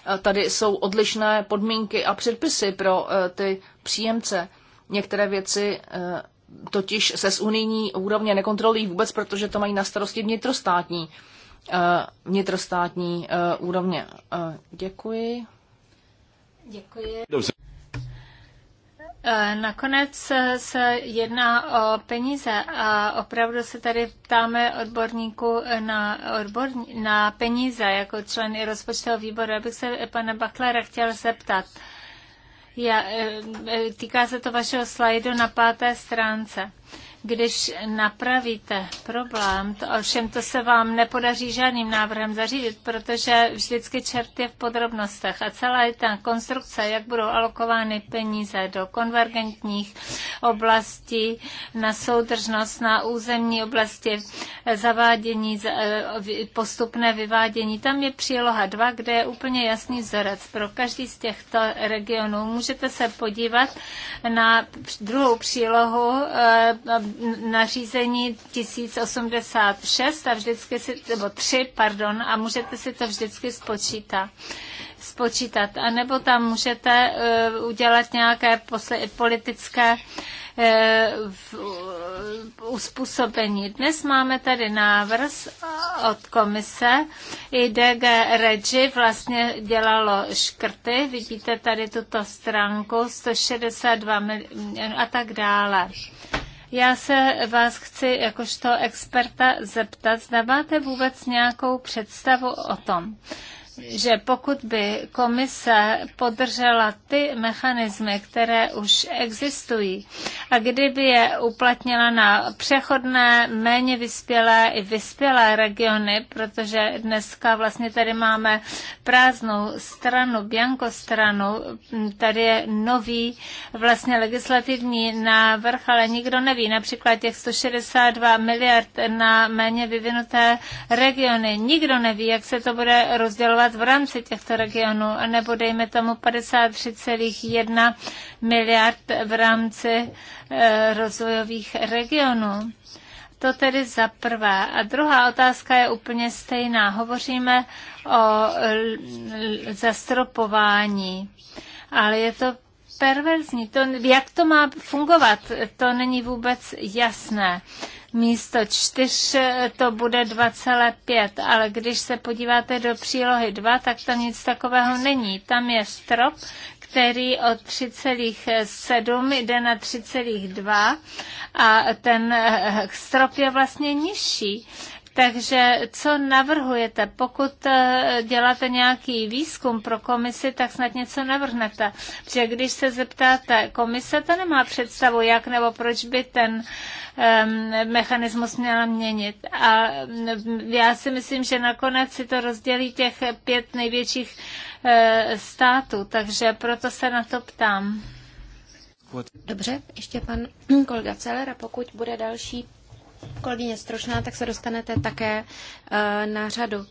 eh, tady jsou odlišné podmínky a předpisy pro eh, ty příjemce. Některé věci totiž se z unijní úrovně nekontrolují vůbec, protože to mají na starosti vnitrostátní, eh, vnitrostátní eh, úrovně. Eh, děkuji. Děkuji. Dobře. Nakonec se jedná o peníze a opravdu se tady ptáme odborníku na, odborní, na peníze jako člen i rozpočtového výboru. Já bych se pana Baklera chtěl zeptat. Já, eh, eh, týká se to vašeho slajdu na páté stránce když napravíte problém, to, ovšem to se vám nepodaří žádným návrhem zařídit, protože vždycky čert je v podrobnostech a celá je ta konstrukce, jak budou alokovány peníze do konvergentních oblastí, na soudržnost, na územní oblasti, zavádění, e, postupné vyvádění. Tam je příloha 2, kde je úplně jasný vzorec pro každý z těchto regionů. Můžete se podívat na druhou přílohu e, nařízení 1086 a vždycky si, nebo 3, pardon, a můžete si to vždycky spočítat spočítat. A nebo tam můžete uh, udělat nějaké politické eh, eh, uspůsobení. Dnes máme tady návrh od komise. IDG Regi vlastně dělalo škrty. Vidíte tady tuto stránku 162 mil... a tak dále. Já se vás chci jakožto experta zeptat, zda máte vůbec nějakou představu o tom, že pokud by komise podržela ty mechanismy, které už existují a kdyby je uplatnila na přechodné, méně vyspělé i vyspělé regiony, protože dneska vlastně tady máme prázdnou stranu, bianko stranu, tady je nový vlastně legislativní návrh, ale nikdo neví, například těch 162 miliard na méně vyvinuté regiony, nikdo neví, jak se to bude rozdělovat podporovat v rámci těchto regionů, nebo dejme tomu 53,1 miliard v rámci eh, rozvojových regionů. To tedy za prvé. A druhá otázka je úplně stejná. Hovoříme o zastropování, ale je to perverzní. To, jak to má fungovat, to není vůbec jasné místo 4 to bude 2,5, ale když se podíváte do přílohy 2, tak tam nic takového není. Tam je strop, který od 3,7 jde na 3,2 a ten strop je vlastně nižší. Takže co navrhujete? Pokud eh, děláte nějaký výzkum pro komisi, tak snad něco navrhnete. Protože když se zeptáte komise, to nemá představu, jak nebo proč by ten um, mechanismus měla měnit. A mm, já si myslím, že nakonec si to rozdělí těch pět největších uh, států, takže proto se na to ptám. Dobře, ještě pan kolega Celera, pokud bude další kolegyně Strošná, tak se dostanete také eh, na řadu.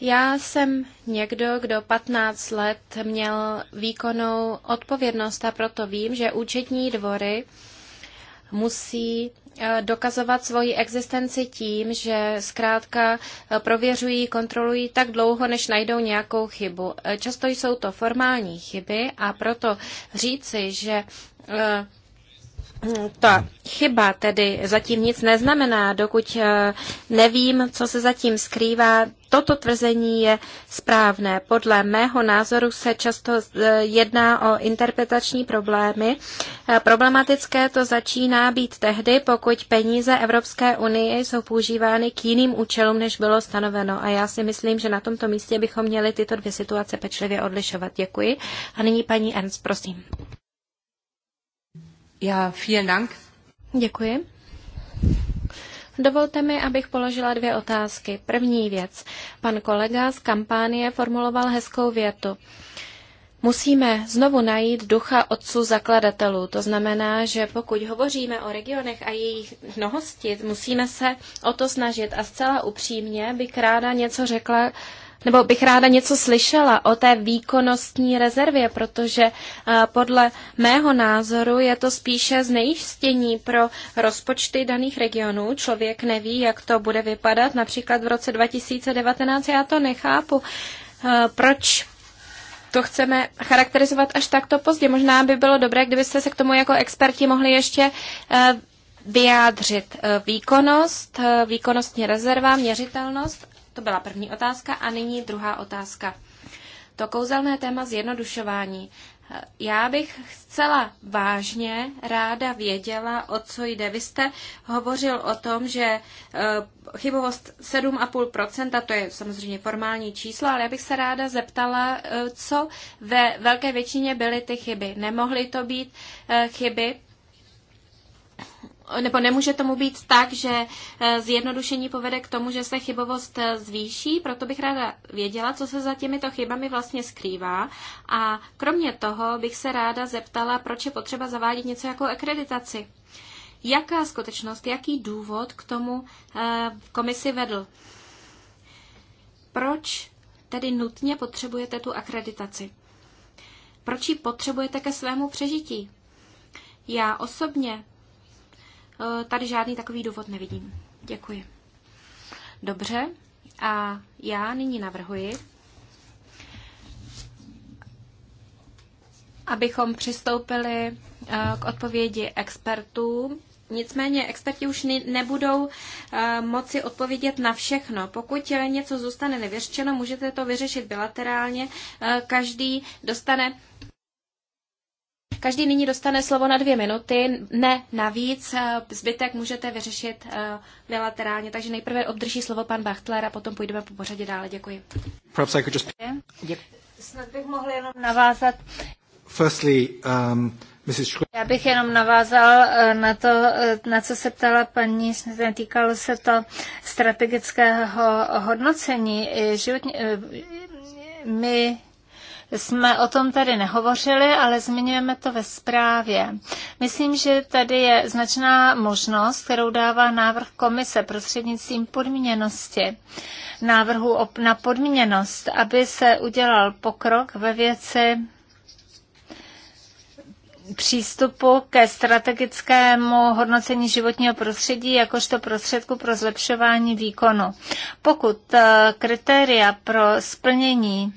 Já jsem někdo, kdo 15 let měl výkonnou odpovědnost a proto vím, že účetní dvory musí eh, dokazovat svoji existenci tím, že zkrátka eh, prověřují, kontrolují tak dlouho, než najdou nějakou chybu. Často jsou to formální chyby a proto říci, že ta chyba tedy zatím nic neznamená, dokud eh, nevím, co se zatím skrývá. Toto tvrzení je správné. Podle mého názoru se často eh, jedná o interpretační problémy. Eh, problematické to začíná být tehdy, pokud peníze Evropské unie jsou používány k jiným účelům, než bylo stanoveno. A já si myslím, že na tomto místě bychom měli tyto dvě situace pečlivě odlišovat. Děkuji. A nyní paní Ernst, prosím. Já vielen Dank. Děkuji. Dovolte mi, abych položila dvě otázky. První věc. Pan kolega z kampánie formuloval hezkou větu. Musíme znovu najít ducha otců zakladatelů. To znamená, že pokud hovoříme o regionech a jejich mnohosti, musíme se o to snažit. A zcela upřímně bych ráda něco řekla nebo bych ráda něco slyšela o té výkonnostní rezervě, protože eh, podle mého názoru je to spíše znejistění pro rozpočty daných regionů. Člověk neví, jak to bude vypadat. Například v roce 2019 já to nechápu. Eh, proč to chceme charakterizovat až takto pozdě. Možná by bylo dobré, kdybyste se k tomu jako experti mohli ještě eh, vyjádřit výkonnost, výkonnostní rezerva, měřitelnost to byla první otázka a nyní druhá otázka. To kouzelné téma zjednodušování. Já bych zcela vážně ráda věděla, o co jde. Vy jste hovořil o tom, že e, chybovost 7,5%, to je samozřejmě formální číslo, ale já bych se ráda zeptala, e, co ve velké většině byly ty chyby. Nemohly to být e, chyby, nebo nemůže tomu být tak, že eh, zjednodušení povede k tomu, že se chybovost eh, zvýší, proto bych ráda věděla, co se za těmito chybami vlastně skrývá. A kromě toho bych se ráda zeptala, proč je potřeba zavádět něco jako akreditaci. Jaká skutečnost, jaký důvod k tomu eh, komisi vedl? Proč tedy nutně potřebujete tu akreditaci? Proč ji potřebujete ke svému přežití? Já osobně Eh, tady žádný takový důvod nevidím. Děkuji. Dobře, a já nyní navrhuji, abychom přistoupili eh, k odpovědi expertů. Nicméně experti už nebudou eh, moci odpovědět na všechno. Pokud něco zůstane nevyřešeno, můžete to vyřešit bilaterálně. Každý dostane Každý nyní dostane slovo na dvě minuty, ne navíc, eh, zbytek můžete vyřešit eh, bilaterálně, takže nejprve obdrží slovo pan Bachtler a potom půjdeme po pořadě dále. Děkuji. Snad bych mohl jenom navázat. Firstly, um, já bych jenom navázal eh, na to, na co se ptala paní, týkalo se to strategického hodnocení. Životní, my jsme o tom tady nehovořili, ale zmiňujeme to ve zprávě. Myslím, že tady je značná možnost, kterou dává návrh komise prostřednictvím podmíněnosti, návrhu na podmíněnost, aby se udělal pokrok ve věci přístupu ke strategickému hodnocení životního prostředí jakožto prostředku pro zlepšování výkonu. Pokud eh, kritéria pro splnění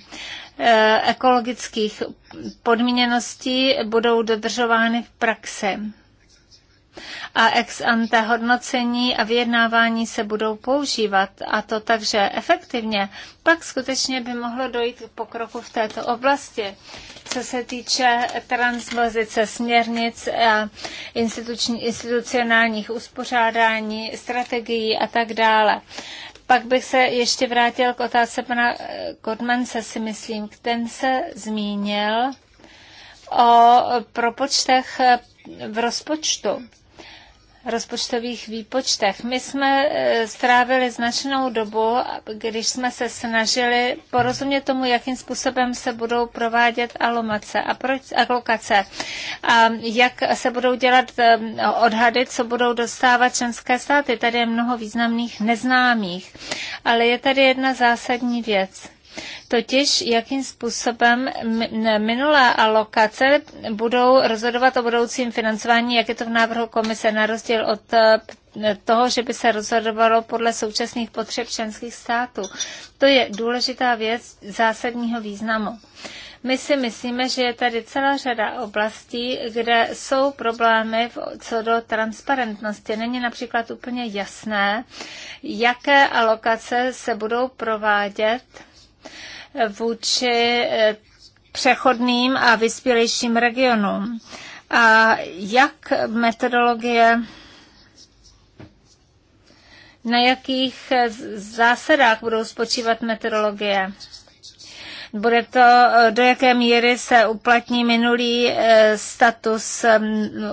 Eh, ekologických podmíněností budou dodržovány v praxi. A ex ante hodnocení a vyjednávání se budou používat, a to takže efektivně, pak skutečně by mohlo dojít k pokroku v této oblasti. Co se týče transpozice směrnic, institucionálních uspořádání, strategií a tak dále. Pak bych se ještě vrátil k otázce pana eh, Godmanse, si myslím. Ten se zmínil o propočtech eh, v rozpočtu rozpočtových výpočtech. My jsme e, strávili značnou dobu, když jsme se snažili porozumět tomu, jakým způsobem se budou provádět alomace a proč, alokace a jak se budou dělat e, odhady, co budou dostávat členské státy. Tady je mnoho významných neznámých, ale je tady jedna zásadní věc. Totiž, jakým způsobem minulé alokace budou rozhodovat o budoucím financování, jak je to v návrhu komise, na rozdíl od eh, toho, že by se rozhodovalo podle současných potřeb členských států. To je důležitá věc zásadního významu. My si myslíme, že je tady celá řada oblastí, kde jsou problémy co do transparentnosti. Není například úplně jasné, jaké alokace se budou provádět vůči eh, přechodným a vyspělejším regionům. A jak metodologie na jakých zásadách budou spočívat meteorologie? Bude to, do jaké míry se uplatní minulý eh, status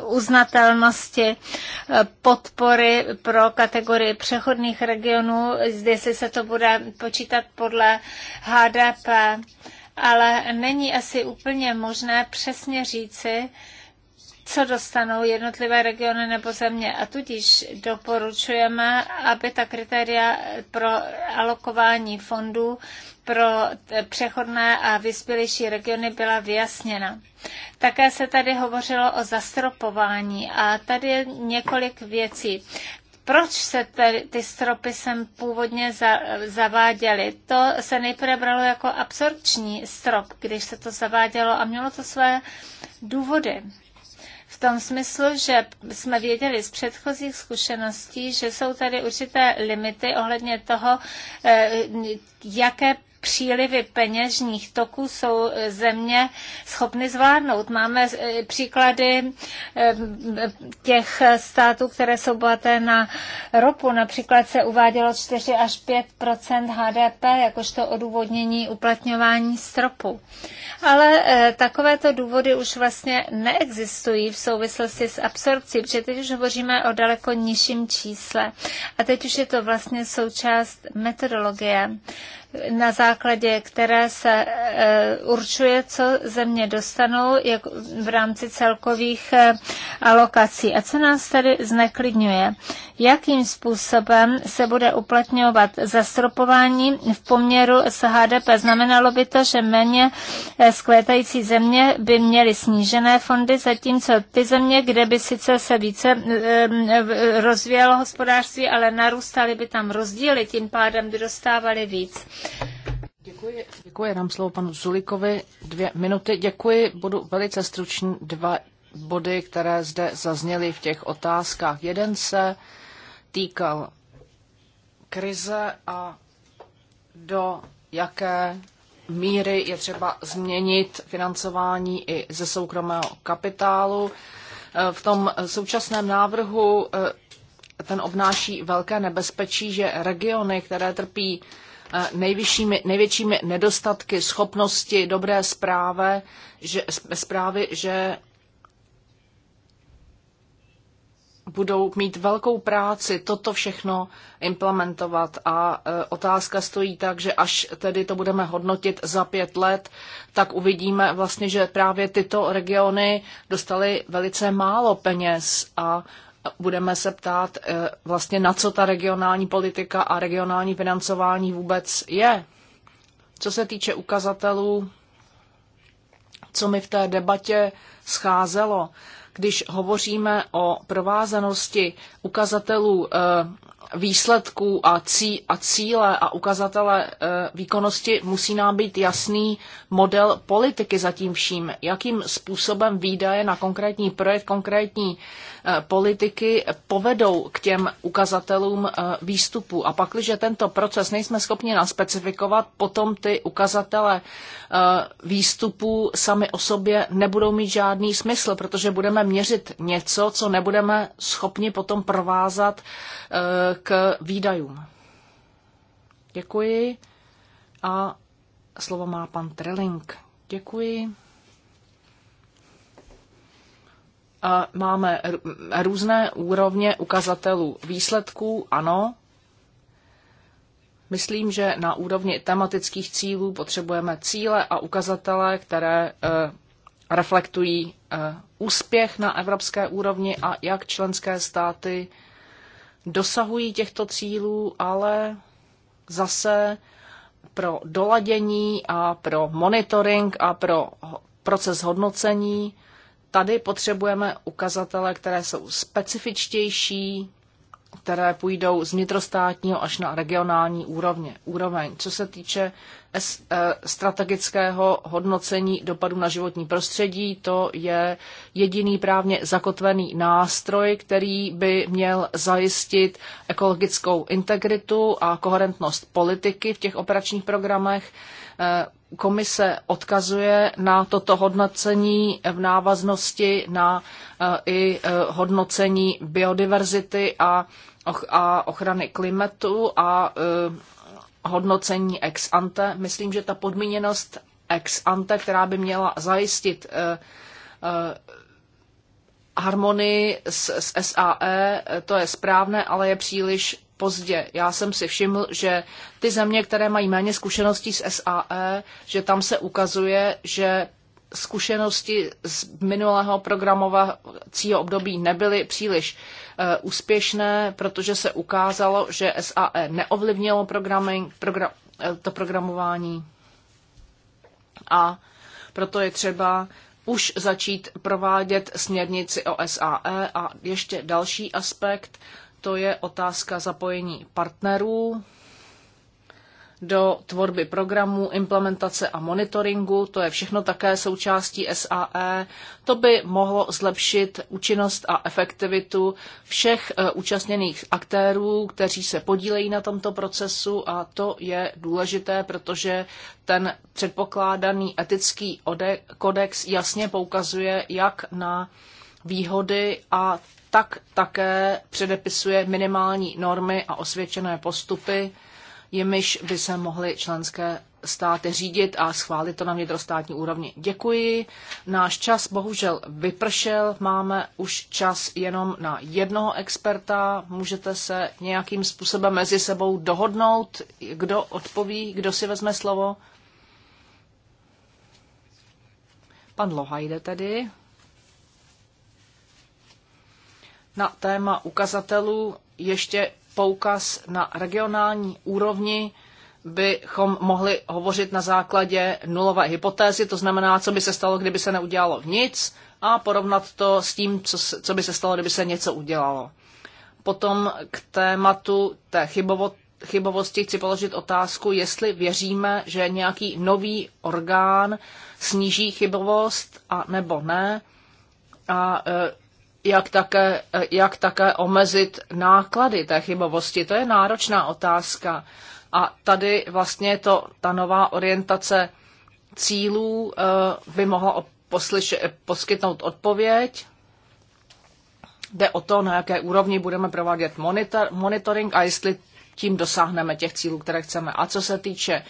uznatelnosti eh, podpory pro kategorii přechodných regionů, jestli se to bude počítat podle HDP, ale není asi úplně možné přesně říci, co dostanou jednotlivé regiony nebo země. A tudíž doporučujeme, aby ta kritéria pro alokování fondů pro přechodné a vyspělejší regiony byla vyjasněna. Také se tady hovořilo o zastropování a tady je několik věcí proč se ty, ty stropy sem původně za, zaváděly. To se nejprve bralo jako absorpční strop, když se to zavádělo a mělo to své důvody. V tom smyslu, že jsme věděli z předchozích zkušeností, že jsou tady určité limity ohledně toho, eh, jaké přílivy peněžních toků jsou e, země schopny zvládnout. Máme e, příklady e, těch států, které jsou bohaté na ropu. Například se uvádělo 4 až 5 HDP jakožto odůvodnění uplatňování stropu. Ale takovéto důvody už vlastně neexistují v souvislosti s absorpcí, protože teď už hovoříme o daleko nižším čísle. A teď už je to vlastně součást metodologie na základě které se e, určuje, co země dostanou jak v rámci celkových e, alokací. A co nás tady zneklidňuje? Jakým způsobem se bude uplatňovat zastropování v poměru s HDP? Znamenalo by to, že méně e, skvětající země by měly snížené fondy, zatímco ty země, kde by sice se více rozvíjelo hospodářství, ale narůstaly by tam rozdíly, tím pádem by dostávaly víc. Děkuji, děkuji nám slovo panu Zulikovi. Dvě minuty. Děkuji, budu velice stručný. Dva body, které zde zazněly v těch otázkách. Jeden se týkal krize a do jaké míry je třeba změnit financování i ze soukromého kapitálu. V tom současném návrhu eh, ten obnáší velké nebezpečí, že regiony, které trpí nejvyššími, největšími nedostatky schopnosti dobré zprávy, že, zprávy, že budou mít velkou práci toto všechno implementovat. A e, otázka stojí tak, že až tedy to budeme hodnotit za pět let, tak uvidíme vlastně, že právě tyto regiony dostaly velice málo peněz a budeme se ptát eh, vlastně na co ta regionální politika a regionální financování vůbec je. Co se týče ukazatelů, co mi v té debatě scházelo, když hovoříme o provázanosti ukazatelů eh, výsledků a, cí, a cíle a ukazatele eh, výkonnosti musí nám být jasný model politiky za tím vším, jakým způsobem výdaje na konkrétní projekt, konkrétní eh, politiky povedou k těm ukazatelům eh, výstupu. A pak, když tento proces nejsme schopni naspecifikovat, potom ty ukazatele výstupů sami o sobě nebudou mít žádný smysl, protože budeme měřit něco, co nebudeme schopni potom provázat k výdajům. Děkuji a slovo má pan Trelink. Děkuji. A máme různé úrovně ukazatelů výsledků, ano. Myslím, že na úrovni tematických cílů potřebujeme cíle a ukazatele, které e, reflektují e, úspěch na evropské úrovni a jak členské státy dosahují těchto cílů, ale zase pro doladění a pro monitoring a pro proces hodnocení tady potřebujeme ukazatele, které jsou specifičtější, které půjdou z vnitrostátního až na regionální úrovně, úroveň. Co se týče Eh, strategického hodnocení dopadu na životní prostředí. To je jediný právně zakotvený nástroj, který by měl zajistit ekologickou integritu a koherentnost politiky v těch operačních programech. Eh, komise odkazuje na toto hodnocení v návaznosti na eh, i hodnocení biodiverzity a ochrany klimatu a hodnocení ex ante. Myslím, že ta podmíněnost ex ante, která by měla zajistit eh, eh, harmonii s, s SAE, eh, to je správné, ale je příliš pozdě. Já jsem si všiml, že ty země, které mají méně zkušeností s SAE, že tam se ukazuje, že zkušenosti z minulého programovacího období nebyly příliš Eh, úspěšné, protože se ukázalo, že SAE neovlivnilo program, eh, to programování a proto je třeba už začít provádět směrnici o SAE a ještě další aspekt, to je otázka zapojení partnerů do tvorby programů, implementace a monitoringu, to je všechno také součástí SAE. To by mohlo zlepšit účinnost a efektivitu všech eh, účastněných aktérů, kteří se podílejí na tomto procesu a to je důležité, protože ten předpokládaný etický kodex jasně poukazuje jak na výhody a tak také předepisuje minimální normy a osvědčené postupy, jimiž by se mohly členské státy řídit a schválit to na vnitrostátní úrovni. Děkuji. Náš čas bohužel vypršel. Máme už čas jenom na jednoho experta. Můžete se nějakým způsobem mezi sebou dohodnout, kdo odpoví, kdo si vezme slovo. Pan Lohajde tedy. Na téma ukazatelů ještě poukaz na regionální úrovni bychom mohli hovořit na základě nulové hypotézy, to znamená, co by se stalo, kdyby se neudělalo nic a porovnat to s tím, co, co by se stalo, kdyby se něco udělalo. Potom k tématu té chybovosti chybovosti chci položit otázku, jestli věříme, že nějaký nový orgán sníží chybovost a nebo ne. A e, jak také, jak také omezit náklady té chybovosti. To je náročná otázka. A tady vlastně to, ta nová orientace cílů eh, by mohla poslyš, poskytnout odpověď. Jde o to, na jaké úrovni budeme provádět monitor, monitoring a jestli tím dosáhneme těch cílů, které chceme. A co se týče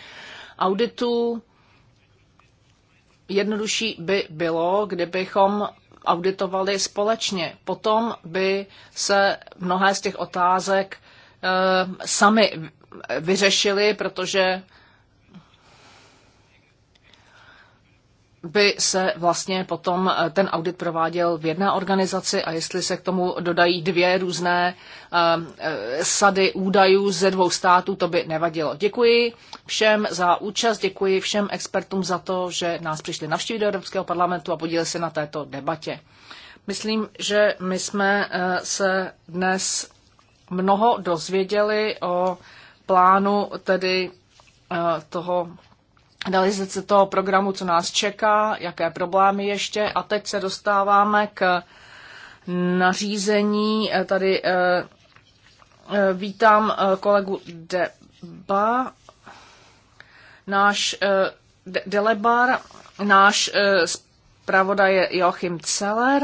auditů, jednodušší by bylo, kdybychom auditovali společně. Potom by se mnohé z těch otázek eh, sami vyřešili, protože by se vlastně potom eh, ten audit prováděl v jedné organizaci a jestli se k tomu dodají dvě různé eh, eh, sady údajů ze dvou států, to by nevadilo. Děkuji všem za účast, děkuji všem expertům za to, že nás přišli navštívit do Evropského parlamentu a podíleli se na této debatě. Myslím, že my jsme se dnes mnoho dozvěděli o plánu tedy toho realizace toho programu, co nás čeká, jaké problémy ještě. A teď se dostáváme k nařízení. Tady eh, eh, vítám eh, kolegu Deba, náš Delebar, náš zpravodaj je Joachim Celer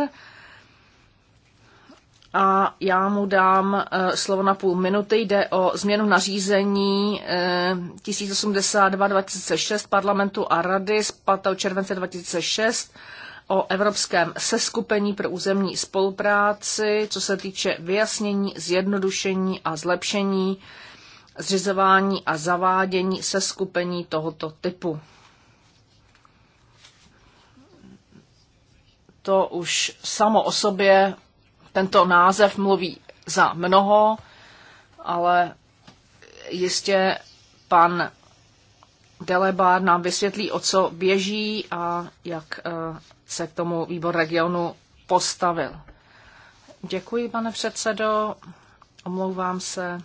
a já mu dám eh, slovo na půl minuty. Jde o změnu nařízení 1082-2006 eh, parlamentu a rady z 5. července 2006 o evropském seskupení pro územní spolupráci, co se týče vyjasnění, zjednodušení a zlepšení zřizování a zavádění seskupení tohoto typu. To už samo o sobě tento název mluví za mnoho, ale jistě pan Delebar nám vysvětlí, o co běží a jak eh, se k tomu výbor regionu postavil. Děkuji, pane předsedo. Omlouvám se.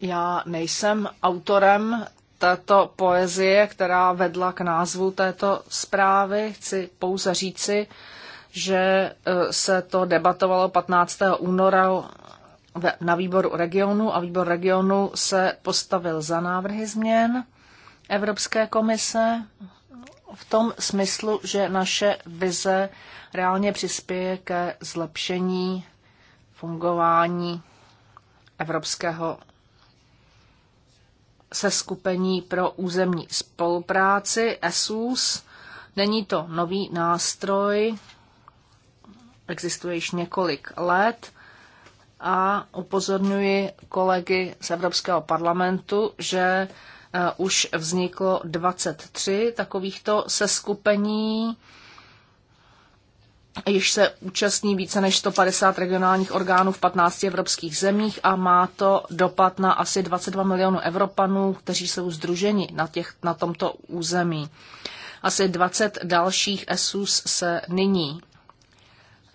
Já nejsem autorem tato poezie, která vedla k názvu této zprávy. Chci pouze říci, že e, se to debatovalo 15. února na výboru regionu a výbor regionu se postavil za návrhy změn Evropské komise v tom smyslu, že naše vize reálně přispěje ke zlepšení fungování evropského se skupení pro územní spolupráci ESUS. Není to nový nástroj, existuje již několik let a upozorňuji kolegy z Evropského parlamentu, že e, už vzniklo 23 takovýchto seskupení již se účastní více než 150 regionálních orgánů v 15 evropských zemích a má to dopad na asi 22 milionů Evropanů, kteří jsou združeni na, těch, na tomto území. Asi 20 dalších ESUS se nyní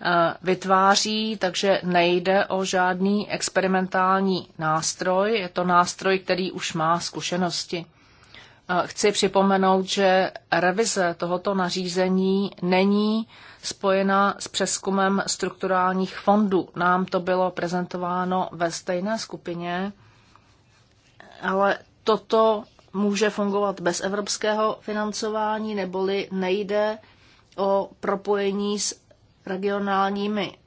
eh, vytváří, takže nejde o žádný experimentální nástroj, je to nástroj, který už má zkušenosti chci připomenout, že revize tohoto nařízení není spojena s přeskumem strukturálních fondů. Nám to bylo prezentováno ve stejné skupině, ale toto může fungovat bez evropského financování, neboli nejde o propojení s regionálními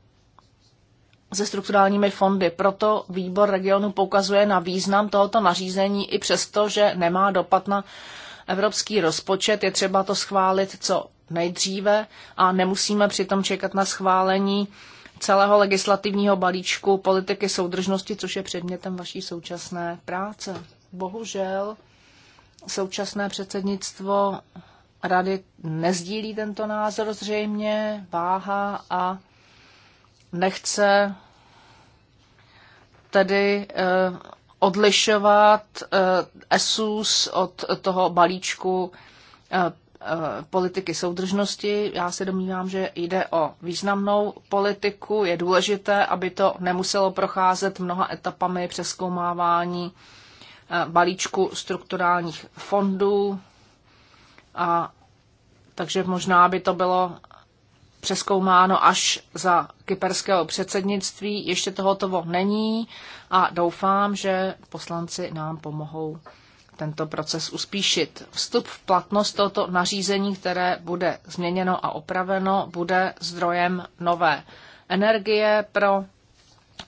se strukturálními fondy. Proto výbor regionu poukazuje na význam tohoto nařízení i přesto, že nemá dopad na evropský rozpočet. Je třeba to schválit co nejdříve a nemusíme přitom čekat na schválení celého legislativního balíčku politiky soudržnosti, což je předmětem vaší současné práce. Bohužel současné předsednictvo rady nezdílí tento názor zřejmě, váha a nechce tedy eh, odlišovat ESUS eh, od toho balíčku eh, politiky soudržnosti. Já se domnívám, že jde o významnou politiku. Je důležité, aby to nemuselo procházet mnoha etapami přeskoumávání balíčku strukturálních fondů. A takže možná by to bylo přeskoumáno až za kyperského předsednictví. Ještě toho není a doufám, že poslanci nám pomohou tento proces uspíšit. Vstup v platnost tohoto nařízení, které bude změněno a opraveno, bude zdrojem nové energie pro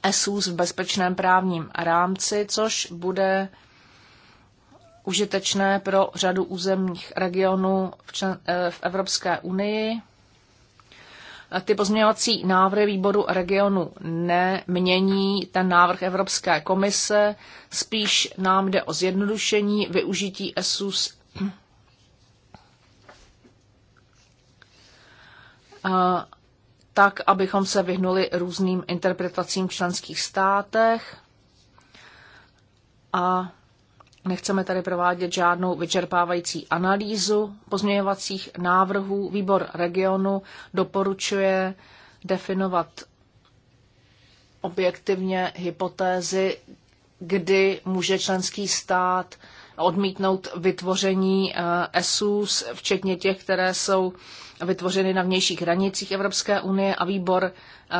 e SU v bezpečném právním rámci, což bude užitečné pro řadu územních regionů v, eh, v Evropské unii ty pozměňovací návrhy výboru regionu nemění ten návrh Evropské komise, spíš nám jde o zjednodušení využití ESUS tak, abychom se vyhnuli různým interpretacím v členských státech a Nechceme tady provádět žádnou vyčerpávající analýzu pozměňovacích návrhů. Výbor regionu doporučuje definovat objektivně hypotézy, kdy může členský stát odmítnout vytvoření ESUS, eh, včetně těch, které jsou vytvořeny na vnějších hranicích Evropské unie a výbor eh,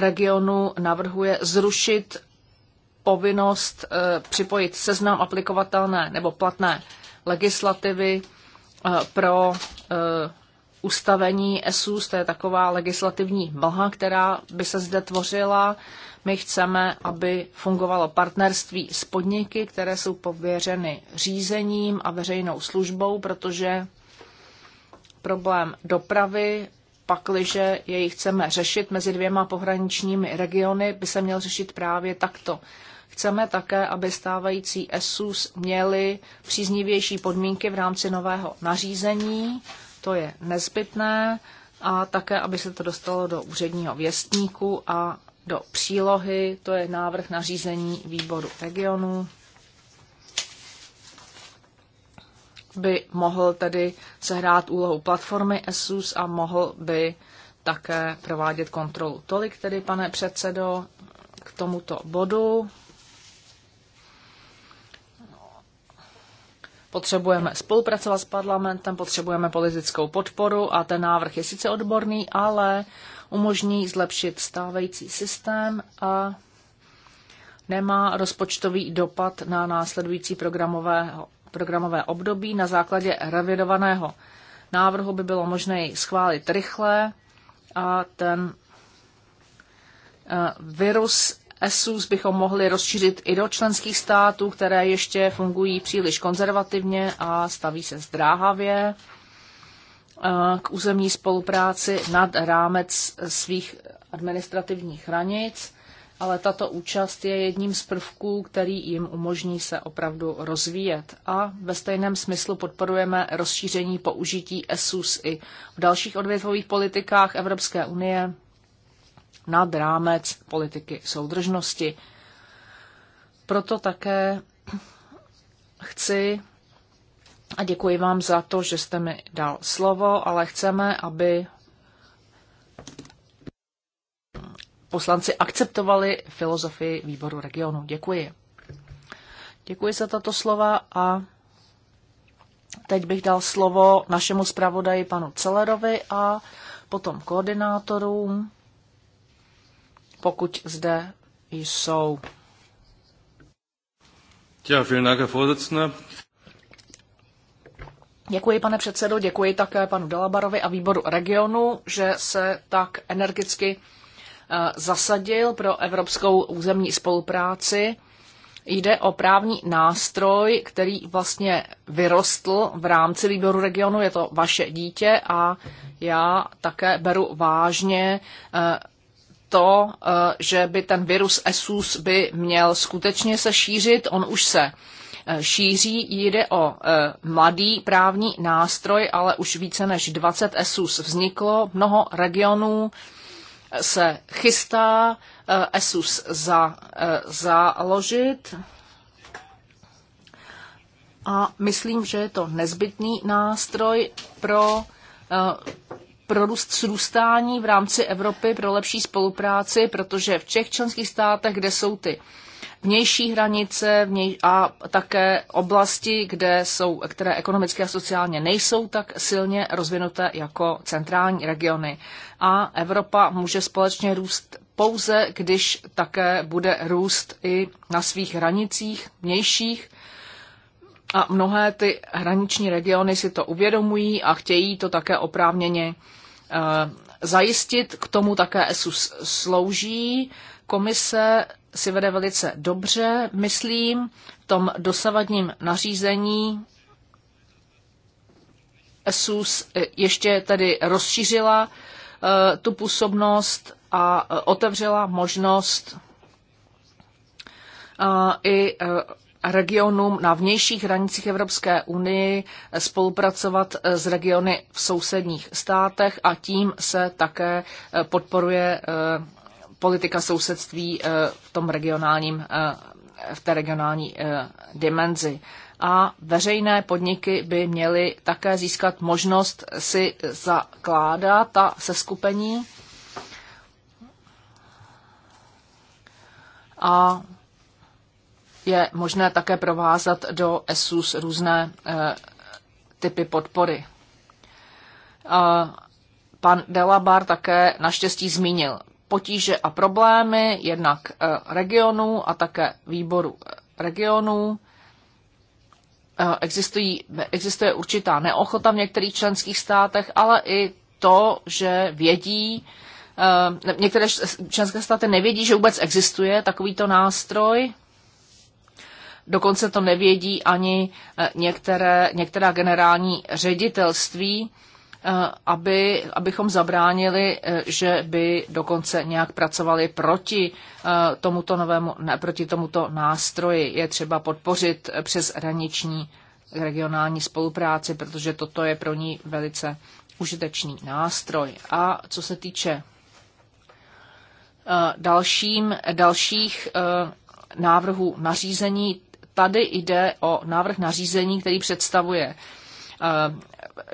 regionu navrhuje zrušit povinnost eh, připojit seznam aplikovatelné nebo platné legislativy eh, pro eh, ustavení ESUS, to je taková legislativní mlha, která by se zde tvořila. My chceme, aby fungovalo partnerství s podniky, které jsou pověřeny řízením a veřejnou službou, protože problém dopravy, pakliže jej chceme řešit mezi dvěma pohraničními regiony, by se měl řešit právě takto. Chceme také, aby stávající ESUS měli příznivější podmínky v rámci nového nařízení, to je nezbytné, a také, aby se to dostalo do úředního věstníku a do přílohy, to je návrh nařízení výboru regionu, by mohl tedy sehrát úlohu platformy ESUS a mohl by také provádět kontrolu. Tolik tedy, pane předsedo, k tomuto bodu. Potřebujeme spolupracovat s parlamentem, potřebujeme politickou podporu a ten návrh je sice odborný, ale umožní zlepšit stávající systém a nemá rozpočtový dopad na následující programové, programové období. Na základě revidovaného návrhu by bylo možné jej schválit rychle a ten eh, virus ESUS bychom mohli rozšířit i do členských států, které ještě fungují příliš konzervativně a staví se zdráhavě eh, k územní spolupráci nad rámec svých administrativních hranic, ale tato účast je jedním z prvků, který jim umožní se opravdu rozvíjet. A ve stejném smyslu podporujeme rozšíření použití ESUS i v dalších odvětvových politikách Evropské unie, nad rámec politiky soudržnosti. Proto také chci a děkuji vám za to, že jste mi dal slovo, ale chceme, aby poslanci akceptovali filozofii výboru regionu. Děkuji. Děkuji za tato slova a teď bych dal slovo našemu zpravodaji panu Celerovi a potom koordinátorům pokud zde jsou. Ja, vielen Dank, Herr Děkuji, pane předsedo, děkuji také panu Dalabarovi a výboru regionu, že se tak energicky eh, zasadil pro evropskou územní spolupráci. Jde o právní nástroj, který vlastně vyrostl v rámci výboru regionu, je to vaše dítě a já také beru vážně eh, to, eh, že by ten virus ESUS by měl skutečně se šířit. On už se eh, šíří, jde o eh, mladý právní nástroj, ale už více než 20 ESUS vzniklo. Mnoho regionů se chystá ESUS za, založit. A myslím, že je to nezbytný nástroj pro pro růst srůstání v rámci Evropy pro lepší spolupráci, protože v těch členských státech, kde jsou ty vnější hranice vněj, a také oblasti, kde jsou, které ekonomicky a sociálně nejsou tak silně rozvinuté jako centrální regiony. A Evropa může společně růst pouze, když také bude růst i na svých hranicích vnějších, a mnohé ty hraniční regiony si to uvědomují a chtějí to také oprávněně eh, zajistit. K tomu také ESU slouží. Komise si vede velice dobře, myslím, v tom dosavadním nařízení ESUS eh, ještě tedy rozšířila eh, tu působnost a otevřela možnost i regionům na vnějších hranicích Evropské unii spolupracovat eh, s regiony v sousedních státech a tím se také eh, podporuje eh, politika sousedství v tom regionálním, v té regionální dimenzi. A veřejné podniky by měly také získat možnost si zakládat ta seskupení a je možné také provázat do ESUS různé eh, typy podpory. Eh, pan Delabar také naštěstí zmínil potíže a problémy jednak eh, regionů a také výboru regionů. Existují, existuje určitá neochota v některých členských státech, ale i to, že vědí, některé členské státy nevědí, že vůbec existuje takovýto nástroj, Dokonce to nevědí ani eh, některé, některá generální ředitelství, eh, aby, abychom zabránili, eh, že by dokonce nějak pracovali proti tomuto novému, ne, proti tomuto nástroji. Je třeba podpořit přes hraniční regionální spolupráci, protože toto je pro ní velice užitečný nástroj. A co se týče dalším, dalších návrhů nařízení, tady jde o návrh nařízení, který představuje eh,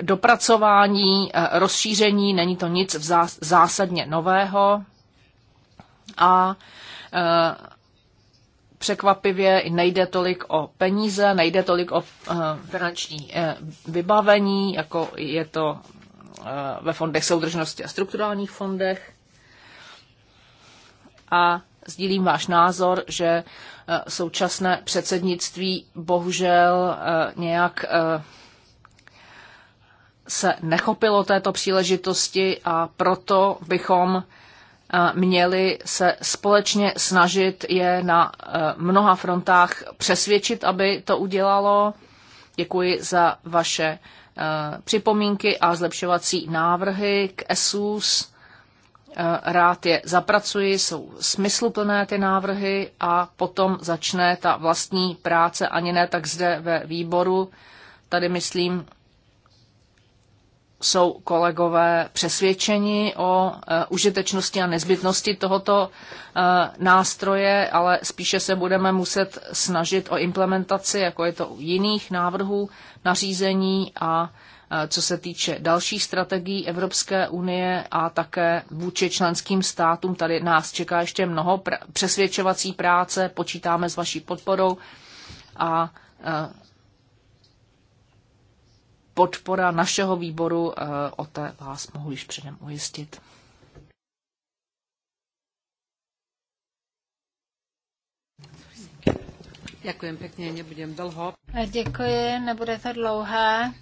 dopracování, eh, rozšíření, není to nic zásadně nového a eh, překvapivě nejde tolik o peníze, nejde tolik o finanční vybavení, jako je to ve fondech soudržnosti a strukturálních fondech. A sdílím váš názor, že Eh, současné předsednictví bohužel eh, nějak eh, se nechopilo této příležitosti a proto bychom měli se společně snažit je na mnoha frontách přesvědčit, aby to udělalo. Děkuji za vaše připomínky a zlepšovací návrhy k ESUS. Eh, rád je zapracuji, jsou smysluplné ty návrhy a potom začne ta vlastní práce, ani ne tak zde ve výboru. Tady myslím, jsou kolegové přesvědčeni o uh, užitečnosti a nezbytnosti tohoto uh, nástroje, ale spíše se budeme muset snažit o implementaci, jako je to u jiných návrhů nařízení a Eh, co se týče dalších strategií Evropské unie a také vůči členským státům. Tady nás čeká ještě mnoho pr- přesvědčovací práce, počítáme s vaší podporou a eh, podpora našeho výboru, eh, o té vás mohu již předem ujistit. Děkuji pěkně, nebudem dlouho. Děkuji, nebude to dlouhé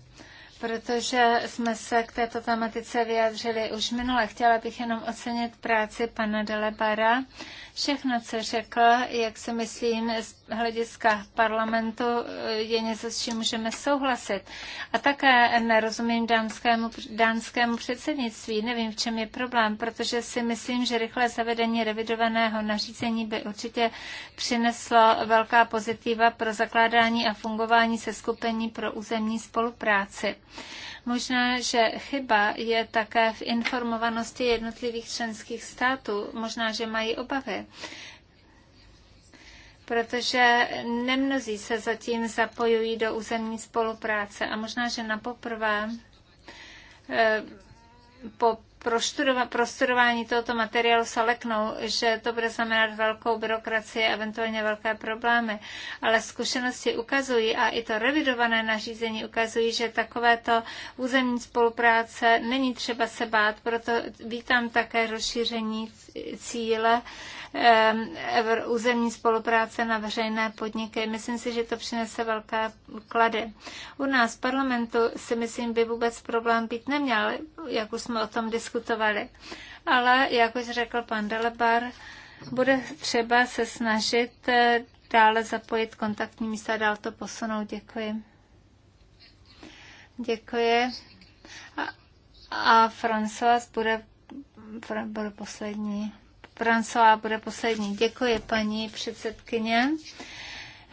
protože jsme se k této tematice vyjádřili už minule. Chtěla bych jenom ocenit práci pana Delebara. Všechno, co řekl, jak si myslím, z hlediska parlamentu je něco, s čím můžeme souhlasit. A také nerozumím dánskému, dánskému předsednictví. Nevím, v čem je problém, protože si myslím, že rychlé zavedení revidovaného nařízení by určitě přineslo velká pozitiva pro zakládání a fungování se skupení pro územní spolupráci. Možná, že chyba je také v informovanosti jednotlivých členských států. Možná, že mají obavy protože nemnozí se zatím zapojují do územní spolupráce a možná, že na poprvé eh, po prostudování tohoto materiálu se leknou, že to bude znamenat velkou byrokracii, eventuálně velké problémy. Ale zkušenosti ukazují a i to revidované nařízení ukazují, že takovéto územní spolupráce není třeba se bát, proto vítám také rozšíření cíle Ehm, územní spolupráce na veřejné podniky. Myslím si, že to přinese velké klady. U nás v parlamentu si myslím, by vůbec problém být neměl, jak už jsme o tom diskutovali. Ale, jak už řekl pan Delebar, bude třeba se snažit eh, dále zapojit kontaktní místa a dál to posunout. Děkuji. Děkuji. A, a François bude, bude poslední. Francová bude poslední. Děkuji, paní předsedkyně.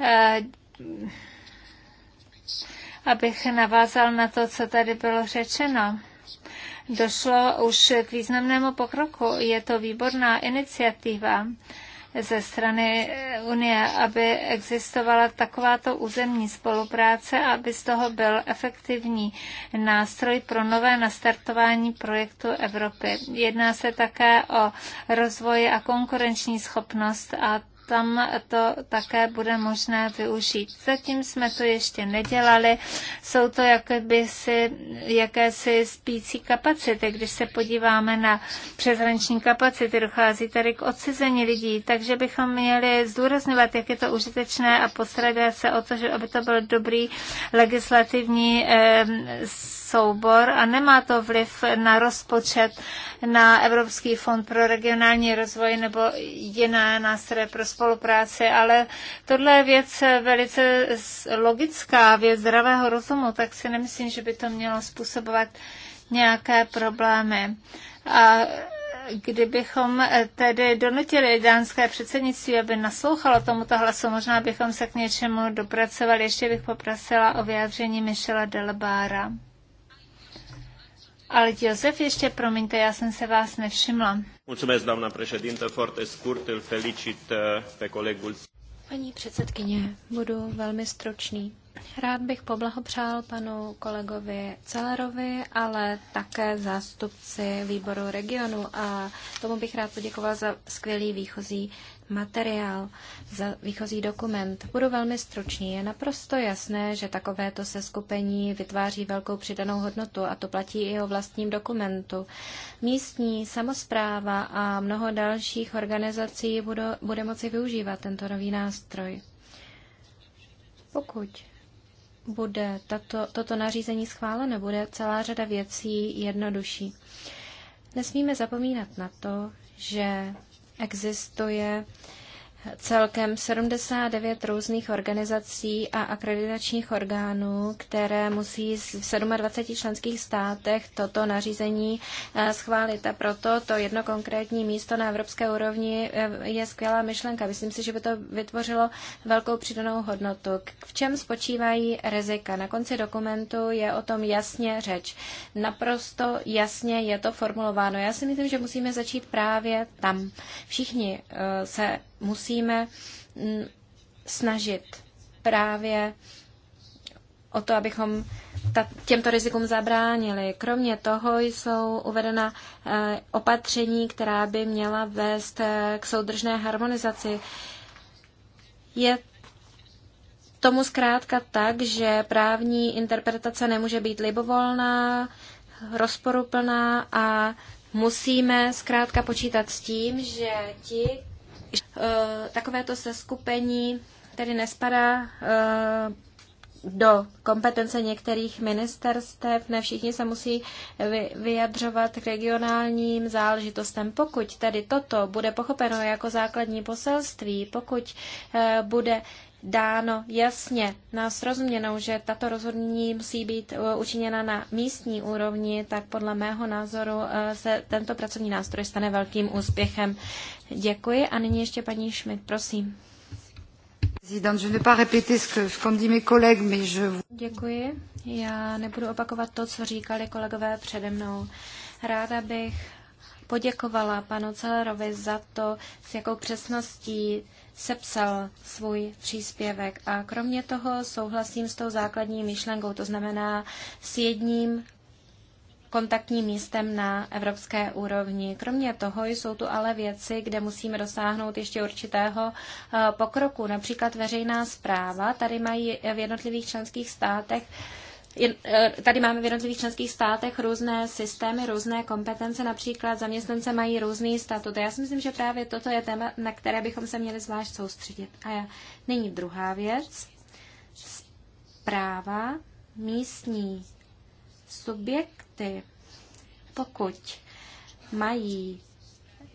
Eh, abych navázal na to, co tady bylo řečeno. Došlo už k významnému pokroku. Je to výborná iniciativa ze strany Unie, aby existovala takováto územní spolupráce aby z toho byl efektivní nástroj pro nové nastartování projektu Evropy. Jedná se také o rozvoj a konkurenční schopnost a tam to také bude možné využít. Zatím jsme to ještě nedělali. Jsou to jakoby si, jakési spící kapacity. Když se podíváme na přeshraniční kapacity, dochází tady k odcizení lidí, takže bychom měli zdůrazňovat, jak je to užitečné a postarat se o to, že aby to byl dobrý legislativní eh, soubor a nemá to vliv na rozpočet na Evropský fond pro regionální rozvoj nebo jiné nástroje pro spolupráci, ale tohle je věc velice logická, věc zdravého rozumu, tak si nemyslím, že by to mělo způsobovat nějaké problémy. A kdybychom tedy donutili dánské předsednictví, aby naslouchalo tomuto hlasu, možná bychom se k něčemu dopracovali. Ještě bych poprosila o vyjádření Michela Delbára. Ale Josef, ještě promiňte, já jsem se vás nevšimla. Mulțumesc, doamna președinte, foarte scurt, îl felicit eh, pe colegul. Paní předsedkyně, budu velmi stročný. Rád bych poblahopřál panu kolegovi Celerovi, ale také zástupci výboru regionu a tomu bych rád poděkoval za skvělý výchozí materiál, za výchozí dokument. Budu velmi stručný. Je naprosto jasné, že takovéto seskupení vytváří velkou přidanou hodnotu a to platí i o vlastním dokumentu. Místní samozpráva a mnoho dalších organizací bude, bude moci využívat tento nový nástroj. Pokud bude tato, toto nařízení schváleno, bude celá řada věcí jednodušší. Nesmíme zapomínat na to, že existuje uh, celkem 79 různých organizací a akreditačních orgánů, které musí v 27 členských státech toto nařízení eh, schválit. A proto to jedno konkrétní místo na evropské úrovni eh, je skvělá myšlenka. Myslím si, že by to vytvořilo velkou přidanou hodnotu. V čem spočívají rizika? Na konci dokumentu je o tom jasně řeč. Naprosto jasně je to formulováno. Já si myslím, že musíme začít právě tam. Všichni eh, se musíme mm, snažit právě o to, abychom ta, těmto rizikům zabránili. Kromě toho jsou uvedena eh, opatření, která by měla vést eh, k soudržné harmonizaci. Je tomu zkrátka tak, že právní interpretace nemůže být libovolná, rozporuplná a musíme zkrátka počítat s tím, že ti, Eh, takovéto seskupení tedy nespadá eh, do kompetence některých ministerstev. Ne všichni se musí vyjadřovat k regionálním záležitostem. Pokud tedy toto bude pochopeno jako základní poselství, pokud eh, bude dáno jasně na srozuměnou, že tato rozhodnutí musí být eh, učiněna na místní úrovni, tak podle mého názoru eh, se tento pracovní nástroj stane velkým úspěchem. Děkuji a nyní ještě paní Schmidt, prosím. Děkuji. Já nebudu opakovat to, co říkali kolegové přede mnou. Ráda bych poděkovala panu Celerovi za to, s jakou přesností sepsal svůj příspěvek. A kromě toho souhlasím s tou základní myšlenkou, to znamená s jedním kontaktním místem na evropské úrovni. Kromě toho jsou tu ale věci, kde musíme dosáhnout ještě určitého eh, pokroku. Například veřejná zpráva. Tady mají v jednotlivých členských státech Eh, tady máme v jednotlivých členských státech různé systémy, různé kompetence, například zaměstnance mají různý statut. já si myslím, že právě toto je téma, na které bychom se měli zvlášť soustředit. A já, nyní druhá věc. Práva místní subjekty, pokud mají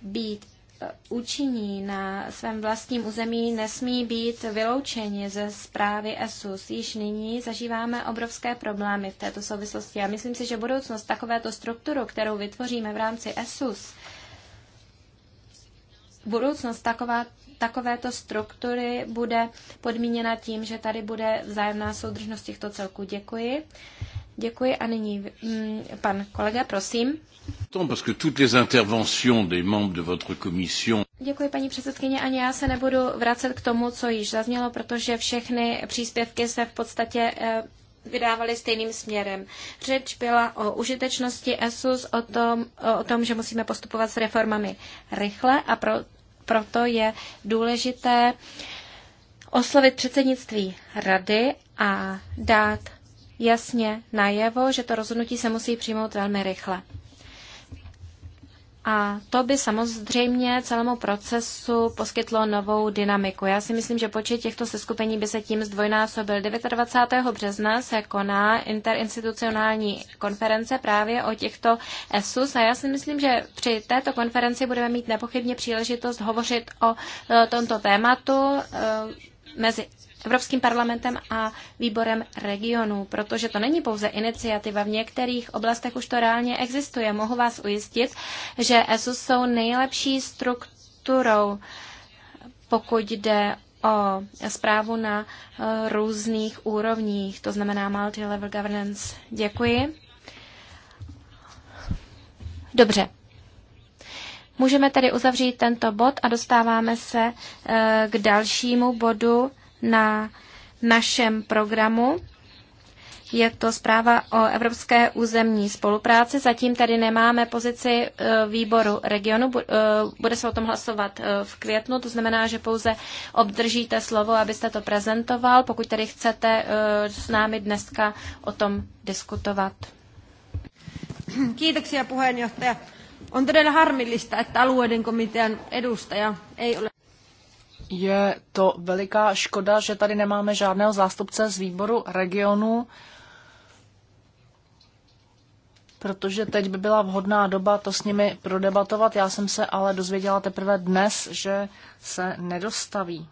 být účinní na svém vlastním území nesmí být vyloučeni ze zprávy ESUS. Již nyní zažíváme obrovské problémy v této souvislosti a myslím si, že budoucnost takovéto strukturu, kterou vytvoříme v rámci ESUS, budoucnost taková, takovéto struktury bude podmíněna tím, že tady bude vzájemná soudržnost těchto celků. Děkuji. Děkuji a nyní mm, pan kolega, prosím. Děkuji, paní předsedkyně, ani já se nebudu vracet k tomu, co již zaznělo, protože všechny příspěvky se v podstatě eh, vydávali stejným směrem. Řeč byla o užitečnosti ESUS, o tom, o tom že musíme postupovat s reformami rychle a pro, proto je důležité oslovit předsednictví rady a dát jasně najevo, že to rozhodnutí se musí přijmout velmi rychle. A to by samozřejmě celému procesu poskytlo novou dynamiku. Já si myslím, že počet těchto seskupení by se tím zdvojnásobil. 29. března se koná interinstitucionální konference právě o těchto ESUS a já si myslím, že při této konferenci budeme mít nepochybně příležitost hovořit o e, tomto tématu e, mezi Evropským parlamentem a výborem regionů, protože to není pouze iniciativa. V některých oblastech už to reálně existuje. Mohu vás ujistit, že ESU jsou nejlepší strukturou, pokud jde o zprávu na eh, různých úrovních, to znamená multi-level governance. Děkuji. Dobře. Můžeme tedy uzavřít tento bod a dostáváme se eh, k dalšímu bodu na našem programu. Je to zpráva o evropské územní spolupráci. Zatím tady nemáme pozici e, výboru regionu. E, bude se o tom hlasovat e, v květnu, to znamená, že pouze obdržíte slovo, abyste to prezentoval, pokud tedy chcete s námi dneska o tom diskutovat. Kiitoksia puheenjohtaja. On todella harmillista, että alueiden komitean edustaja ei ole... Je to veliká škoda, že tady nemáme žádného zástupce z výboru regionu, protože teď by byla vhodná doba to s nimi prodebatovat. Já jsem se ale dozvěděla teprve dnes, že se nedostaví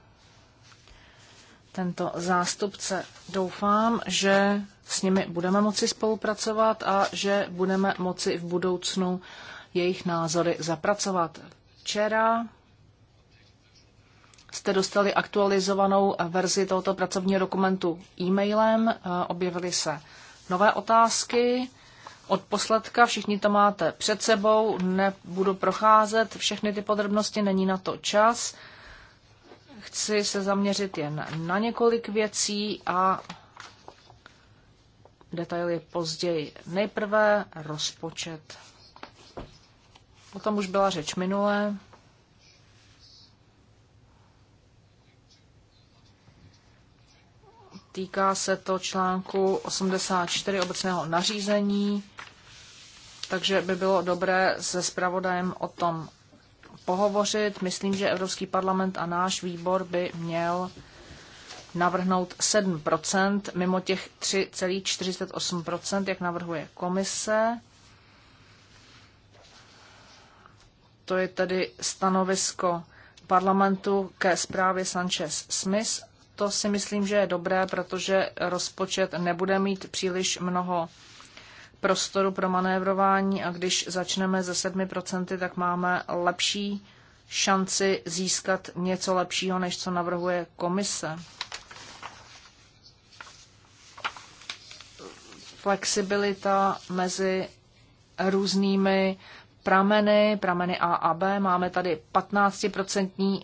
tento zástupce. Doufám, že s nimi budeme moci spolupracovat a že budeme moci v budoucnu jejich názory zapracovat. Včera jste dostali aktualizovanou verzi tohoto pracovního dokumentu e-mailem. Eh, objevily se nové otázky. Od posledka všichni to máte před sebou, nebudu procházet všechny ty podrobnosti, není na to čas. Chci se zaměřit jen na několik věcí a detaily později. Nejprve rozpočet. O tom už byla řeč minule. Týká se to článku 84 obecného nařízení, takže by bylo dobré se zpravodajem o tom pohovořit. Myslím, že Evropský parlament a náš výbor by měl navrhnout 7 mimo těch 3,48 jak navrhuje komise. To je tedy stanovisko parlamentu ke zprávě Sanchez-Smith to si myslím, že je dobré, protože rozpočet nebude mít příliš mnoho prostoru pro manévrování a když začneme ze 7%, tak máme lepší šanci získat něco lepšího, než co navrhuje komise. Flexibilita mezi různými prameny, prameny A a B. Máme tady 15%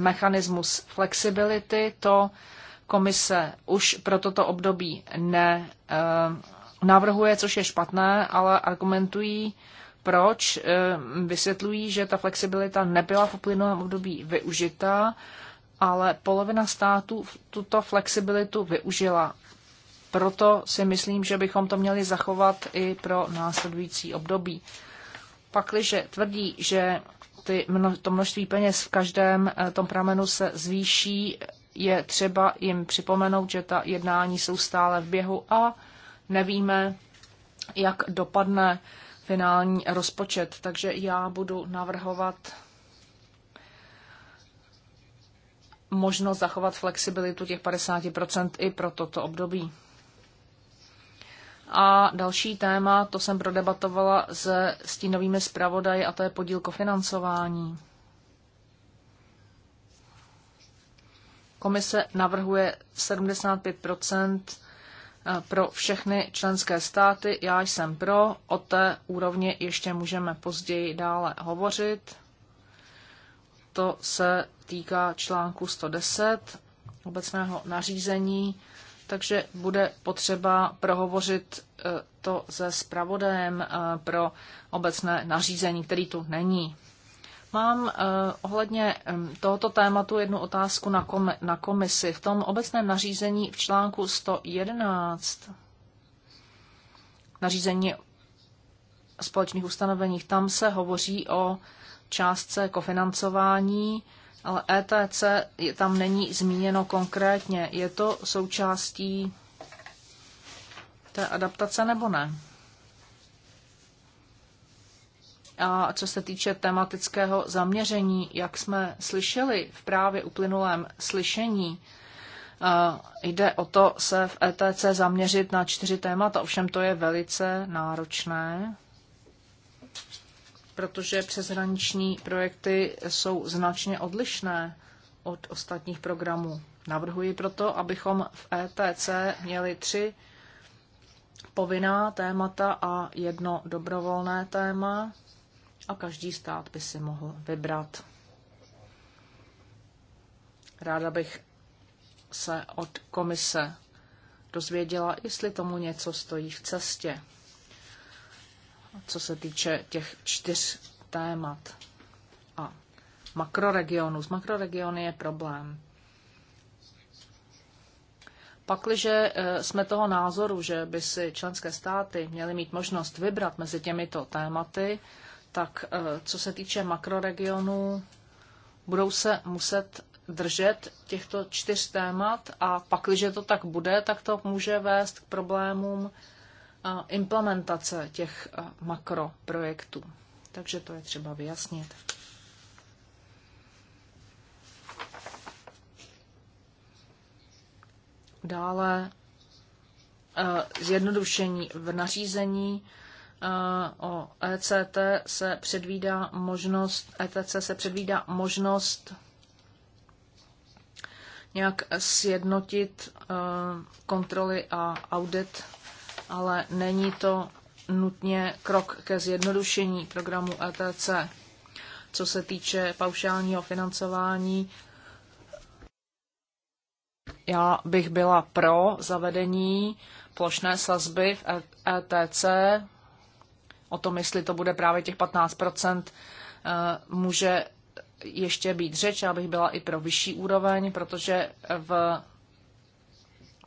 mechanismus flexibility, to komise už pro toto období ne eh, navrhuje, což je špatné, ale argumentují, proč. Eh, vysvětlují, že ta flexibilita nebyla v uplynulém období využita, ale polovina států tuto flexibilitu využila. Proto si myslím, že bychom to měli zachovat i pro následující období. Pakliže tvrdí, že ty, to množství peněz v každém eh, tom pramenu se zvýší, je třeba jim připomenout, že ta jednání jsou stále v běhu a nevíme, jak dopadne finální rozpočet. Takže já budu navrhovat možnost zachovat flexibilitu těch 50% i pro toto období. A další téma, to jsem prodebatovala se stínovými zpravodaji, a to je podíl kofinancování. Komise navrhuje 75 eh, pro všechny členské státy. Já jsem pro. O té úrovni ještě můžeme později dále hovořit. To se týká článku 110 obecného nařízení takže bude potřeba prohovořit eh, to se zpravodajem eh, pro obecné nařízení, který tu není. Mám eh, ohledně mm, tohoto tématu jednu otázku na, kom- na komisi. V tom obecném nařízení v článku 111 nařízení společných ustanoveních, tam se hovoří o částce kofinancování ale ETC je, tam není zmíněno konkrétně. Je to součástí té adaptace nebo ne? A co se týče tematického zaměření, jak jsme slyšeli v právě uplynulém slyšení, jde o to se v ETC zaměřit na čtyři témata, ovšem to je velice náročné protože přeshraniční projekty jsou značně odlišné od ostatních programů. Navrhuji proto, abychom v ETC měli tři povinná témata a jedno dobrovolné téma a každý stát by si mohl vybrat. Ráda bych se od komise dozvěděla, jestli tomu něco stojí v cestě co se týče těch čtyř témat. A makroregionu. Z makroregiony je problém. Pakliže e, jsme toho názoru, že by si členské státy měly mít možnost vybrat mezi těmito tématy, tak e, co se týče makroregionů, budou se muset držet těchto čtyř témat a pakliže to tak bude, tak to může vést k problémům implementace těch makroprojektů. Takže to je třeba vyjasnit. Dále zjednodušení v nařízení o ECT se předvídá možnost, ETC se předvídá možnost nějak sjednotit kontroly a audit ale není to nutně krok ke zjednodušení programu ETC. Co se týče paušálního financování, já bych byla pro zavedení plošné sazby v ETC. O tom, jestli to bude právě těch 15 eh, může ještě být řeč. Já bych byla i pro vyšší úroveň, protože v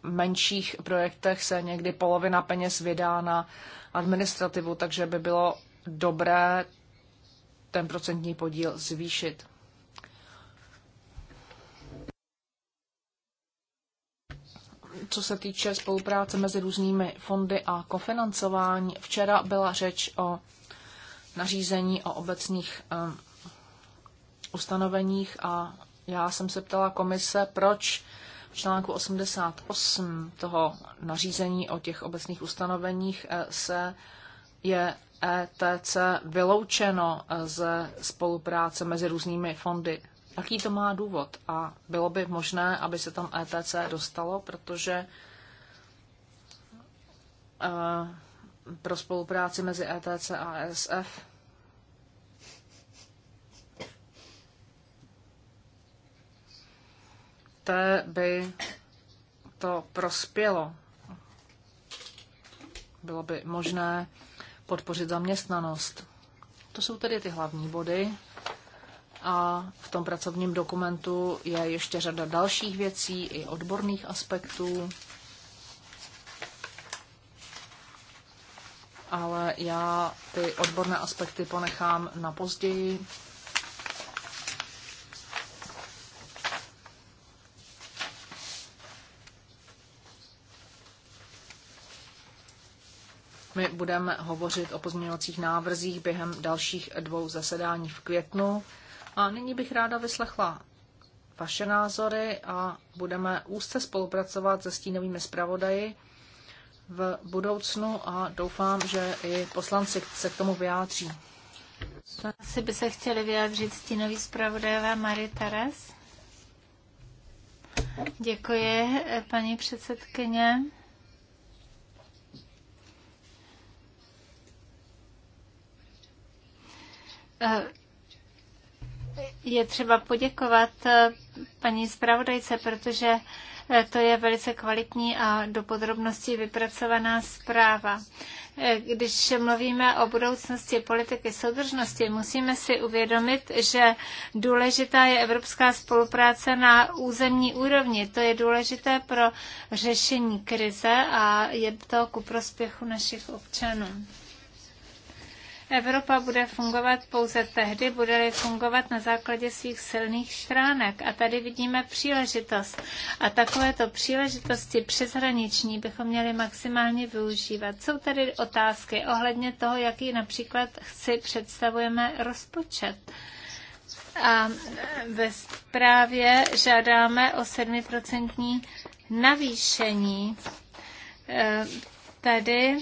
menších projektech se někdy polovina peněz vydá na administrativu, takže by bylo dobré ten procentní podíl zvýšit. Co se týče spolupráce mezi různými fondy a kofinancování, včera byla řeč o nařízení o obecných um, ustanoveních a já jsem se ptala komise, proč v článku 88 toho nařízení o těch obecných ustanoveních e, se je ETC vyloučeno e, ze spolupráce mezi různými fondy. Jaký to má důvod? A bylo by možné, aby se tam ETC dostalo, protože e, pro spolupráci mezi ETC a ESF té by to prospělo. Bylo by možné podpořit zaměstnanost. To jsou tedy ty hlavní body. A v tom pracovním dokumentu je ještě řada dalších věcí i odborných aspektů. Ale já ty odborné aspekty ponechám na později My budeme hovořit o pozměňovacích návrzích během dalších dvou zasedání v květnu. A nyní bych ráda vyslechla vaše názory a budeme úzce spolupracovat se stínovými zpravodaji v budoucnu a doufám, že i poslanci se k tomu vyjádří. Asi by se chtěli vyjádřit stínový zpravodajová Marie Taras. Děkuji, paní předsedkyně. je třeba poděkovat eh, paní zpravodajce, protože eh, to je velice kvalitní a do podrobností vypracovaná zpráva. Eh, když mluvíme o budoucnosti politiky soudržnosti, musíme si uvědomit, že důležitá je evropská spolupráce na územní úrovni. To je důležité pro řešení krize a je to ku prospěchu našich občanů. Evropa bude fungovat pouze tehdy, bude fungovat na základě svých silných stránek. A tady vidíme příležitost. A takovéto příležitosti přeshraniční bychom měli maximálně využívat. Jsou tady otázky ohledně toho, jaký například si představujeme rozpočet. A ve zprávě žádáme o 7% navýšení. E, tady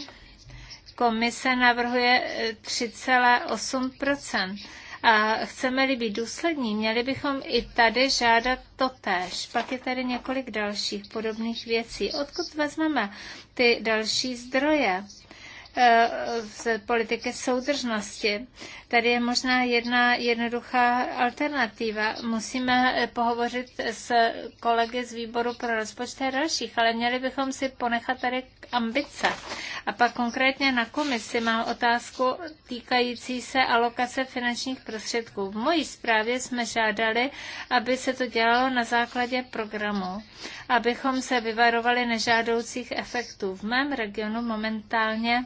Komise navrhuje 3,8 e, a chceme-li být důslední, měli bychom i tady žádat to též. Pak je tady několik dalších podobných věcí. Odkud vezmeme ty další zdroje? E, z politiky soudržnosti. Tady je možná jedna jednoduchá alternativa. Musíme e, pohovořit s kolegy z výboru pro rozpočty a dalších, ale měli bychom si ponechat tady ambice. A pak konkrétně na komisi mám otázku týkající se alokace finančních prostředků. V mojí zprávě jsme žádali, aby se to dělalo na základě programu, abychom se vyvarovali nežádoucích efektů. V mém regionu momentálně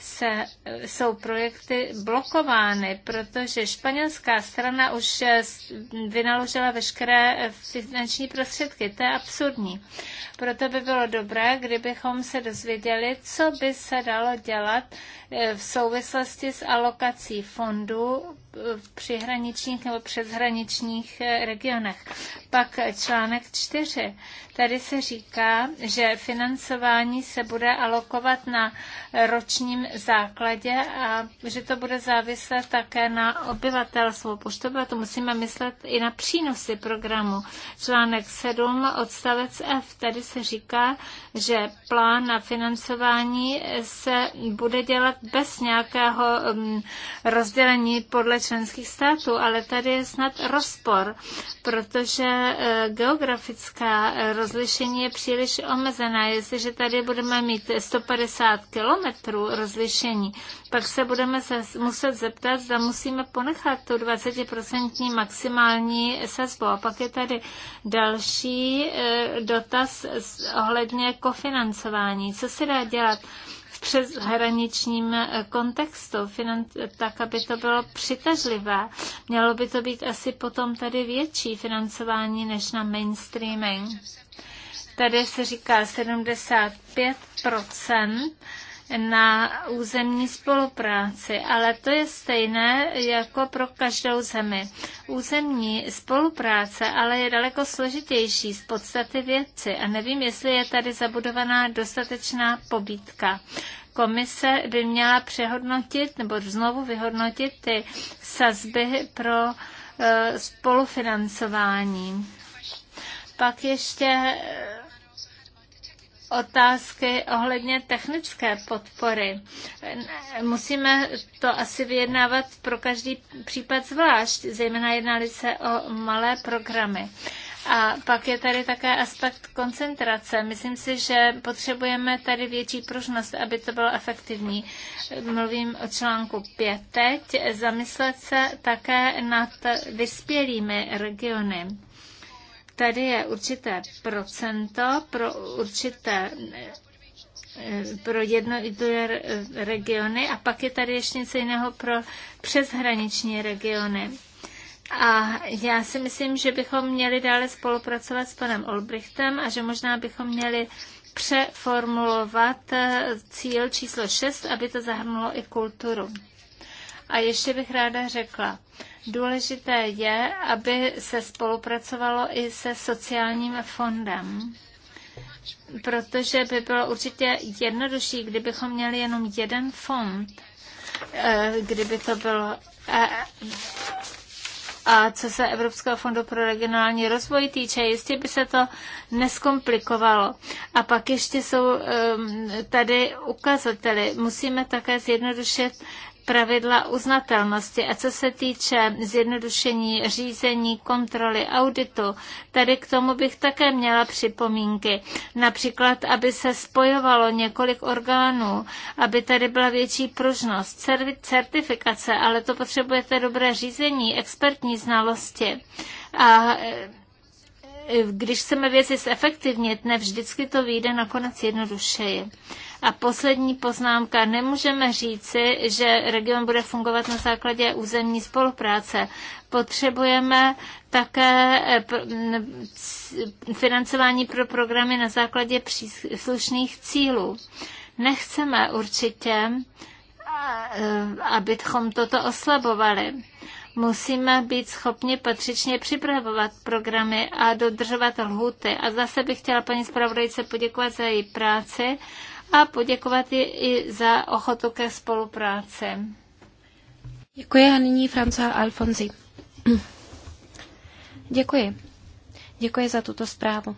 se, jsou projekty blokovány, protože španělská strana už eh, vynaložila veškeré eh, finanční prostředky. To je absurdní. Proto by bylo dobré, kdybychom se dozvěděli, co by se dalo dělat eh, v souvislosti s alokací fondů v přihraničních nebo přeshraničních regionech. Pak článek 4. Tady se říká, že financování se bude alokovat na ročním základě a že to bude záviset také na obyvatelstvu poštovy a to musíme myslet i na přínosy programu. Článek 7 odstavec F, tady se říká, že plán na financování se bude dělat bez nějakého um, rozdělení podle členských států, ale tady je snad rozpor, protože eh, geografická rozlišení je příliš omezená. Jestliže tady budeme mít 150 kilometrů rozlišení, slyšení. Pak se budeme muset zeptat, zda musíme ponechat tu 20% maximální sazbu. A pak je tady další e, dotaz ohledně kofinancování. Co se dá dělat? přes hraničním e, kontextu, tak, aby to bylo přitažlivé. Mělo by to být asi potom tady větší financování než na mainstreaming. Tady se říká 75 na územní spolupráci, ale to je stejné jako pro každou zemi. Územní spolupráce ale je daleko složitější z podstaty věci a nevím, jestli je tady zabudovaná dostatečná pobítka. komise by měla přehodnotit nebo znovu vyhodnotit ty sazby pro eh, spolufinancování. Pak ještě eh, otázky ohledně technické podpory. Musíme to asi vyjednávat pro každý případ zvlášť, zejména jednali se o malé programy. A pak je tady také aspekt koncentrace. Myslím si, že potřebujeme tady větší pružnost, aby to bylo efektivní. Mluvím o článku 5 teď. Zamyslet se také nad vyspělými regiony Tady je určité procento pro určité eh, pro jednotlivé regiony a pak je tady ještě něco jiného pro přeshraniční regiony. A já si myslím, že bychom měli dále spolupracovat s panem Olbrichtem a že možná bychom měli přeformulovat eh, cíl číslo 6, aby to zahrnulo i kulturu. A ještě bych ráda řekla, Důležité je, aby se spolupracovalo i se sociálním fondem protože by bylo určitě jednodušší, kdybychom měli jenom jeden fond, eh, kdyby to bylo. Eh, a co se Evropského fondu pro regionální rozvoj týče, jistě by se to neskomplikovalo. A pak ještě jsou ehm, tady ukazateli. Musíme také zjednodušit pravidla uznatelnosti. A co se týče zjednodušení řízení, kontroly, auditu, tady k tomu bych také měla připomínky. Například, aby se spojovalo několik orgánů, aby tady byla větší pružnost, certifikace, ale to potřebujete dobré řízení, expertní znalosti. A e, když chceme věci zefektivnit, ne vždycky to vyjde nakonec jednodušeji. A poslední poznámka. Nemůžeme říci, že region bude fungovat na základě územní spolupráce. Potřebujeme také eh, financování pro programy na základě příslušných cílů. Nechceme určitě, eh, abychom toto oslabovali musíme být schopni patřičně připravovat programy a dodržovat lhuty. A zase bych chtěla paní zpravodajce poděkovat za její práci a poděkovat ji i za ochotu ke spolupráci. Děkuji a nyní Franca Alfonzi. Děkuji. Děkuji za tuto zprávu.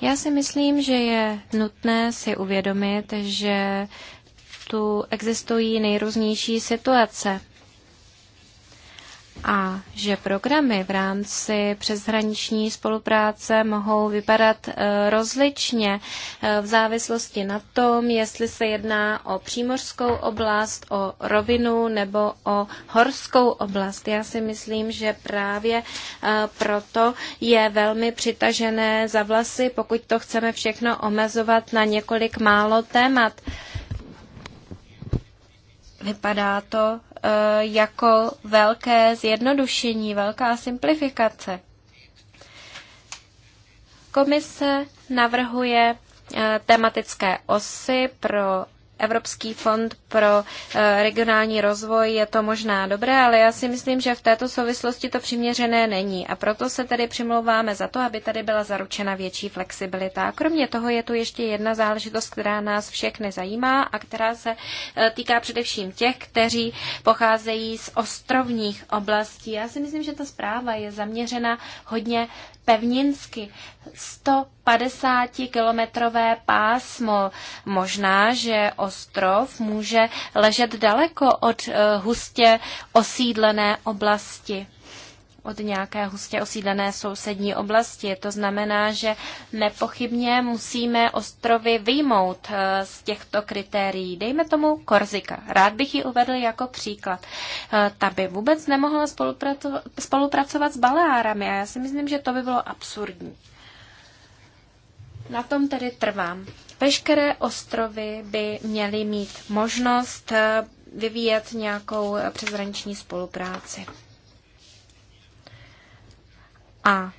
Já si myslím, že je nutné si uvědomit, že tu existují nejrůznější situace a že programy v rámci přeshraniční spolupráce mohou vypadat eh, rozličně eh, v závislosti na tom, jestli se jedná o přímořskou oblast, o rovinu nebo o horskou oblast. Já si myslím, že právě eh, proto je velmi přitažené za vlasy, pokud to chceme všechno omezovat na několik málo témat. Vypadá to e, jako velké zjednodušení, velká simplifikace. Komise navrhuje e, tematické osy pro Evropský fond pro eh, regionální rozvoj je to možná dobré, ale já si myslím, že v této souvislosti to přiměřené není a proto se tedy přimlouváme za to, aby tady byla zaručena větší flexibilita. A kromě toho je tu ještě jedna záležitost, která nás všechny zajímá a která se eh, týká především těch, kteří pocházejí z ostrovních oblastí. Já si myslím, že ta zpráva je zaměřena hodně pevninsky 150-kilometrové pásmo. Možná, že ostrov může ležet daleko od eh, hustě osídlené oblasti od nějaké hustě osídlené sousední oblasti. To znamená, že nepochybně musíme ostrovy vyjmout eh, z těchto kritérií. Dejme tomu Korzika. Rád bych ji uvedl jako příklad. Eh, ta by vůbec nemohla spolupraco- spolupracovat s Baleárami a já si myslím, že to by bylo absurdní. Na tom tedy trvám. Veškeré ostrovy by měly mít možnost eh, vyvíjet nějakou přezraniční spolupráci. A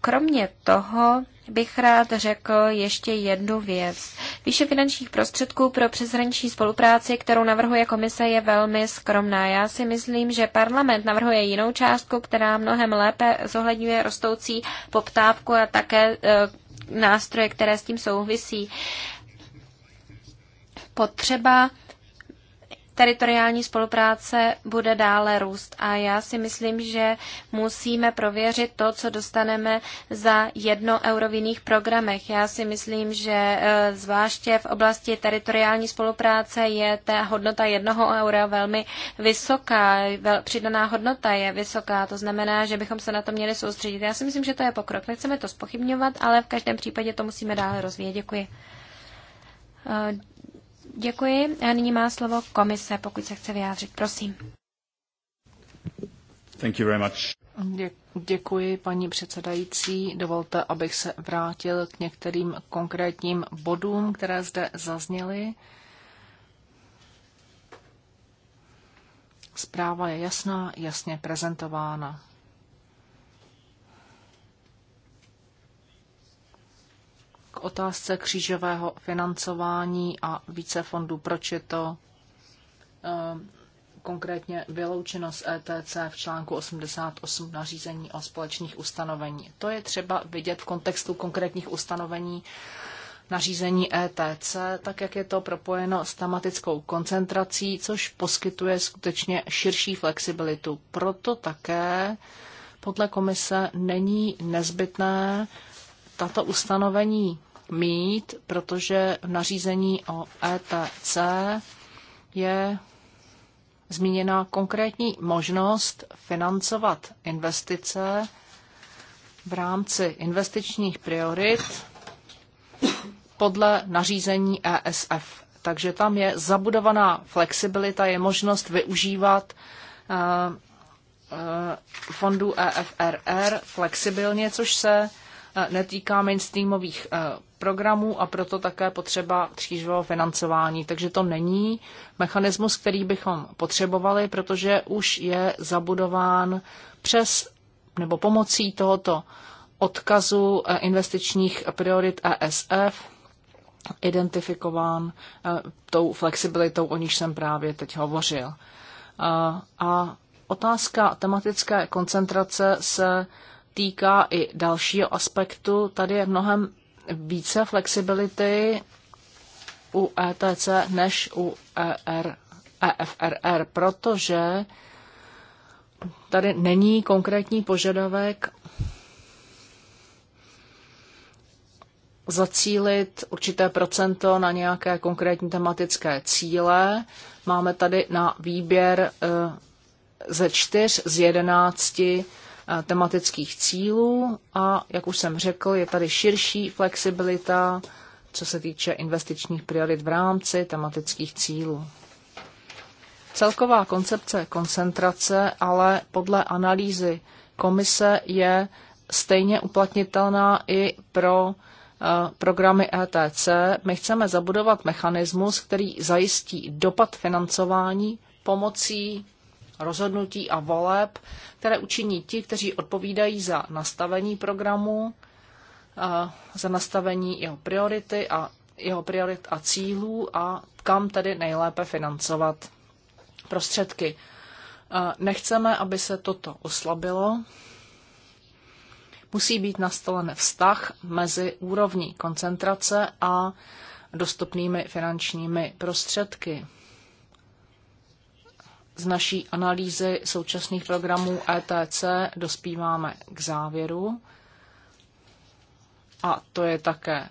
kromě toho bych rád řekl ještě jednu věc. Výše finančních prostředků pro přeshraniční spolupráci, kterou navrhuje komise, je velmi skromná. Já si myslím, že parlament navrhuje jinou částku, která mnohem lépe zohledňuje rostoucí poptávku a také e, nástroje, které s tím souvisí. Potřeba teritoriální spolupráce bude dále růst a já si myslím, že musíme prověřit to, co dostaneme za jedno euro v jiných programech. Já si myslím, že e, zvláště v oblasti teritoriální spolupráce je ta hodnota jednoho eura velmi vysoká, přidaná hodnota je vysoká, to znamená, že bychom se na to měli soustředit. Já si myslím, že to je pokrok. Nechceme to spochybňovat, ale v každém případě to musíme dále rozvíjet. Děkuji. E, Děkuji. A nyní má slovo komise, pokud se chce vyjádřit. Prosím. Thank you very much. Děkuji, paní předsedající. Dovolte, abych se vrátil k některým konkrétním bodům, které zde zazněly. Zpráva je jasná, jasně prezentována. otázce křížového financování a více fondů. Proč je to ehm, konkrétně vyloučeno z ETC v článku 88 nařízení o společných ustanovení. To je třeba vidět v kontextu konkrétních ustanovení nařízení ETC, tak jak je to propojeno s tematickou koncentrací, což poskytuje skutečně širší flexibilitu. Proto také podle komise není nezbytné tato ustanovení mít, protože v nařízení o ETC je zmíněna konkrétní možnost financovat investice v rámci investičních priorit podle nařízení ESF. Takže tam je zabudovaná flexibilita, je možnost využívat eh, eh, fondů EFRR flexibilně, což se Eh, netýká mainstreamových eh, programů a proto také potřeba křížového financování. Takže to není mechanismus, který bychom potřebovali, protože už je zabudován přes nebo pomocí tohoto odkazu eh, investičních priorit ESF identifikován tou flexibilitou, o níž jsem právě teď hovořil. A otázka tematické koncentrace se týká i dalšího aspektu. Tady je mnohem více flexibility u ETC než u ER, EFRR, protože tady není konkrétní požadavek zacílit určité procento na nějaké konkrétní tematické cíle. Máme tady na výběr eh, ze čtyř z jedenácti tematických cílů a, jak už jsem řekl, je tady širší flexibilita, co se týče investičních priorit v rámci tematických cílů. Celková koncepce koncentrace ale podle analýzy komise je stejně uplatnitelná i pro programy ETC. My chceme zabudovat mechanismus, který zajistí dopad financování pomocí rozhodnutí a voleb, které učiní ti, kteří odpovídají za nastavení programu, za nastavení jeho priority a jeho priorit a cílů a kam tedy nejlépe financovat prostředky. Nechceme, aby se toto oslabilo. Musí být nastolen vztah mezi úrovní koncentrace a dostupnými finančními prostředky z naší analýzy současných programů ETC dospíváme k závěru. A to je také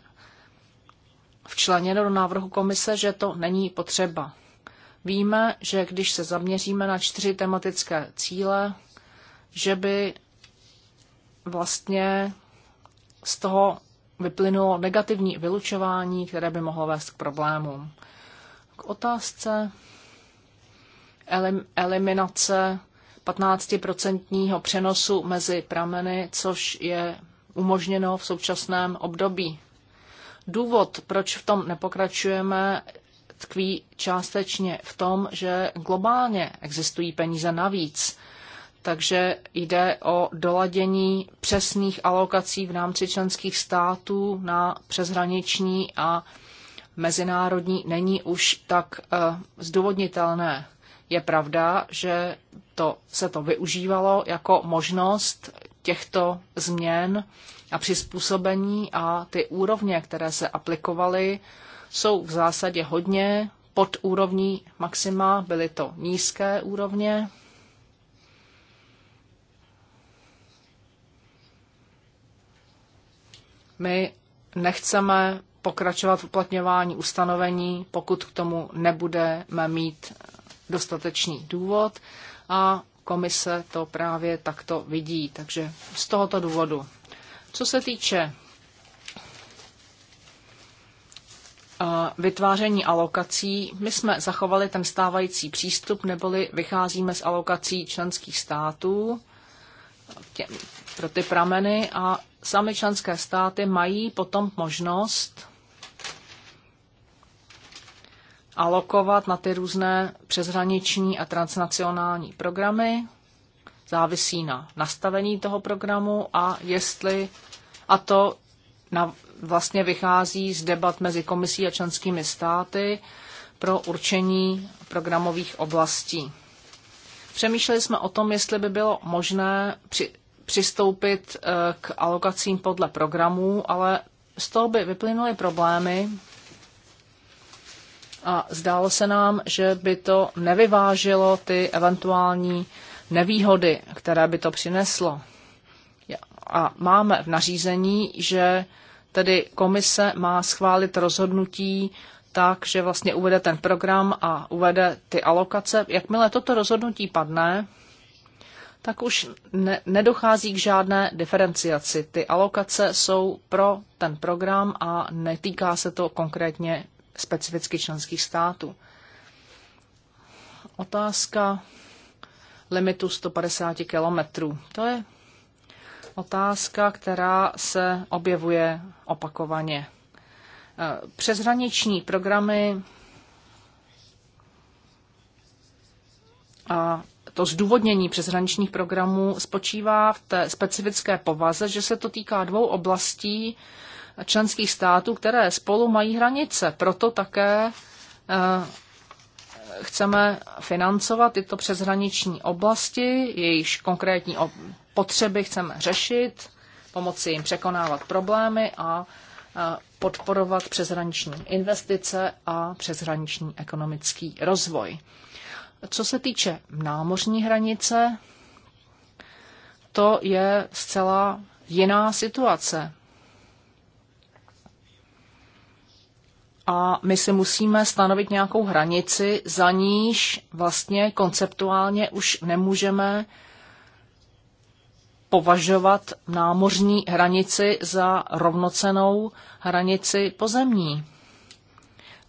včleněno do návrhu komise, že to není potřeba. Víme, že když se zaměříme na čtyři tematické cíle, že by vlastně z toho vyplynulo negativní vylučování, které by mohlo vést k problémům. K otázce eliminace 15% přenosu mezi prameny, což je umožněno v současném období. Důvod, proč v tom nepokračujeme, tkví částečně v tom, že globálně existují peníze navíc. Takže jde o doladění přesných alokací v rámci členských států na přeshraniční a mezinárodní není už tak uh, zdůvodnitelné. Je pravda, že to, se to využívalo jako možnost těchto změn a přizpůsobení a ty úrovně, které se aplikovaly, jsou v zásadě hodně pod úrovní maxima, byly to nízké úrovně. My nechceme pokračovat v uplatňování ustanovení, pokud k tomu nebudeme mít dostatečný důvod a komise to právě takto vidí. Takže z tohoto důvodu. Co se týče eh, vytváření alokací, my jsme zachovali ten stávající přístup, neboli vycházíme z alokací členských států pro ty prameny a sami členské státy mají potom možnost alokovat na ty různé přeshraniční a transnacionální programy. Závisí na nastavení toho programu a jestli a to na, vlastně vychází z debat mezi komisí a členskými státy pro určení programových oblastí. Přemýšleli jsme o tom, jestli by bylo možné při, přistoupit eh, k alokacím podle programů, ale z toho by vyplynuly problémy, a zdálo se nám, že by to nevyvážilo ty eventuální nevýhody, které by to přineslo. A máme v nařízení, že tedy komise má schválit rozhodnutí tak, že vlastně uvede ten program a uvede ty alokace. Jakmile toto rozhodnutí padne, tak už ne, nedochází k žádné diferenciaci. Ty alokace jsou pro ten program a netýká se to konkrétně specificky členských států. Otázka limitu 150 kilometrů. To je otázka, která se objevuje opakovaně. Eh, přeshraniční programy a to zdůvodnění přeshraničních programů spočívá v té specifické povaze, že se to týká dvou oblastí, členských států, které spolu mají hranice. Proto také eh, chceme financovat tyto přeshraniční oblasti, jejichž konkrétní potřeby chceme řešit, pomoci jim překonávat problémy a eh, podporovat přeshraniční investice a přeshraniční ekonomický rozvoj. Co se týče námořní hranice, to je zcela jiná situace. a my si musíme stanovit nějakou hranici, za níž vlastně konceptuálně už nemůžeme považovat námořní hranici za rovnocenou hranici pozemní.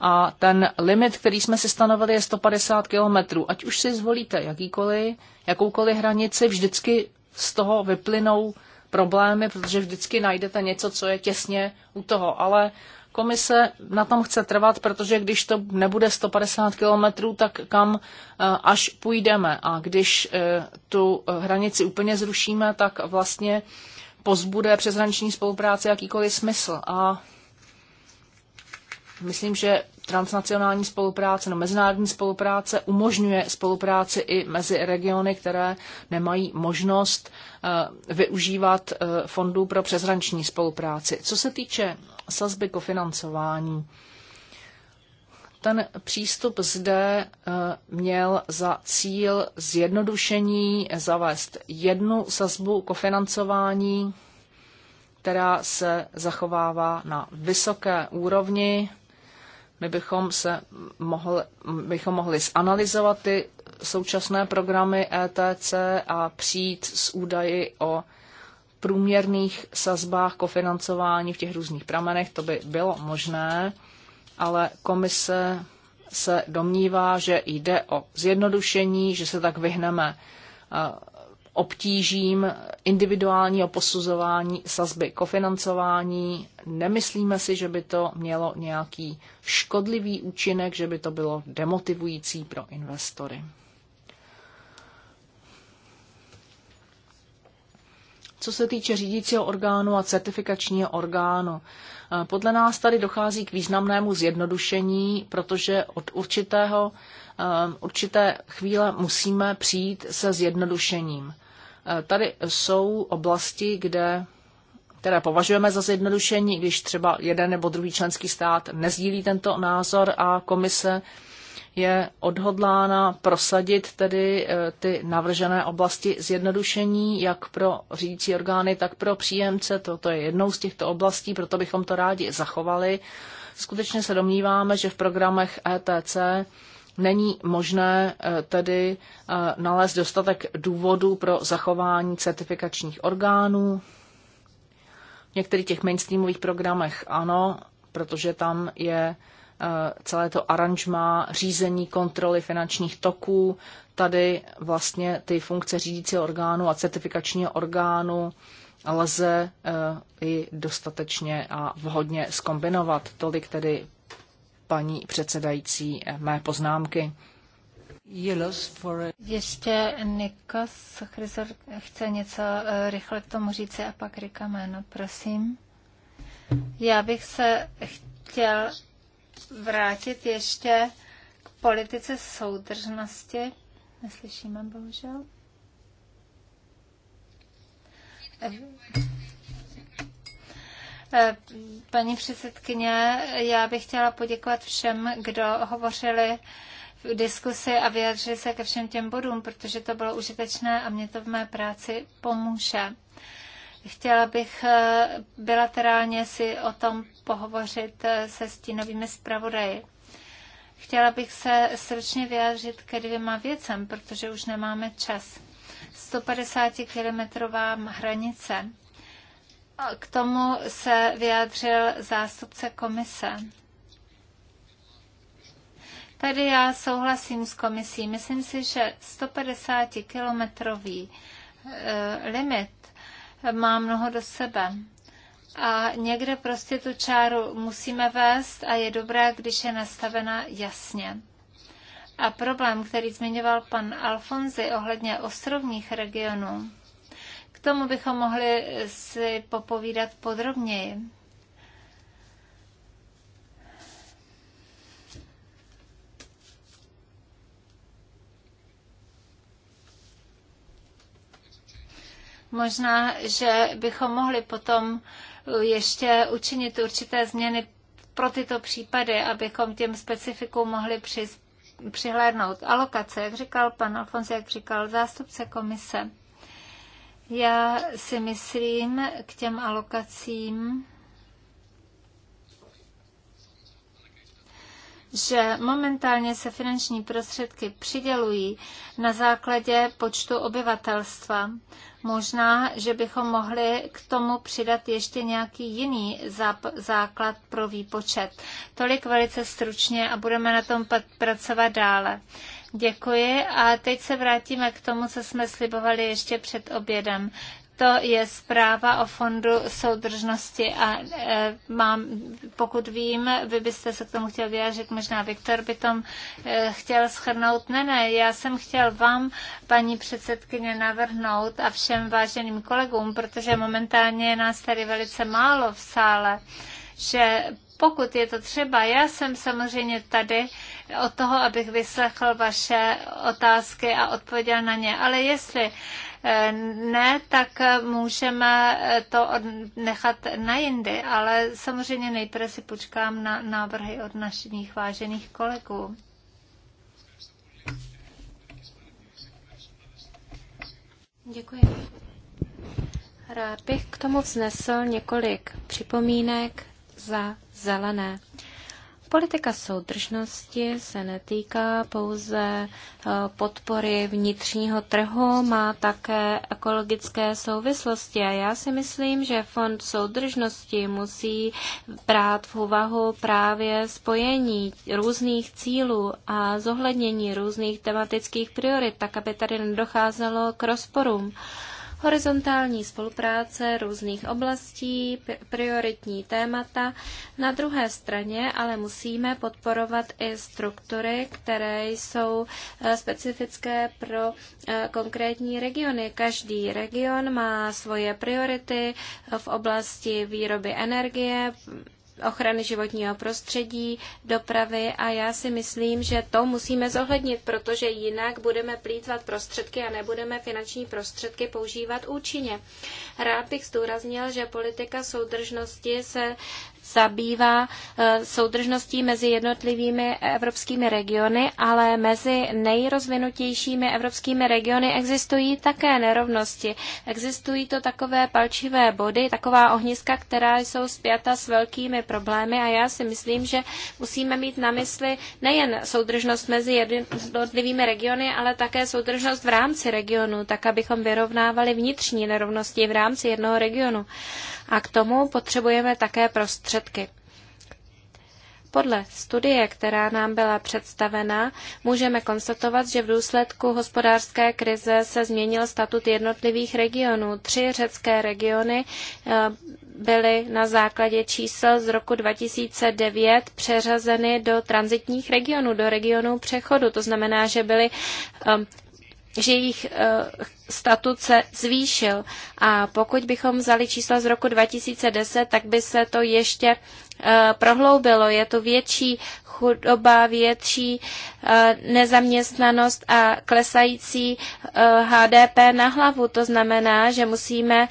A ten limit, který jsme si stanovili, je 150 km. Ať už si zvolíte jakýkoliv, jakoukoliv hranici, vždycky z toho vyplynou problémy, protože vždycky najdete něco, co je těsně u toho. Ale Komise na tom chce trvat, protože když to nebude 150 kilometrů, tak kam eh, až půjdeme. A když eh, tu hranici úplně zrušíme, tak vlastně pozbude přeshraniční spolupráce jakýkoliv smysl. A myslím, že transnacionální spolupráce, no mezinárodní spolupráce umožňuje spolupráci i mezi regiony, které nemají možnost eh, využívat fondů pro přeshraniční spolupráci. Co se týče sazby kofinancování. Ten přístup zde e, měl za cíl zjednodušení zavést jednu sazbu kofinancování, která se zachovává na vysoké úrovni. My bychom, se mohli, bychom mohli zanalizovat ty současné programy ETC a přijít s údaji o průměrných sazbách kofinancování v těch různých pramenech, to by bylo možné, ale komise se domnívá, že jde o zjednodušení, že se tak vyhneme eh, obtížím individuálního posuzování sazby kofinancování. Nemyslíme si, že by to mělo nějaký škodlivý účinek, že by to bylo demotivující pro investory. co se týče řídícího orgánu a certifikačního orgánu. Eh, podle nás tady dochází k významnému zjednodušení, protože od určitého, eh, určité chvíle musíme přijít se zjednodušením. Eh, tady jsou oblasti, kde které považujeme za zjednodušení, když třeba jeden nebo druhý členský stát nezdílí tento názor a komise je odhodlána prosadit tedy eh, ty navržené oblasti zjednodušení, jak pro řídící orgány, tak pro příjemce. Toto je jednou z těchto oblastí, proto bychom to rádi zachovali. Skutečně se domníváme, že v programech ETC není možné eh, tedy eh, nalézt dostatek důvodů pro zachování certifikačních orgánů. V některých těch mainstreamových programech ano, protože tam je Eh, celé to aranžma řízení kontroly finančních toků. Tady vlastně ty funkce řídícího orgánu a certifikačního orgánu lze eh, i dostatečně a vhodně skombinovat. Tolik tedy paní předsedající eh, mé poznámky. Ještě Nikos Chrysor chce něco rychle k tomu říci a pak Rika jméno, prosím. Já bych se chtěl vrátit ještě k politice soudržnosti. Neslyšíme, bohužel. Paní předsedkyně, já bych chtěla poděkovat všem, kdo hovořili v diskusi a vyjadřili se ke všem těm bodům, protože to bylo užitečné a mě to v mé práci pomůže. Chtěla bych eh, bilaterálně si o tom pohovořit eh, se stínovými zpravodaji. Chtěla bych se srdečně vyjádřit ke dvěma věcem, protože už nemáme čas. 150-kilometrová hranice. K tomu se vyjádřil zástupce komise. Tady já souhlasím s komisí. Myslím si, že 150-kilometrový eh, limit má mnoho do sebe. A někde prostě tu čáru musíme vést a je dobré, když je nastavena jasně. A problém, který zmiňoval pan Alfonzi ohledně ostrovních regionů, k tomu bychom mohli si popovídat podrobněji. Možná, že bychom mohli potom ještě učinit určité změny pro tyto případy, abychom těm specifikům mohli přispět přihlédnout. Alokace, jak říkal pan Alfons, jak říkal zástupce komise. Já si myslím k těm alokacím, že momentálně se finanční prostředky přidělují na základě počtu obyvatelstva Možná, že bychom mohli k tomu přidat ještě nějaký jiný základ pro výpočet. Tolik velice stručně a budeme na tom pracovat dále. Děkuji a teď se vrátíme k tomu, co jsme slibovali ještě před obědem to je zpráva o fondu soudržnosti a e, mám, pokud vím, vy byste se k tomu chtěl vyjádřit, možná Viktor by tom e, chtěl schrnout. Ne, ne, já jsem chtěl vám, paní předsedkyně, navrhnout a všem váženým kolegům, protože momentálně je nás tady velice málo v sále, že pokud je to třeba, já jsem samozřejmě tady od toho, abych vyslechl vaše otázky a odpověděl na ně, ale jestli Eh, ne, tak můžeme to nechat na jindy, ale samozřejmě nejprve si počkám na návrhy od našich vážených kolegů. Děkuji. Rád bych k tomu vznesl několik připomínek za zelené. Politika soudržnosti se netýká pouze eh, podpory vnitřního trhu, má také ekologické souvislosti a já si myslím, že fond soudržnosti musí brát v úvahu právě spojení různých cílů a zohlednění různých tematických priorit, tak aby tady nedocházelo k rozporům horizontální spolupráce různých oblastí, prioritní témata. Na druhé straně ale musíme podporovat i struktury, které jsou eh, specifické pro eh, konkrétní regiony. Každý region má svoje priority eh, v oblasti výroby energie, ochrany životního prostředí, dopravy a já si myslím, že to musíme zohlednit, protože jinak budeme plítvat prostředky a nebudeme finanční prostředky používat účinně. Rád bych zdůraznil, že politika soudržnosti se zabývá eh, soudržností mezi jednotlivými evropskými regiony, ale mezi nejrozvinutějšími evropskými regiony existují také nerovnosti. Existují to takové palčivé body, taková ohniska, která jsou spjata s velkými problémy a já si myslím, že musíme mít na mysli nejen soudržnost mezi jednotlivými regiony, ale také soudržnost v rámci regionu, tak abychom vyrovnávali vnitřní nerovnosti v rámci jednoho regionu a k tomu potřebujeme také prostředky. Podle studie, která nám byla představena, můžeme konstatovat, že v důsledku hospodářské krize se změnil statut jednotlivých regionů. Tři řecké regiony eh, byly na základě čísel z roku 2009 přeřazeny do transitních regionů, do regionů přechodu. To znamená, že byly eh, že jejich eh, statut se zvýšil. A pokud bychom vzali čísla z roku 2010, tak by se to ještě eh, prohloubilo. Je to větší chudoba, větší eh, nezaměstnanost a klesající HDP na hlavu. To znamená, že musíme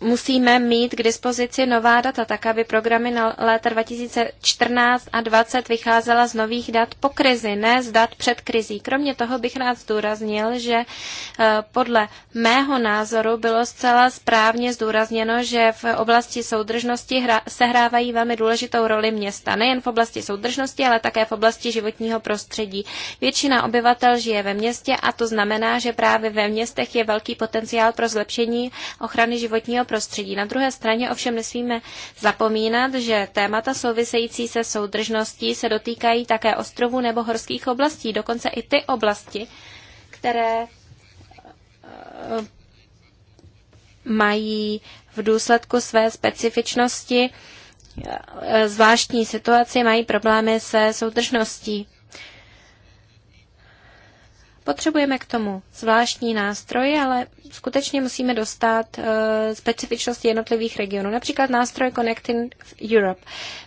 musíme mít k dispozici nová data, tak aby programy na léta 2014 a 2020 vycházela z nových dat po krizi, ne z dat před krizí. Kromě toho bych rád zdůraznil, že eh, podle mého názoru bylo zcela správně zdůrazněno, že v oblasti soudržnosti sehrávají velmi důležitou roli města. Nejen v oblasti soudržnosti, ale také v oblasti životního prostředí. Většina obyvatel žije ve městě a to znamená, že právě ve městech je velký potenciál pro zlepšení ochrany životního životního prostředí. Na druhé straně ovšem nesmíme zapomínat, že témata související se soudržností se dotýkají také ostrovů nebo horských oblastí, dokonce i ty oblasti, které eh, mají v důsledku své specifičnosti eh, zvláštní situaci, mají problémy se soudržností. Potřebujeme k tomu zvláštní nástroje, ale skutečně musíme dostat uh, specifičnosti jednotlivých regionů. Například nástroj Connecting Europe.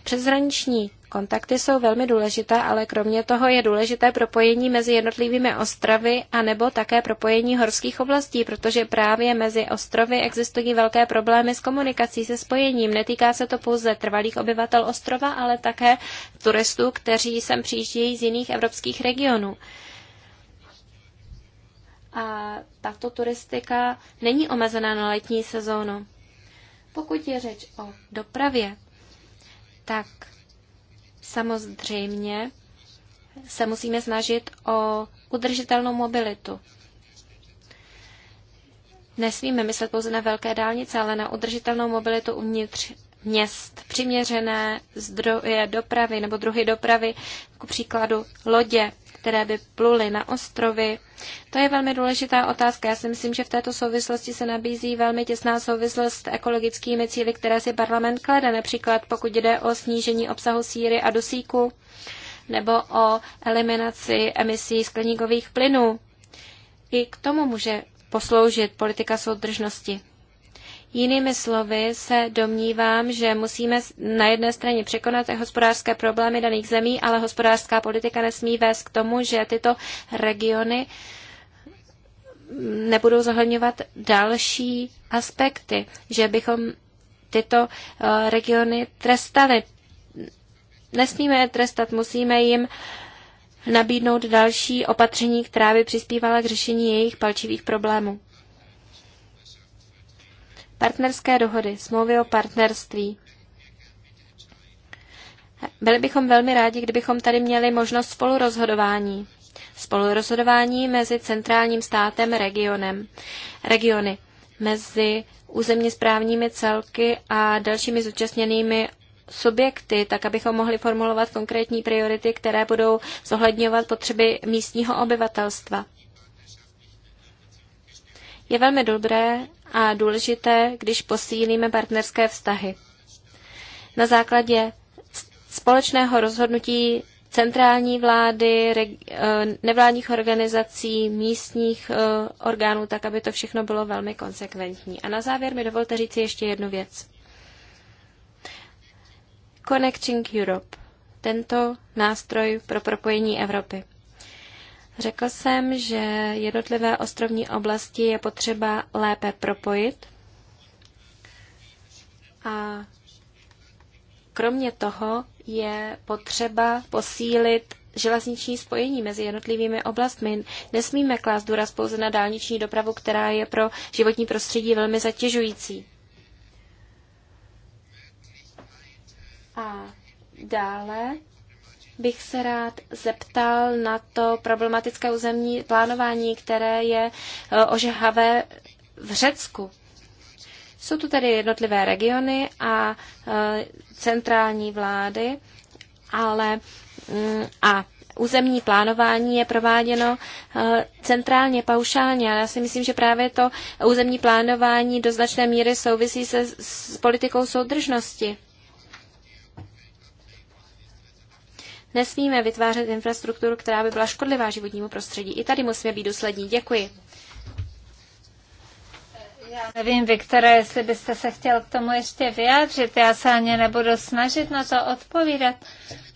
Přeshraniční kontakty jsou velmi důležité, ale kromě toho je důležité propojení mezi jednotlivými ostrovy a nebo také propojení horských oblastí, protože právě mezi ostrovy existují velké problémy s komunikací, se spojením. Netýká se to pouze trvalých obyvatel ostrova, ale také turistů, kteří sem přijíždějí z jiných evropských regionů a tato turistika není omezená na letní sezónu. Pokud je řeč o dopravě, tak samozřejmě se musíme snažit o udržitelnou mobilitu. Nesmíme myslet pouze na velké dálnice, ale na udržitelnou mobilitu uvnitř měst, přiměřené zdroje dopravy nebo druhy dopravy, jako příkladu lodě, které by pluly na ostrovy? To je velmi důležitá otázka. Já si myslím, že v této souvislosti se nabízí velmi těsná souvislost s ekologickými cíly, které si parlament klade, například pokud jde o snížení obsahu síry a dusíku nebo o eliminaci emisí skleníkových plynů. I k tomu může posloužit politika soudržnosti. Jinými slovy se domnívám, že musíme na jedné straně překonat hospodářské problémy daných zemí, ale hospodářská politika nesmí vést k tomu, že tyto regiony nebudou zohledňovat další aspekty, že bychom tyto eh, regiony trestali. Nesmíme je trestat, musíme jim nabídnout další opatření, která by přispívala k řešení jejich palčivých problémů partnerské dohody, smlouvy o partnerství. Byli bychom velmi rádi, kdybychom tady měli možnost spolurozhodování. Spolurozhodování mezi centrálním státem regionem, regiony, mezi územně správními celky a dalšími zúčastněnými subjekty, tak abychom mohli formulovat konkrétní priority, které budou zohledňovat potřeby místního obyvatelstva. Je velmi dobré, a důležité, když posílíme partnerské vztahy. Na základě společného rozhodnutí centrální vlády, eh, nevládních organizací, místních eh, orgánů, tak aby to všechno bylo velmi konsekventní. A na závěr mi dovolte říct ještě jednu věc. Connecting Europe, tento nástroj pro propojení Evropy. Řekl jsem, že jednotlivé ostrovní oblasti je potřeba lépe propojit a kromě toho je potřeba posílit železniční spojení mezi jednotlivými oblastmi. Nesmíme klást důraz pouze na dálniční dopravu, která je pro životní prostředí velmi zatěžující. A dále bych se rád zeptal na to problematické územní plánování, které je e, ožehavé v Řecku. Jsou tu tedy jednotlivé regiony a e, centrální vlády, ale mm, a územní plánování je prováděno e, centrálně, paušálně, já si myslím, že právě to územní plánování do značné míry souvisí se s politikou soudržnosti. Nesmíme vytvářet infrastrukturu, která by byla škodlivá životnímu prostředí. I tady musíme být důslední. Děkuji. Já nevím, Viktore, jestli byste se chtěl k tomu ještě vyjádřit. Já se ani nebudu snažit na to odpovídat,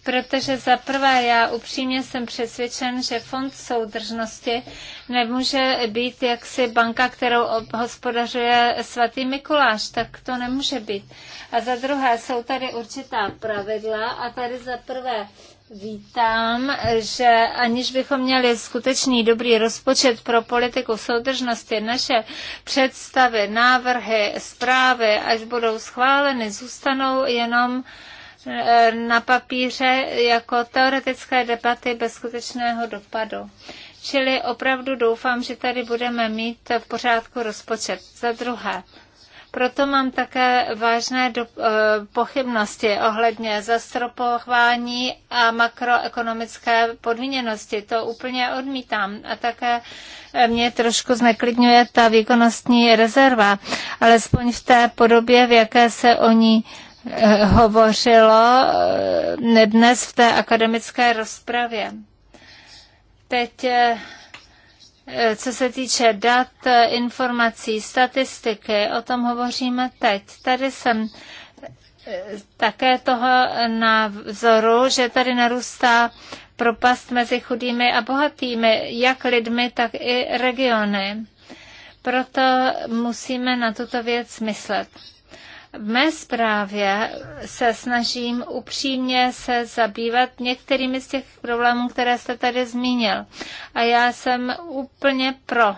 protože za prvé já upřímně jsem přesvědčen, že fond soudržnosti nemůže být jaksi banka, kterou hospodařuje svatý Mikuláš, tak to nemůže být. A za druhé jsou tady určitá pravidla a tady za prvé Vítám, že aniž bychom měli skutečný dobrý rozpočet pro politiku soudržnosti, naše představy, návrhy, zprávy, až budou schváleny, zůstanou jenom eh, na papíře jako teoretické debaty bez skutečného dopadu. Čili opravdu doufám, že tady budeme mít v pořádku rozpočet. Za druhé, proto mám také vážné do, eh, pochybnosti ohledně zastropování a makroekonomické podmíněnosti. To úplně odmítám. A také eh, mě trošku zneklidňuje ta výkonnostní rezerva, alespoň v té podobě, v jaké se o ní eh, hovořilo dnes v té akademické rozpravě. Teď Eh, co se týče dat, eh, informací, statistiky, o tom hovoříme teď. Tady jsem eh, také toho na vzoru, že tady narůstá propast mezi chudými a bohatými, jak lidmi, tak i regiony. Proto musíme na tuto věc myslet. V mé zprávě se snažím upřímně se zabývat některými z těch problémů, které jste tady zmínil. A já jsem úplně pro,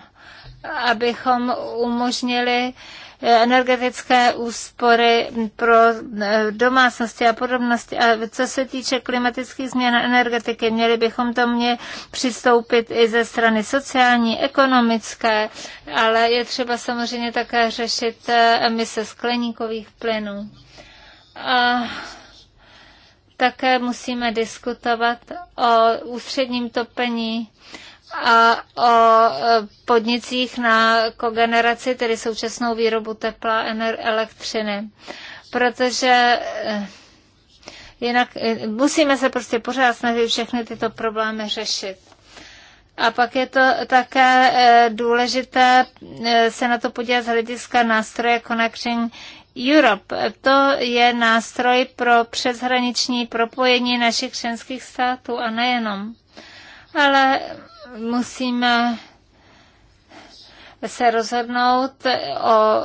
abychom umožnili uh, energetické úspory pro eh, domácnosti a podobnosti. A co se týče klimatických změn a energetiky, měli bychom to mě přistoupit i ze strany sociální, ekonomické, ale je třeba samozřejmě také řešit eh, emise skleníkových plynů. A také musíme diskutovat o ústředním topení a o e, podnicích na kogeneraci, tedy současnou výrobu tepla, elektřiny. Protože e, jinak e, musíme se prostě pořád snažit všechny tyto problémy řešit. A pak je to také důležité se na to podívat z hlediska nástroje Connecting Europe. To je nástroj pro přeshraniční propojení našich členských států a nejenom. Ale musíme se rozhodnout o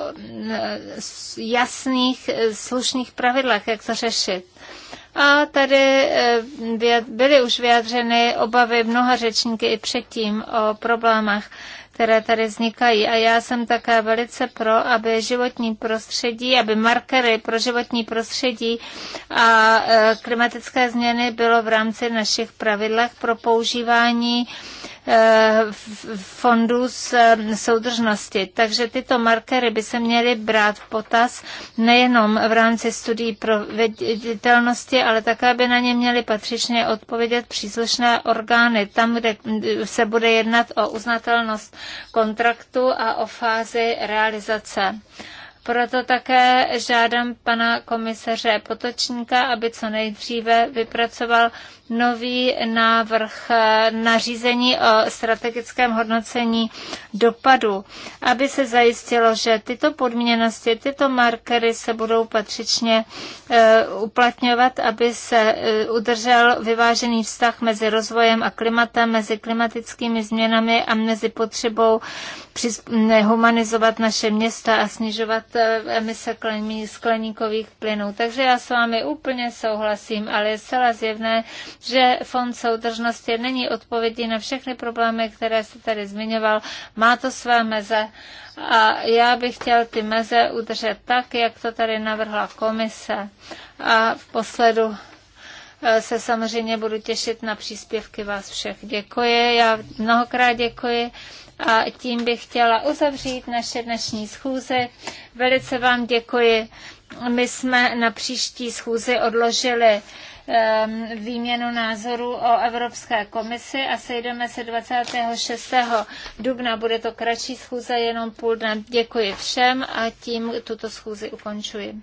jasných, slušných pravidlech, jak to řešit. A tady eh, byly už vyjadřeny obavy mnoha řečníky i předtím o problémech, které tady vznikají. A já jsem také velice pro, aby životní prostředí, aby markery pro životní prostředí a eh, klimatické změny bylo v rámci našich pravidlech pro používání Eh, fondů z eh, soudržnosti. Takže tyto markery by se měly brát v potaz nejenom v rámci studií proveditelnosti, ale také by na ně měly patřičně odpovědět příslušné orgány, tam, kde se bude jednat o uznatelnost kontraktu a o fázi realizace. Proto také žádám pana komisaře Potočníka, aby co nejdříve vypracoval nový návrh eh, nařízení o strategickém hodnocení dopadu, aby se zajistilo, že tyto podměnosti, tyto markery se budou patřičně eh, uplatňovat, aby se eh, udržel vyvážený vztah mezi rozvojem a klimatem, mezi klimatickými změnami a mezi potřebou humanizovat naše města a snižovat emise skleníkových plynů. Takže já s vámi úplně souhlasím, ale je zcela zjevné, že fond soudržnosti není odpovědí na všechny problémy, které se tady zmiňoval. Má to své meze a já bych chtěl ty meze udržet tak, jak to tady navrhla komise. A v posledu e, se samozřejmě budu těšit na příspěvky vás všech. Děkuji, já mnohokrát děkuji a tím bych chtěla uzavřít naše dnešní schůze. Velice vám děkuji. My jsme na příští schůzi odložili Ehm, výměnu názorů o Evropské komisi a sejdeme se 26. dubna. Bude to kratší schůze, jenom půl dne. Děkuji všem a tím tuto schůzi ukončuji.